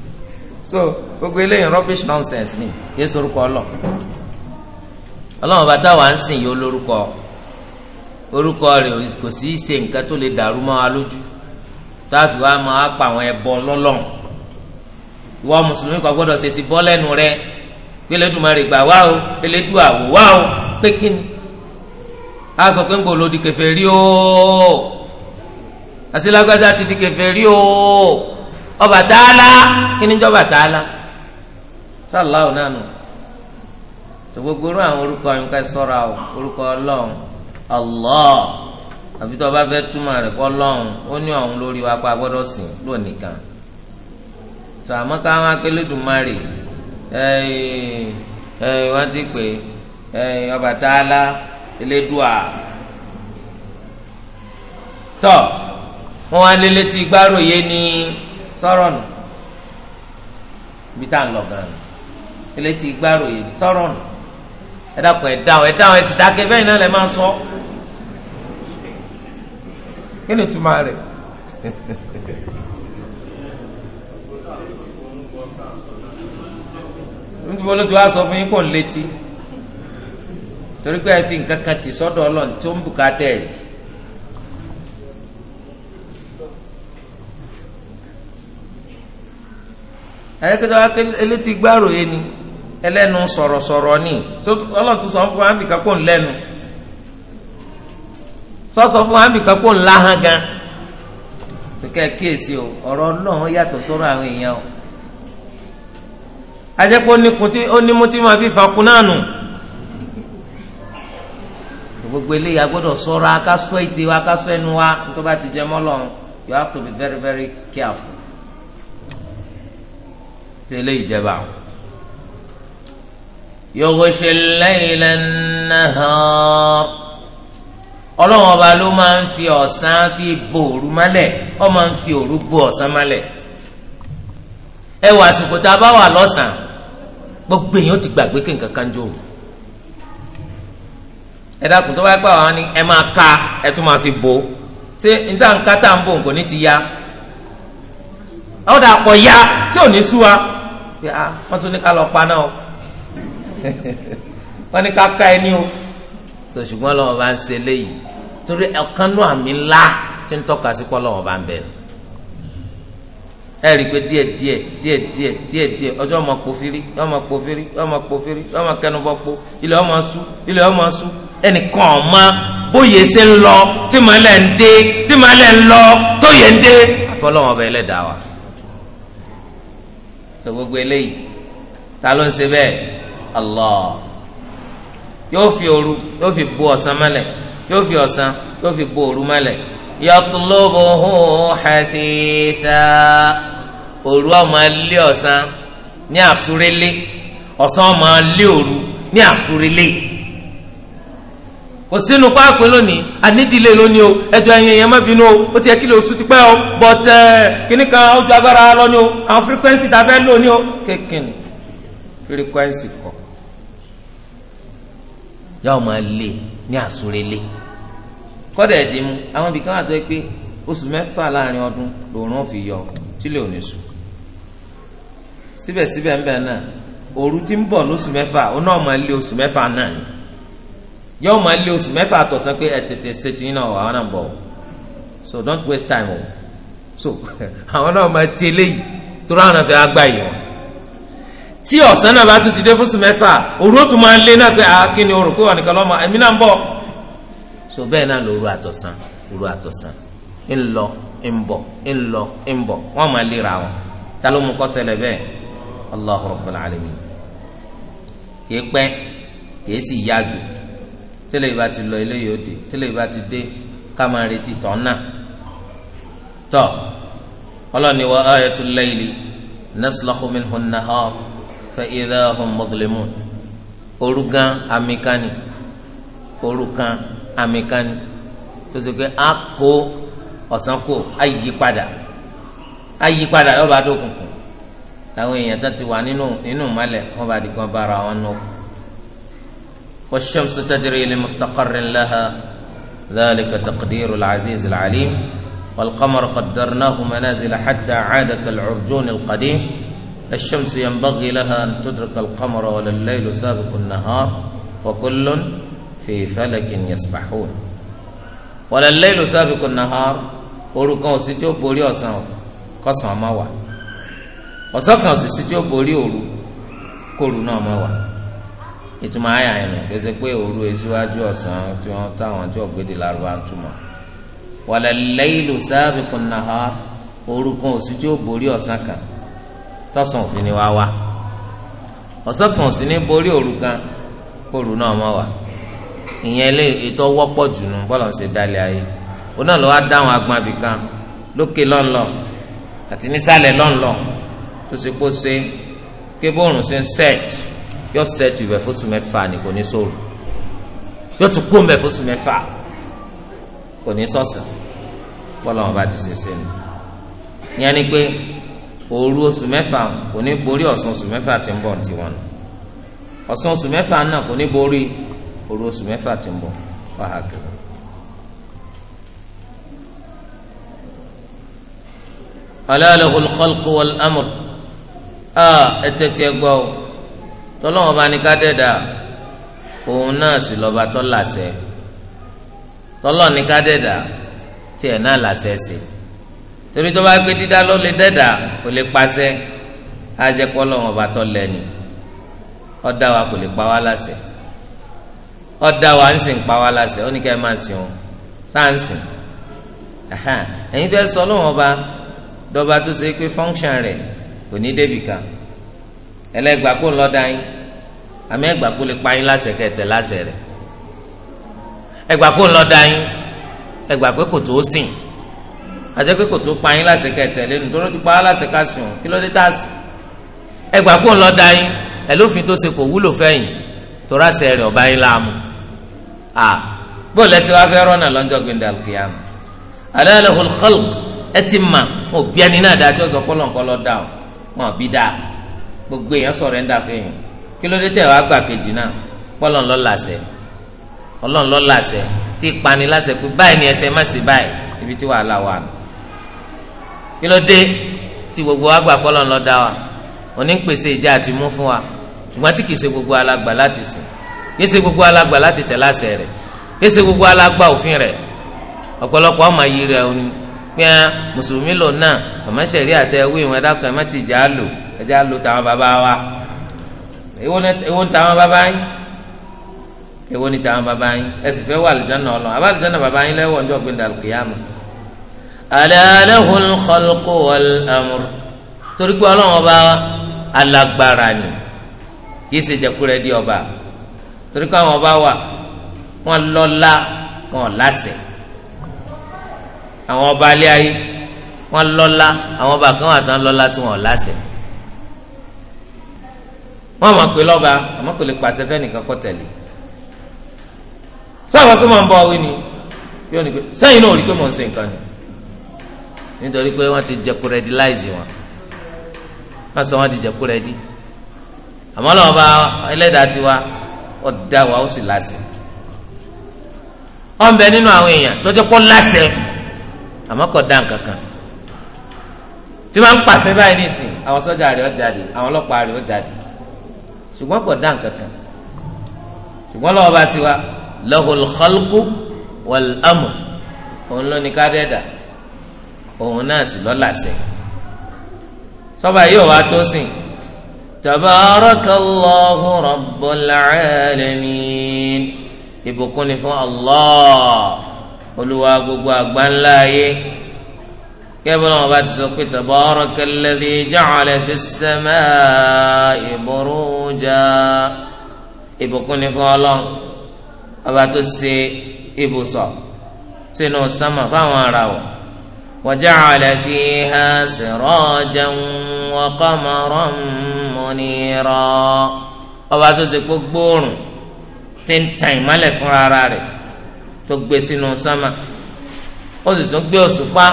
so gbogbo eléyìí rubbish nonsense ni yé sorúkọ ọlọ ọlọ́run bàtà wà ń sìn yìí olórúkọ orúkọ rẹ̀ kò sí ṣe nǹkan tó lè dàrú mọ́ wa lójú táàfì wa máa pa àwọn ẹbọ lọ́lọ́run ìwọ mùsùlùmí kan gbọ́dọ̀ ṣe sí bọ́ lẹ́nu rẹ̀ pé lẹ́dùnmarè gbà wá o pé lẹ́dùn àwò wá o pé kí ni a sọ pé ń bò lòdì kèfèrí o àṣìlágbádá ti di kèfèrí o. taala kí ni ọba taala sàlláhu nánu gbogbo irú àwọn orúkọ yín ká sọ́ra o orúkọ ọlọ́run Allah àbí túmọ̀ rẹ̀ kọ́ lọ́run ó ní ọ̀hún lórí wa pa gbọ́dọ̀ sìn lónìí kan tó àmọ́ káwọn akérèdùmarè wọ́n ti pè tọ́ wọ́n wá lé létí sọ̀rọ̀ nù ibi tá à ń lọ gan ni ilé ti gbárò yìí ni sọ̀rọ̀ nù ẹ dákun ẹ dáhùn ẹ dáhùn ẹ sì dákẹ́ bẹ́ẹ̀ náà lẹ máa sọ kí ni túmọ̀ rẹ̀ nítorí olóòtú wa sọ fún yín kò ń létí torí pé ẹ fi nǹkan kan tì sọ́dọ̀ Ọlọ́run tó ń bùkátẹ́ rí ẹ̀ẹ́dẹ́gbẹ́ta wa kẹ́ elétí gbárò yé ni ẹlẹ́nu sọ̀rọ̀sọ̀rọ̀ ni ọlọ́tún sọ fún wa nbìkan kó ń lẹ́nu sọ́sọ fún wa kó ń láhàn gan sìkẹ́ kíyèsí o ọ̀rọ̀ náà yàtọ̀ sọ́rọ̀ àwọn èèyàn o ajẹ́pọ̀ onímú tí máa fi fakun náà nù gbogbo eléyìí a gbọ́dọ̀ ṣọ́ra ètè wa akásọ ẹnu wa tó bá ti jẹ mọ́ you have to be very very careful. tẹ́lẹ̀ ìjẹba yughshi al-layla an-nahar ọlọ́run ọba ló máa ń fi ọ̀sán fi bo òru mọ́lẹ̀ ó máa ń fi òru bo ọ̀sán mọ́lẹ̀ ẹ wà àsìkò tá a bá wà lọ́sàn-án gbogbo èèyàn ti gbàgbé kí nǹkan kan jó ẹ dákun tó bá pẹ́ ni ẹ máa ka ẹ tún máa fi bo ṣé níta nǹkan tá à ń bò nǹkan ní ti ya àwọn dà pọ̀ ya tí ò ní sú wa ah, wọ́n tún ní ká lọ pa náà wọ́n ní ká ká ẹni o sọ ṣùgbọ́n lọ́wọ́ bá ń ṣe léyìí torí ẹ̀kan náà àmì ńlá tí ń tọ́ka sí pọ́ bá ń bẹ̀ ni ẹ rí i pé díẹ̀ díẹ̀ díẹ̀ díẹ̀ díẹ̀ díẹ̀ ọjọ́ ọmọ pòfiri ọmọ pòfiri ọmọ pòfiri ọmọ kẹnubọpo ilẹ̀ ọmọ sú ilẹ̀ ọmọ sú ẹnìkan ọmọ bóyè ṣe ń lọ tí màá lẹ̀ ń dé tí màá lẹ̀ ń lọ tóyè ń dé àfọlọ́wọn ọba ẹlẹ́dàá wa tó gbogbo eléyìí ta ló ń ṣe bẹ́ẹ̀ Allah yóò fi òru yóò fi bo ọ̀sán mọ́lẹ̀ yóò fi ọ̀sán yóò fi bo òru mọ́lẹ̀ yatlubuhu hatita òru ọmọ ilé ọ̀sán ní àsúrélé ọ̀sán ọmọ ilé òru ní àsúrélé. kò sínú páàpù lónìí ànídìílé lónìí o ẹjọ ẹyin ẹyẹ má bínú o ó ti yẹ kí oṣù ti o but kíní kan ó agbára lọ ni o àwọn frequency tá a fẹ́ lò ni o kékeré frequency kọ yà ọmọ lè ní àsúrelé kọ́dà ẹ̀dín mu àwọn ibìkan àti pé oṣù mẹ́fà láàrin ọdún lòórùn fi yọ tílé ò sùn síbẹ̀síbẹ̀ ń yóò máa lé oṣù mẹ́fà àtọ̀sán pé ẹ tètè ṣe tìyín náà náà so don't waste time o so àwọn náà máa ti eléyìí tó ráwọn náà fẹ́ ti dé fóṣù mẹ́fà òru ó tún máa lé náà pé akíni orò pé wà nìkan lọ́mọ ẹ̀mí náà so bẹ́ẹ̀ náà àtọ̀sán àtọ̀sán ń lọ ń bọ̀ ń lọ ń bọ̀ wọ́n máa wọn ta ló mú kọ́sẹ̀lẹ̀ bẹ́ẹ̀ tẹ́lẹ̀ ìbá ti lọ eléyìí ó dé tẹ́lẹ̀ ìbá ti dé ká máa retí tọ́ náà tọ́ ọlọ́ni wa ayatul layli naslakhu minhu nahar fa idha hum mudlimun orúkàn amikani orúkàn amikani tó ṣe pé a kó ọ̀sán kó ayípadà ayípadà lọ́ba tó kùnkùn làwọn èèyàn tó ti wà nínú nínú malẹ̀ wọ́n bá di kan bára wọn nù. والشمس تجري لمستقر لها ذلك تقدير العزيز العليم والقمر قدرناه منازل حتى عاد كالعرجون القديم الشمس ينبغي لها أن تدرك القمر ولا الليل سابق النهار وكل في فلك يسبحون ولا الليل سابق النهار orúkọ òsì tí ó borí ọ̀sán kọ̀sán má wà ọ̀sán kan òsì tí ó borí òru kóru náà wà. ìtumọ̀ àyà yẹn kẹsẹ̀ pé òru èsíwájú ọ̀sán tí wọ́n táwọn tí ọ̀gbẹ́dẹ̀ lárúbá ń túmọ̀ wàlẹ̀ lẹ́yìnlò sáàbìkún náà òru kan òsì tí ó borí ọ̀sán kan tọ̀sán òfin ni wá wá ọ̀sán kan òsì ní borí òru kan kóòrù náà mọ̀ wá ìyẹn lé ètò wọ́pọ̀ jù nù bọ́lá ń ṣe dálẹ̀ ayé òun náà ló wá dáhùn agbọn abìkan lókè lọ́nlọ́ àti nísàlẹ̀ lọ́nlọ́ tó ṣe kó ṣe kébòrùn ṣe ń sẹ́ẹ̀tì yóò sẹ́ẹ̀tì bẹ̀ fóṣù mẹ́fà ni kò ní sóòrù yóò tún kó bẹ̀ fóṣù mẹ́fà kò ní sọ̀sẹ̀ bọ́lá wọn bá ti ṣe ṣe nù. ìyẹn ni pé òru oṣù mẹ́fà kò ní borí ọ̀sán oṣù mẹ́fà tí ń bọ̀ ní tiwọn ọ̀sán oṣù mẹ́fà náà kò ní borí òru oṣù mẹ́fà ń bọ̀ wàhálà. ألا له الخلق والأمر آه التتيقوا tọ́lọ́wọ́n bá ní ká dẹ́dà òun náà sì lọ́ba tọ́ làṣẹ tọ́lọ́ ní ká dẹ́dà tiẹ̀ náà làṣẹ sí torí tó bá gbé dídá ló lè dẹ́dà kò lè paṣẹ ajẹ́pọ̀ lọ́wọ́n bá tọ́ lẹ́ni ọ̀dà wa kò lè pa wá láṣẹ ọ̀dà wa ń sìn pa wá láṣẹ ó ní ká ẹ máa sìn o sáǹsì ẹ̀yin fẹ́ sọ lọ́wọ́n bá dọ́ba tó ṣe pé fọ́ńkṣàn rẹ̀ kò ní débìkan ẹlẹgbàá kó lọdà yín àmì ẹgbàá kó lè pa yín láṣẹ kẹtẹ láṣẹ rẹ ẹgbàá kó lọdà yín ẹgbàá pé kò tó sìn àti pé kò tó pa yín láṣẹ kẹtẹ lẹnu tó ló ti pa á láṣẹ ká sùn kí ló dé tá a sùn ẹgbàá kó lọdà yín ẹlófin tó ṣe kò wúlò fẹyìn tó ráṣẹ rẹ ọba yín láàmú à bó lẹsẹ wá fẹ rọnà lọ́jọ́ gbẹndàlùkìyàmù alẹ́ lẹ́hùn xọlùk ẹ ti mà òbí ẹni náà dáa tí ó sọ kọ́lọ́ńkọ́lọ́ dáa wọn bí dáa gbogbo èèyàn sọ̀rẹ́ńdà fẹ́yìn kí ló dé tẹ̀ wá gbà kejì náà pọ́lọ́n lọ́ làṣẹ ọlọ́run lọ́ làṣẹ tí ìpani láṣẹ pé báyìí ni ẹsẹ̀ má sí báyìí ibi tí wàhálà wà nù kí ló dé tí gbogbo wa gbà pọ́lọ́n lọ́ dá wa òní ń pèsè ìjà àti mú fún wa ṣùgbọ́n tí kì í ṣe gbogbo alágbà láti sùn kì í ṣe gbogbo alágbà láti tẹ̀ láṣẹ rẹ̀ kì í ṣe gbogbo alágbà òfin rẹ̀ ọ̀pọ̀lọpọ̀ ọmọ yìí rẹ̀ òní pé ẹ mùsùlùmí lò náà àmọ́sẹ̀rí àti ẹwú ìwọ̀n ẹ̀dákan ẹ̀ má ti jà á lò ẹ̀já lò táwọn bàbá wa èwo ni táwọn bàbá yín èwo ni táwọn bàbá yín ẹ sì fẹ́ wà àlùjáná ọlọ́run àbá àlùjáná bàbá yín lẹ́wọ̀n ọjọ́ gbé dàlùkì yá mi. ala lahul khalqu wal amr torí pé ọlọ́run ọba alágbára ni yìí ṣe jẹkulẹ̀ di ọba torí pé àwọn ọba wà wọ́n lọ́lá wọ́n láṣẹ àwọn ọba alẹ́ ayé wọ́n lọ́lá àwọn ọba kan wà tán lọ́lá tí wọ́n láṣẹ wọ́n mọ̀ pé lọ́ba àmọ́ kò lè pàṣẹ fẹ́nìkan kọ́ tẹ̀lé sọ́wọ́n pé màá ń bọ̀ ni yóò ní pé sẹ́yìn náà rí pé mò ń ṣe nǹkan ni nítorí pé wọ́n ti jẹkurẹ́dì láìsí wọn wọ́n sọ wọ́n ti jẹkurẹ́dì àmọ́ lọ́wọ́ bá ẹlẹ́dàá tiwa ọ̀dà wa ó sì láṣẹ ọ̀nbẹ nínú àwọn èèyàn tó jẹ́ pọ́ láṣẹ àmọ́ kò dá nǹkan kan bí wọ́n ń pàṣẹ báyìí nísìn àwọn sọ́jà rẹ̀ ó jáde àwọn ọlọ́pàá rẹ̀ ó jáde ṣùgbọ́n kò dá nǹkan kan ṣùgbọ́n lọ́wọ́ bá ti wá lahul khalqu wal amr òun ló ní ká dẹ́dà òun náà sì lọ́ làṣẹ sọ́ba yóò wá tó sìn tabarakallahu rabbul alamin ìbùkún ni fún Allah olúwa gbogbo àgbáńlá ayé kẹ́bọ́n wọn bá ti sọ pé tabaraka alladhi ja'ala fis samaa'i buruja ìbùkún ni fún ọlọ́run ọba tó ṣe ibùsọ̀ sínú sánmà fáwọn aráwọ̀ wa ja'ala fiha sirajan wa qamaran munira ọba tó ṣe gbogbo òrùn tí ń fúnra rẹ̀. tó gbé sínú sámà ó sì tún gbé òṣùpá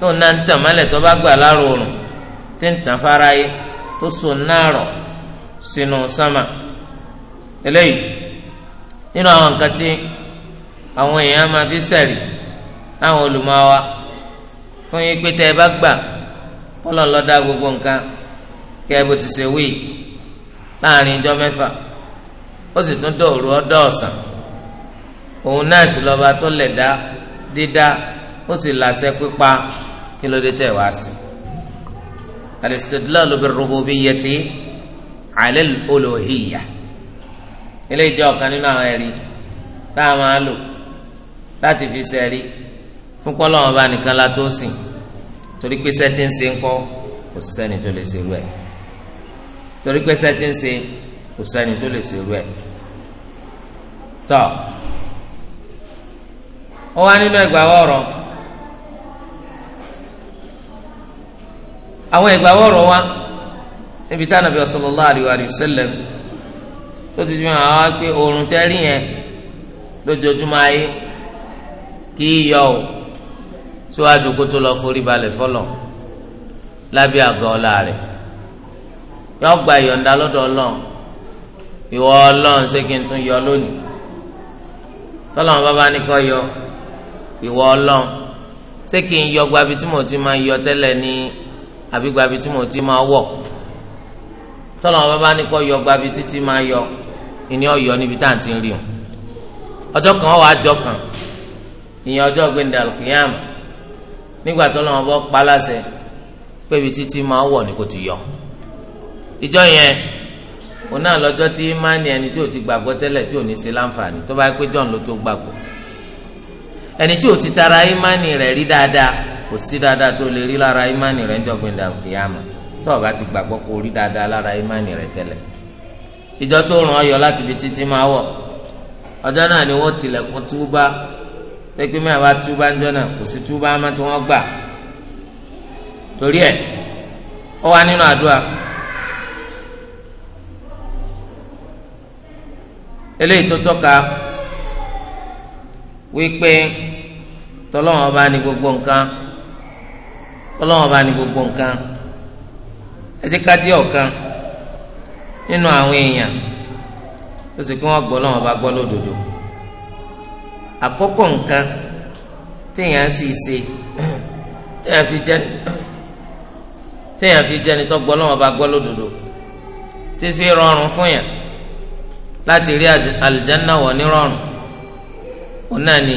tó ń náà ń tàn mọ́lẹ̀ tó bá gbà láàrò òrùn tí ń tàn fara yé tó so náà sínú sámà eléyìí nínú àwọn nǹkan tí àwọn èèyàn máa fi olùmọ̀wá fún yín ẹ bá gbogbo nǹkan kí ẹ bó ti ṣe wí láàrin ijọ́ mẹ́fà ó sì tún dòòrò ọdọ́ ọ̀sán òun náà sì lọ́ba tó lẹ̀ dá dídá ó sì làṣẹ pípa kí ló dé tẹ̀ wá sí. al-istidlalu bir-rububiyyati 'ala al-uluhiyyah ilé ìjọ ọ̀kan nínú àwọn ẹ̀rí tá a máa lò láti fi sẹ́rí fún pọ́lọ́wọ́n bá nìkan la tó sìn torí pé sẹ́tí ń ṣe ń kọ́ kò sẹ́ni tó lè ṣerú ẹ̀ torí pé sẹ́tí ń ṣe kò sẹ́ni tó lè ṣerú ẹ̀ tọ́ ó wá nínú ẹgbàá ọ̀rọ̀ àwọn ẹgbàá ọ̀rọ̀ wa níbi tí anabi sallallahu alayhi wa sallam tó ti fi hàn wá pé oorun tẹ́rí yẹn lójoojúmọ́ ayé kì í yọ o síwájú kó tó lọ forí balẹ̀ fọlọ̀ lábẹ́ àgọ́ ọ̀la rẹ̀ yọ gba ìyọ̀ǹda lọ́dọ̀ ọlọ́run ìwọ ọlọ́run ṣé kí n tún yọ lónìí tọ́lọ́run bàbá ní kọ́ yọ ìwọ Ọlọ́run ṣé kí n yọ gbabi tí mo ti máa yọ tẹ́lẹ̀ ní àbí gbabi tí mo ti máa wọ̀ tọ́lọ̀ wọn bá ní kọ́ yọ gbabi títí máa yọ ìní ọ̀yọ́ níbi tá à ń ti rí o ọjọ́ kan wàá jọ kan ìyẹn ọjọ́ gbẹ̀ndẹ̀ alùkìyàmù nígbà tó lọ́wọ́ bọ́ paláṣẹ pébi títí máa wọ̀ ní kò ti yọ ìjọ yẹn òun náà lọ́jọ́ tí máa ní ẹni tí ò ti gbàgbọ́ tẹ́lẹ̀ tí ò ní ṣe láǹfààní tó bá yẹ pé John ló tó gbàgbọ́ ẹni tí ò ti tara imani rẹ rí dáadáa kò sí dáadáa tó lè rí lára imani rẹ o bá ti gbàgbọ́ kó rí dáadáa lára imani rẹ tẹ́lẹ̀ ìjọ tó ràn ọ́ yọ láti titi títí máa wọ̀ ọjọ́ náà ni wọ́n tilẹ̀kùn túbá pẹ́pẹ́ mẹ́rin wá túbá ń jọ́nà kò sí túbá gba torí ẹ̀ ó wà nínú àdúrà eléyìí tó tọ́ka tọ́lọ́wọ́n ọba ní gbogbo nǹkan tọ́lọ́wọ́n ọba ní gbogbo nǹkan ẹ jẹ́ ká jẹ́ ọ̀kan nínú àwọn èèyàn ó sì kí wọ́n gbọ́ lọ́wọ́n ọba gbọ́ lódodo àkọ́kọ́ nǹkan téèyàn sì ṣe téèyàn fi jẹ́ téèyàn fi jẹ́ ni tó gbọ́ lọ́wọ́n ọba gbọ́ lódodo tí fi rọrùn fún yàn láti rí àlùjánnà wọ̀ ní rọrùn òun náà ni.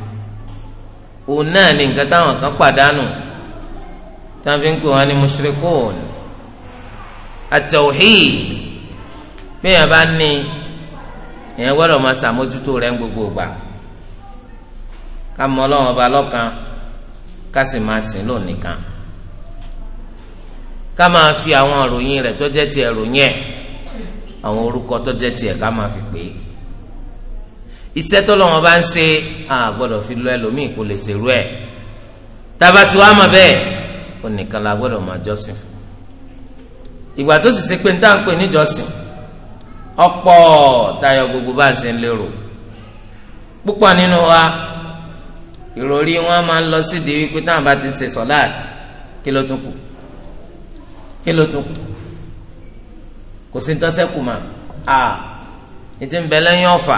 òun náà ni nǹkan táwọn kan pàdánù táwọn fi ń pè wọn ní mushrikun at bẹ́ẹ̀ bá ní èèyàn gbọ́dọ̀ máa ṣàmójútó rẹ̀ ń gbogbo gbà ká mọ ọlọ́run Ka lọ́kan ká sì máa sìn lónìí kan ká máa fi àwọn ìròyìn rẹ̀ tó tiẹ̀ ròyìn ẹ̀ àwọn orúkọ tó tiẹ̀ ká máa fi pè iṣẹ́ tó lọ́wọ́ bá ń ṣe a gbọ́dọ̀ fi lọ ẹlòmíì kò lè ṣerú ẹ̀ tabatu wa mọ̀ bẹ́ẹ̀ ó nìkan la gbọ́dọ̀ máa jọ́sìn fún ìgbà tó sì ṣe pé níta ń pè níjọ́sìn ọ̀pọ̀ tayọ gbogbo bá ń ṣe ń lérò púpọ̀ nínú wa ìròrí wọn máa ń lọ sídìí wípé táwọn bá ti ṣe sọ́láàtì kí ló tún kù kí ló tún kù kò sí ní tọ́sẹ́kù mà á ètí ń bẹ lẹ́yìn ọ̀fà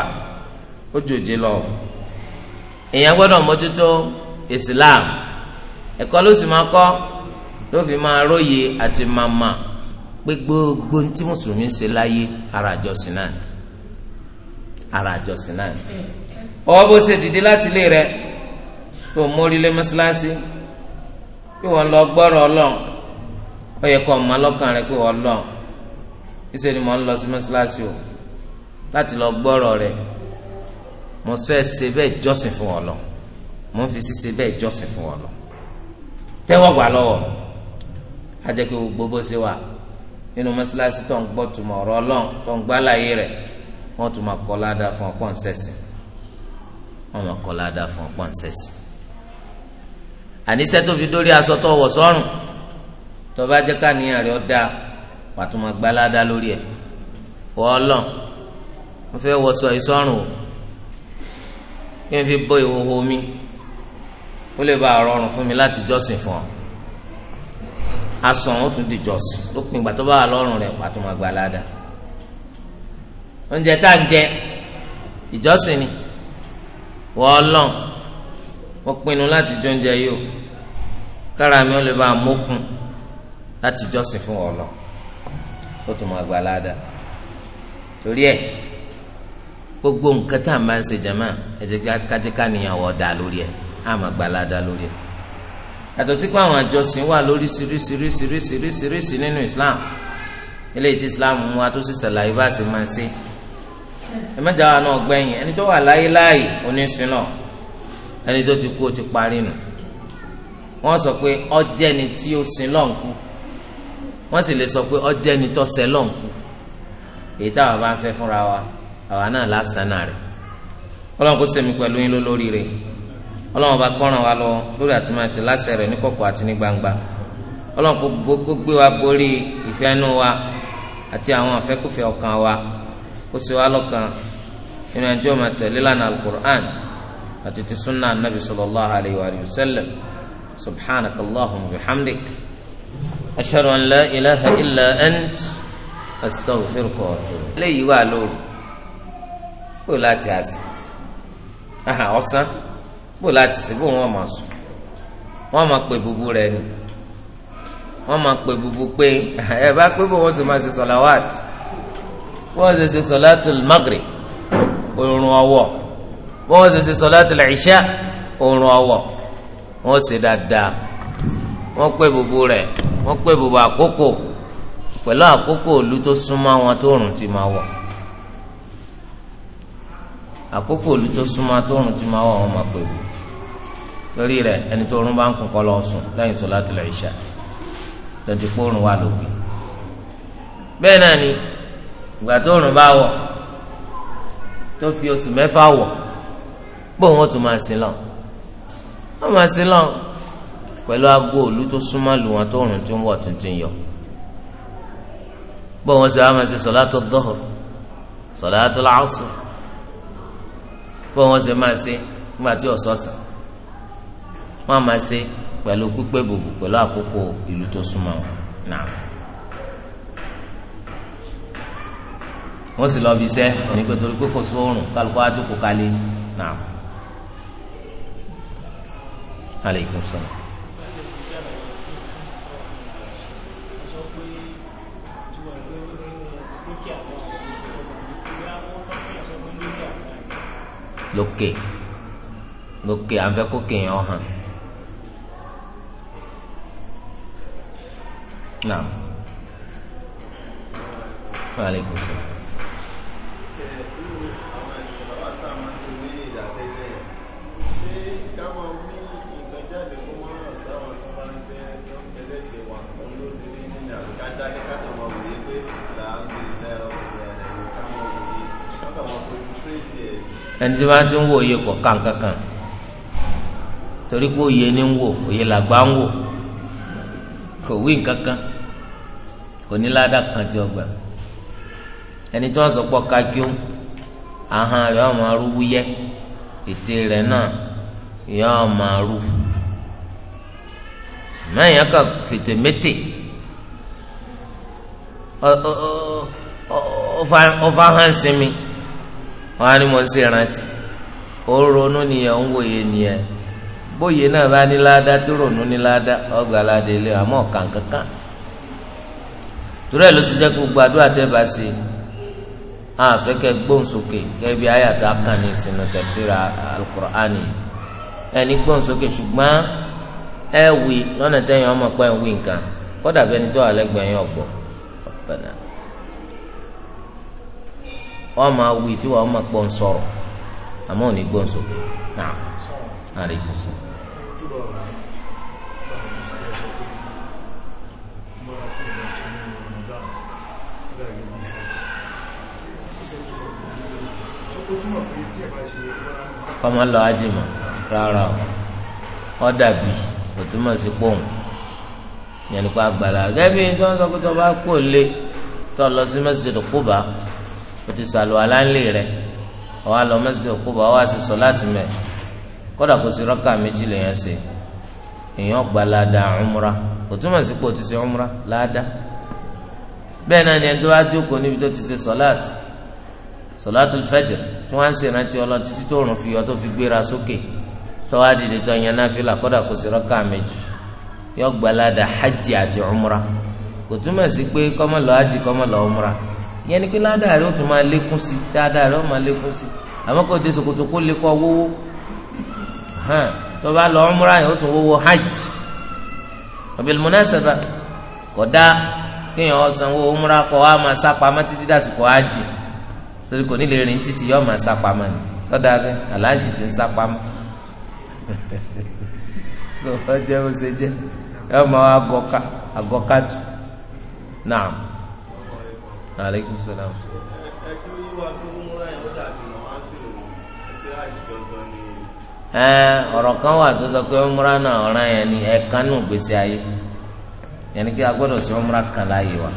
ó jòjé lọ èèyàn gbọ́dọ̀ mójútó islam ẹ̀kọ́ ló sì máa kọ́ ló fi máa róye àti máa mà pé gbogbo tí mùsùlùmí ń ṣe láyé ara àjọsìn náà ara àjọsìn náà ọwọ́ bó ṣe dìde láti ilé rẹ tó mórí lé mọ́ṣáláṣí kí wọ́n lọ gbọ́rọ̀ ọlọ́run ó yẹ kó ọmọ lọ́kàn rẹ pé ọlọ́run ìṣe ni mò ń lọ sí mọ́ṣáláṣí o láti lọ gbọ́rọ̀ rẹ mo fẹ́ ṣe bẹ́ẹ̀ jọ́sìn fún ọ lọ mo fi ṣe bẹ́ẹ̀ jọ́sìn fún ọ lọ tẹ́wọ́ gbà lọ́wọ́ ajẹ́ pé gbogbo bó ṣe wà nínú mọ́ṣáláṣí tó ń gbọ́ tùmọ̀ ọ̀rọ̀ ọlọ́run tó ń gbá láyé rẹ̀ wọ́n tún máa kọ́ ládàá fún ọpọ́n ṣẹ̀sìn wọ́n máa kọ́ ládàá fún ọpọ́n ṣẹ̀sìn. àníṣe tó fi dórí aṣọ tó wọ̀ sọ́rùn tó bá jẹ́ káníyàn rẹ̀ ó dáa máa gbá ládàá lórí ẹ̀ wọ́ ọlọ́run mo fẹ́ wọ sọ o kí n fi bọ́ ìhòhò mi ó lè bá rọrùn fún mi láti jọ́sìn fún ọ aṣọ àwọn tún di jọ́sìn lópin ìgbà tó bá wà lọ́rùn rẹ̀ pàtó máa gba aláda oúnjẹ tá à ń jẹ ìjọ́sìn ni wọ́n lọ́n wọ́n pinnu láti jọ oúnjẹ yìí o kára mi ó lè bá mókun láti jọ́sìn fún ọ lọ ó tún máa gba aláda torí ẹ̀ gbogbo nǹkan tá à ń ń ṣe jama ẹ̀jẹ̀ kájíká níyàwó ọ̀dà lórí ẹ̀ àmọ́ gbalada lórí ẹ̀. yàtọ̀ sí pé àwọn àjọsìn wà lórí ṣiríṣiríṣiríṣiríṣiríṣi nínú Islam eléyìí tí Islam mú wa tó sì ṣàlàyé bá a ṣe máa ṣe. ẹ mẹ́ta wa náà gbẹ̀yìn ẹni tó wà láyé láàyè oníṣun náà ẹni tó ti kú ó ti parí nù. wọ́n sọ pé ọjẹ́ ni tí ó sin lọ́nkú wọ́n sì lè sọ pé ọjẹ́ ni tó sẹ́ lọ́nkú èyí táwa bá ń fẹ́ fúnra wa àwa náà lásán náà rẹ̀ ọlọ́run kó sẹ́mi pẹ̀lú yín lólórí rẹ̀ ọlọ́run bá kọ́ràn wa lọ lórí àtúmọ̀tì láṣẹ rẹ̀ ní kọ̀kọ̀ àti ní gbangba ọlọ́run kó gbé wa borí ìfẹ́nu wa àti àwọn àfẹ́kùfẹ́ ọkàn wa kó sì wá lọ́kàn nínú ẹni tí ó máa alukur'an àti ti sunna anabi sallallahu alayhi wa sallam subhanaka allahumma wa bihamdik la ilaha illa ant astaghfiruka eléyìí wà lóru bó láti àsè aha ọ̀sán bó láti sè bó wọn máa sùn wọn máa pè bubu rẹ ni wọn máa pè bubu pé ẹ bá pé bó wọn sì máa ṣe sọláwàt bó wọn sì ṣe sọláàtul magrib oorun ọwọ bó wọn sì ṣe sọláàtul ìṣá oorun ọwọ wọn ṣe dáadáa wọn pè bubu rẹ wọn pè bubu àkókò pẹ̀lú àkókò òlu tó súnmọ́ wọn tó rùn ti máa wọ̀ àkókò olú tó súnmọ́ tóorùn ti máa wà wọn máa pèrò lórí rẹ̀ ẹni tó orun bá ń kún kọ́ lọ sùn lẹ́yìn sọ̀látul ìṣà tọ́jú pòórùn wà lókè bẹ́ẹ̀ náà ni ìgbà tóorùn bá wọ̀ tó fi oṣù mẹ́fà wọ̀ pé òun ó máa sin lọ wọ́n máa sin lọ pẹ̀lú aago òlu tó súnmọ́ lu wọn tóorùn tó ń wọ̀ tuntun yọ bọ́ọ̀ wọn sì wá máa ṣe sọ̀látul duhur sọ̀látul asr bó wọn ṣe máa ṣe nígbà tí ọ̀sọ́ sàn wọn máa ṣe pẹ̀lú pípé bòbò pẹ̀lú àkókò ìlú tó súnmọ́ wọn náà. wọ́n sì lọ́ọ́ bí iṣẹ́ onígbè torí pé kò sóòrùn kálukọ́ á jókòó kálé náà. aleykum salaam. lókè lókè àfẹkókè yẹn ọhàn náà wà lè kó sọ. crazy. e tí wọ́n ti ń wo òye kọ̀ kankankan torí ni ń wò òye làgbà ń wò kò wí nkankan kò ní kan tí ọgbà ẹni tí wọ́n sọ pé ọ̀ka kí ó ahọ́n máa rú wúyẹ́ ètè mete náà yọ̀ọ́ máa rú wọn á ní mọ̀ ń ṣe ìrántí ó ronú nìyẹn ń wòye nìyẹn bóyè náà bá ní ládàá tí ronú ní ládàá ọgbà kankan torí ẹ̀ ló ti jẹ́ kó gbàdúrà tẹ́ bá ṣe àfẹ́kẹ́ gbóhùnsókè gẹ́gẹ́ bí ayàtà kan ní ìsinmi ẹni gbóhùnsókè ṣùgbọ́n ẹ wí lọ́nà tẹ́yìn ọmọ ń wí nǹkan tó wà náà. ọ máa wí tí wọ́n máa gbọ́n sọ̀rọ̀ àmọ́ òní gbọ́n sókè náà àrè sí. kọ́mọ lọ ájìmọ̀ rárá o ọ dàbí kò túmọ̀ sí pòun àgbàlá gẹ́gẹ́ bí bá o ti sàlù aláǹlẹ̀ rẹ̀ ọ̀hún àlọ́ mẹ́sìkì òkúba ọ̀hún àti sọ láti mẹ́ kódà kò sí rọ́kà méjì lèèyàn ṣe èèyàn gba ládàá umra kò túmọ̀ sí pé o ti ṣe umra ládàá bẹ́ẹ̀ náà ni ẹni tó bá jókòó níbi tó ti ṣe sọ́láàtì sọ́láàtì fẹ́jẹ̀ tí wọ́n á ń ṣe ìrántí títí tó fi yọ tó fi gbéra sókè tó wá dìde tó yan náfìlà kódà kò sí rọ́kà méjì yọ gba ládàá hajj àti umra kò túmọ̀ sí pé kọ́mọ̀lọ́ hajj kọ́mọ̀lọ́ umra. ìyẹn ni pé ládàá rẹ ó tún máa lékún sí dáadáa rẹ ó máa lékún sí àmọ́ kò dé ṣòkòtò kó lè kọ́ wówó tó bá lọ ọmúra yẹn tún wówó hajj bil munasaba kò dá kéèyàn ọ̀sán ọmúra kọ́ wa máa sá títí dàsìkò hajj torí kò ní lè rìn títí yọ máa sá ni sọ́dà rẹ ti ń sá ṣe jẹ́ ẹ alaikum salam ẹẹ ọ̀rọ̀ kan wà tó sọ pé ọmúra náà ọ̀ràn yẹn ni nù gbèsè ayé yẹn ni kí a gbọ́dọ̀ sọ ọmúra kan láàyè wa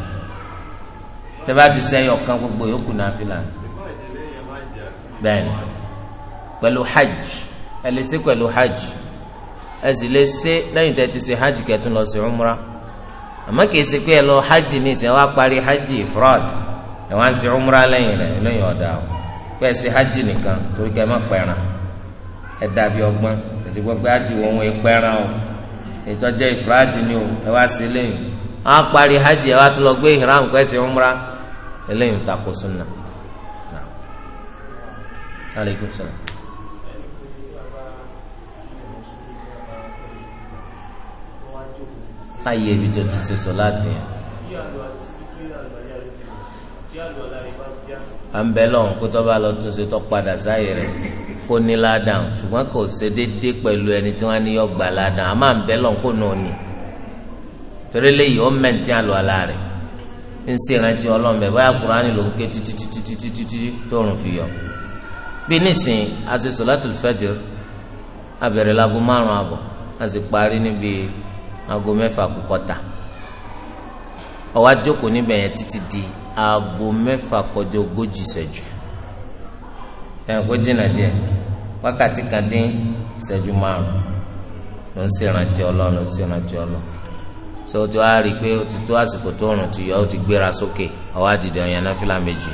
tẹ́lá ti sẹ́ yọ gbogbo yòókù náà fìlà bẹ́ẹ̀ni pẹ̀lú hajj ẹ lè ṣe pẹ̀lú hajj ẹ sì lè hajj kẹ́tùn lọ sí àmọ́ kìí ṣe pé ẹ lọ hajj ní ìsìn wa parí hajj ifrad ẹ wá ń ṣe umra lẹ́yìn rẹ̀ lẹ́yìn ọ̀dà o pé ṣe hajj nìkan torí kẹ́ ẹ má pẹran ẹ dàbí hajj wọn wọn o ni o ẹ wá ṣe lẹ́yìn wọn parí hajj ẹ wá tó lọ gbé kọ́ ẹ ṣe umra lẹ́yìn ayé ibi tó ti ṣe sọ láti yẹn. à ń bẹ lọ́hùn kó tó bá lọ tún ṣe tó padà sáyé rẹ̀ kó ní ládàá ṣùgbọ́n kò ṣe déédéé pẹ̀lú ẹni tí wọ́n á níyọ̀ gbà ládàá àmọ́ à ń bẹ lọ́hùn kó nà ó nì torí léyìí ó mẹ́ǹtí àlọ́ àlá rẹ̀ ń ṣèrántí ọlọ́run bẹ̀ báyà kúránì ló ń ké títítítítítítí tóorùn fi yọ. bí nísìn a ṣe sọ̀látùl fẹ́jìr a bẹ̀rẹ̀ láago márùn-ún àbọ̀ a sì parí níbi aago mẹ́fà kù kọ́ta ó wá jókòó níbẹ̀ di aago mẹ́fà kọjá ogójì ìṣẹ́jú ẹ̀rùn kó jìnnà díẹ̀ dị kan dín ìṣẹ́jú márùn ló ń ṣèrántí ọlọ́run ló ń so ti wàá rí i ti tó àsìkò tó rùn ti yọ ti gbéra sókè ọwọ́ àdìdì ọ̀yàn náà fìlà méjì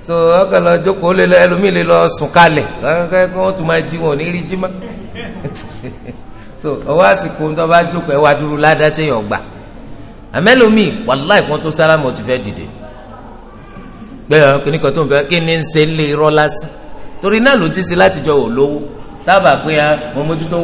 so ọkọlọ jókòó lé ẹlòmíì lè lọ sùn kalẹ̀ kọ́kọ́ tún máa so ọwọ́ àsìkò tó bá jókòó ẹ wá dúró ládàá gba gbà àmẹ́lòmíì wàláì kan tó sálámù ọtún fẹ́ dìde kan tó ń kí ni ń ṣe torí náà ló ti ṣe láti jọ òlówó pé ya ah, mo mójútó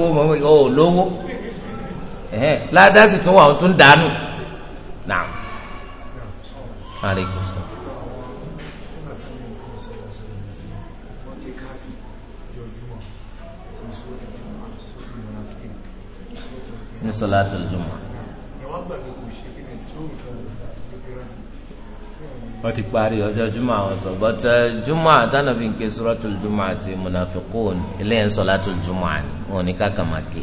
ní sọláàtì ìjùmọ̀. wọ́n parí ọjọ́ jùmọ̀ àwọn sọ but jùmọ̀ àtànàbí nké sọ́láàtì ìjùmọ̀ àti mùnàfíkún eléyìí sọláàtì ìjùmọ̀ àní wọn ní kàkàmàkè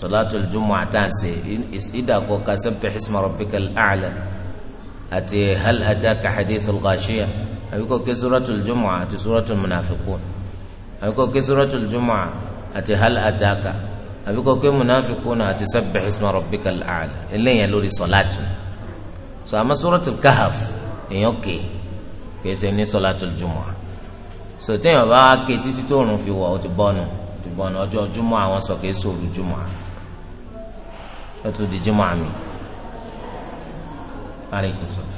sọláàtì ìjùmọ̀ àtànṣe ìdàkọ̀ kásẹ̀pẹ̀ hisma rabbika al-a'la àti hal ataka hadithul al-ghashiya àbíkọ̀ ké sọ́láàtì ìjùmọ̀ àti sọ́láàtì mùnàfíkún àbíkọ̀ ké sọ́láàtì ìjùmọ̀ àti hal ataka. àbí kò pé munafikuna àti sabbih isma rabbikal a'la eléyàn lórí sọláàtù sọ àmọ́ suratul kahf èèyàn kè kì í ṣe ní sọláàtul jumu'ah sọ téèyàn bá ké títí tó rùn fi wọ̀ ó ti bọ́nu ti bọ́nu ọjọ́ jumu'ah àwọn sọ kì í sòrò jumu'ah ó di jumu'ah mi. Alaikum salaam.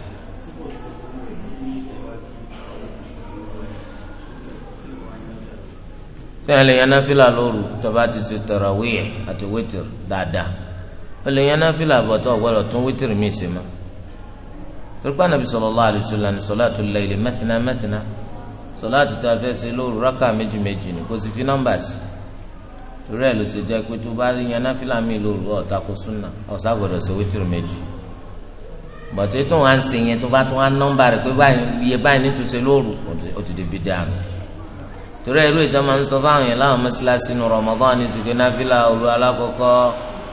tẹ́yìn lè yan náfìlà lóru tọba ti ṣe tarawih àti wítìrì dáadáa ó lè yan náfìlà àbọ̀tọ̀ ọ̀gbọ́dọ̀ tún wítìrì mí ṣe mọ́ torípa nàbí sallallahu alaihi wasallam ní salatu layli mẹ́tìnà mẹ́tìnà salatu tó a fẹ́ ṣe lóru rákà méjì méjì ni kò sì fi nọ́mbà sí torí ẹ̀ ló ṣe jẹ́ pé tó bá yan náfìlà mí lóru ọ̀tá kó súnà ọ̀sá gbọ́dọ̀ ṣe wítìrì méjì bọ̀tẹ́ tó wá ń ṣe yẹn tó bá tó wá nọ́mbà rẹ̀ pé báyìí torí ẹrú ìjọ máa ń sọ fáwọn yẹn láwọn mọ́sálásí nu Ramadan ní sùgbọ́n náfìlà òru alákọ̀ọ́kọ́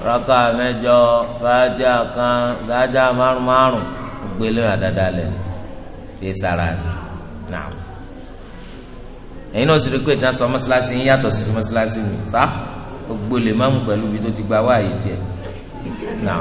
rákà mẹ́jọ fàájà kan dájà márùn márùn gbélé rà lẹ fi sára ni náà ẹ̀yin náà sì rí pé ìtàn sọ mọ́sálásí yín yàtọ̀ sí ti mọ́sálásí mi sá gbogbo lè mú pẹ̀lú ibi tó ti gba wáyé tiẹ̀ náà.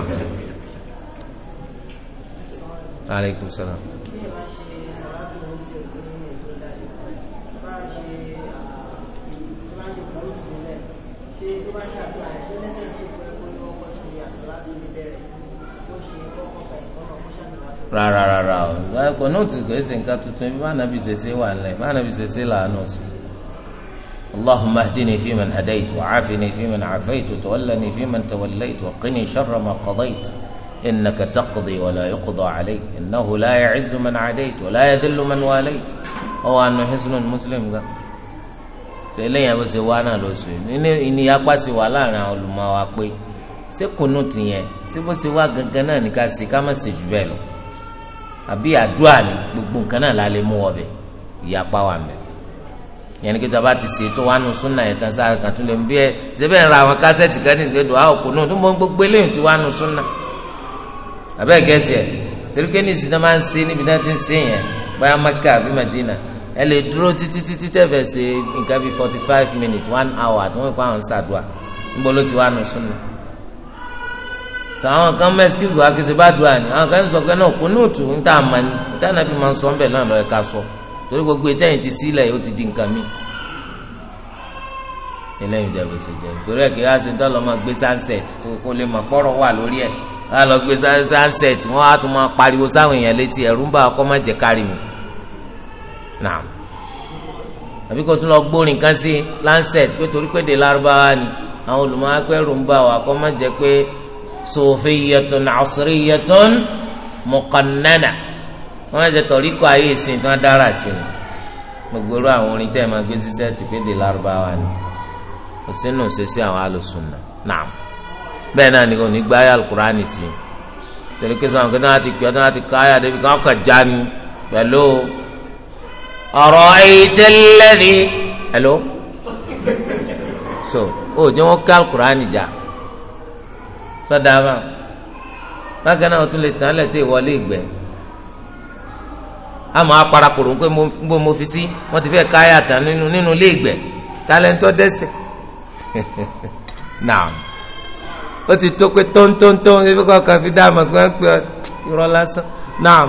rárá rárá o kò ní òtún kò ṣe nǹkan tuntun bí báwọn nàbí ṣẹṣẹ wà nílẹ̀ báwọn nàbí ṣẹṣẹ làánú sùn. اللهم اهدني فيمن هديت وعافني فيمن عافيت وتولني فيمن توليت وقني شر ما قضيت إنك تقضي ولا يقضى عليك إنه لا يعز من عاديت ولا يذل من واليت هو أنه حسن مسلم ده. eléyàn bó ṣe wá náà ló sùn ìníyàpá sì wà láàrin àwọn olùmọ̀ wa pé ṣé kùnú tìyẹn ṣé bó ṣe wá gangan náà ní ká ṣe ká má ṣe jù lọ àbí àdúrà ni gbogbo nǹkan náà la lè mú ọbẹ̀ ìyàpá wà mẹ́ yẹnni kí taba ti ṣètò wánu súnà yẹn tán sáà kàn tún lè bí ẹ ṣẹbẹ̀ ń ra àwọn kásẹ̀tì kan ní ìṣèdò àwọn kùnú tó mọ gbogbo eléyìí ti wánu súnà àbẹ́ gẹ́tì torí kí ìsìn náà máa ń ṣe níbi náà ti ń ṣe yẹn báyà Mẹ́kà àbí Mẹ́dínà ẹ lè dúró títí títí tẹ̀fẹ̀ ṣe nǹkan bíi forty five minutes one hour tí wọ́n kọ́ àwọn ṣàdùà níbo ló ti wá nù súnmọ́ tọ àwọn kan mọ excuse wa kìí ṣe bá dùn àní àwọn kan sọ pé náà kò ní òtù ń tà mà ní níta náà fi máa ń sọ ń bẹ̀ náà lọ́ọ́ ká sọ torí gbogbo etí ẹ̀yìn ti sílẹ̀ yóò ti di nǹkan mi. eléyìí ìjàgbé ṣe jẹ torí ẹ kì wá sí tọ́ máa gbé sunset tó kó lè mọ̀ pọ́rọ̀ wà lórí ẹ̀ wá lọ gbé sunset wọ́n á tún máa pariwo sáwọn èèyàn létí ẹ̀rú ń bá ọkọ má jẹ́ kárí náà àbí kò tún lọ gbórin kan sí lancet pé torí pé de lárúbáwá ni àwọn olùmọ̀ọ́ akẹ́rù ń bá wa kọ́ má jẹ́ pé sofiyatun asriyatun muqannana wọ́n má jẹ́ torí kọ́ ayé ìsìn tí wọ́n dára sí ni gbogbo irú àwọn orin tẹ́ ẹ máa gbé sísẹ́ ti pé de lárúbáwá ni kò sínú ṣeṣe àwọn alùsùnà náà bẹ́ẹ̀ náà ni kò ní gbáyà alukurani sí torí pé sọ̀rọ̀ pé náà ti pè ọ́ ti ká ayà débi ọkọ̀ أرأيت الذي ألو so o jẹ wọn ká alukur'an jà sọdá bá bákan náà o tún lè tán lẹ tí ìwọlé ìgbẹ àmọ́ aparakoro pé mo mo fi sí ti nínú nínú ilé ìgbẹ tálẹńtọ dẹsẹ ti tó pé tóntóntó ẹbí fi dá àmọ́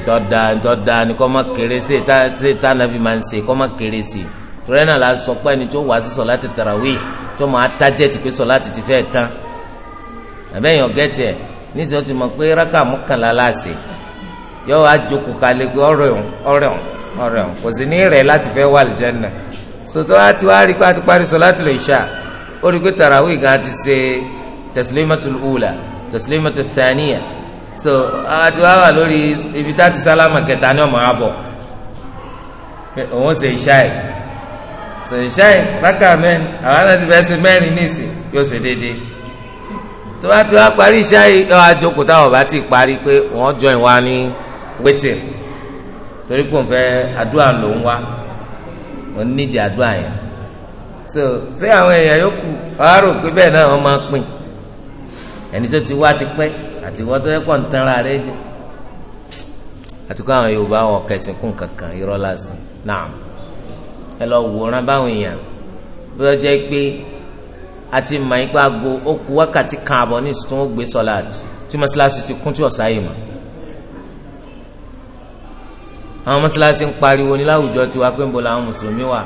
ntọ́ da ntọ́ da ni kọ́ ma kéré sí ta sí ta nàbí máa ń ṣe kọ́ ma kéré sí torí náà la sọ pé ẹni tó wá sí sọláàtì tarawih tó máa tájẹ́tì pé sọláàtì ti fẹ́ tán àbẹ́yìn ọ̀gẹ́tì ẹ̀ níṣẹ́ ó ti mọ̀ pé rákà mọ́kànlá láàṣẹ yọ wá jókòó kalẹ̀ pé ọ̀rẹ́ òun ọ̀rẹ́ òun ọ̀rẹ́ òun kò sí ní rẹ̀ láti fẹ́ wà lìjẹ́nà sòtọ́ á ti wá rí pé a ti parí sọláàtì lè ṣá ó rí pé tarawih gan ti ṣe taslimatul ula taslimatul thaniya so àwọn tí wàá wà lórí ibi tá a ti sálámà kẹta ní ọmọ abọ òun ṣe ìṣáì ṣe ìṣáì rákà mẹ́rin àwọn náà ti fẹ́ ṣe mẹ́rin níìsín yóò ṣe déédéé tí wàá ti wàá parí ìṣáì ọ àjòkò táwọn bá ti parí pé wọ́n jọ ìwà ní wẹ́tẹ̀ torí kò ń fẹ́ àdúrà ló ń wá òun nídìí àdúrà yẹn so ṣé àwọn èèyàn yòókù ọ̀hárò pé bẹ́ẹ̀ náà wọ́n máa pín ẹni tó ti wá ti pẹ́ àti wọ́n tó yẹ kọ́ ń tanra rẹ jẹ àti kọ́ àwọn yorùbá wọn kẹsìn kún kankan irọ́ lásán náà ẹ lọ wòran báwọn èèyàn bí wọ́n jẹ́ pé àti mọ̀ ipá aago ó ku wákàtí kan àbọ̀ ní ìsìtún ó gbé sọ́lá tí mọ́ṣáláṣí ti kún tí ọ̀sá yìí mọ̀ àwọn mọ́ṣáláṣí ń pariwo ní láwùjọ tiwa pé ń bọ̀ làwọn mùsùlùmí wà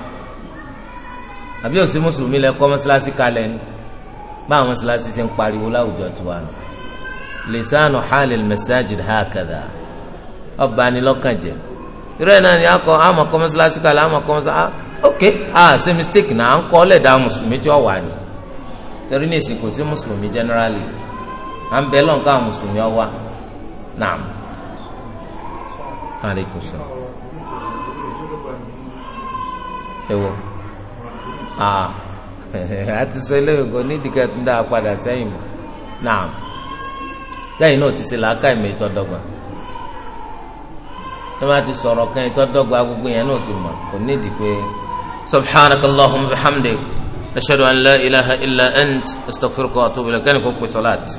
àbí òsì mùsùlùmí lẹ kọ́ mọ́ṣáláṣí kalẹ̀ ni báwọn mọ́ṣáláṣí ṣe ń pariwo láwùjọ tiwa nù. lisanu halil masajid hakadha ọba ni lọ́kàn jẹ́ irọ́ náà ni akọ kọ kọ́ mọ́sálásí kalẹ̀ àmọ̀ kọ́ mọ́sálásí ok ah ṣe mistake náà à ń kọ́ lẹ́dàá mùsùlùmí tí wọ́n wà ní torí ní ìsìn kò sí generally à ń ọwà naam ewo ah àti sọ eléyìí kò ní tó ń dá naam. sẹ́yìn náà ti ṣe làákà ìmọ̀ ètò ọ̀dọ́gba tó bá ti sọ̀rọ̀ kan ètò ọ̀dọ́gba gbogbo yẹn náà ti mọ̀ kò ní ìdí pé. subhanaka allahumma bihamdik ashhadu an la ilaha illa ant astaghfiruka wa atubu ilayk kẹ́ni kò pè sọ́láàtì.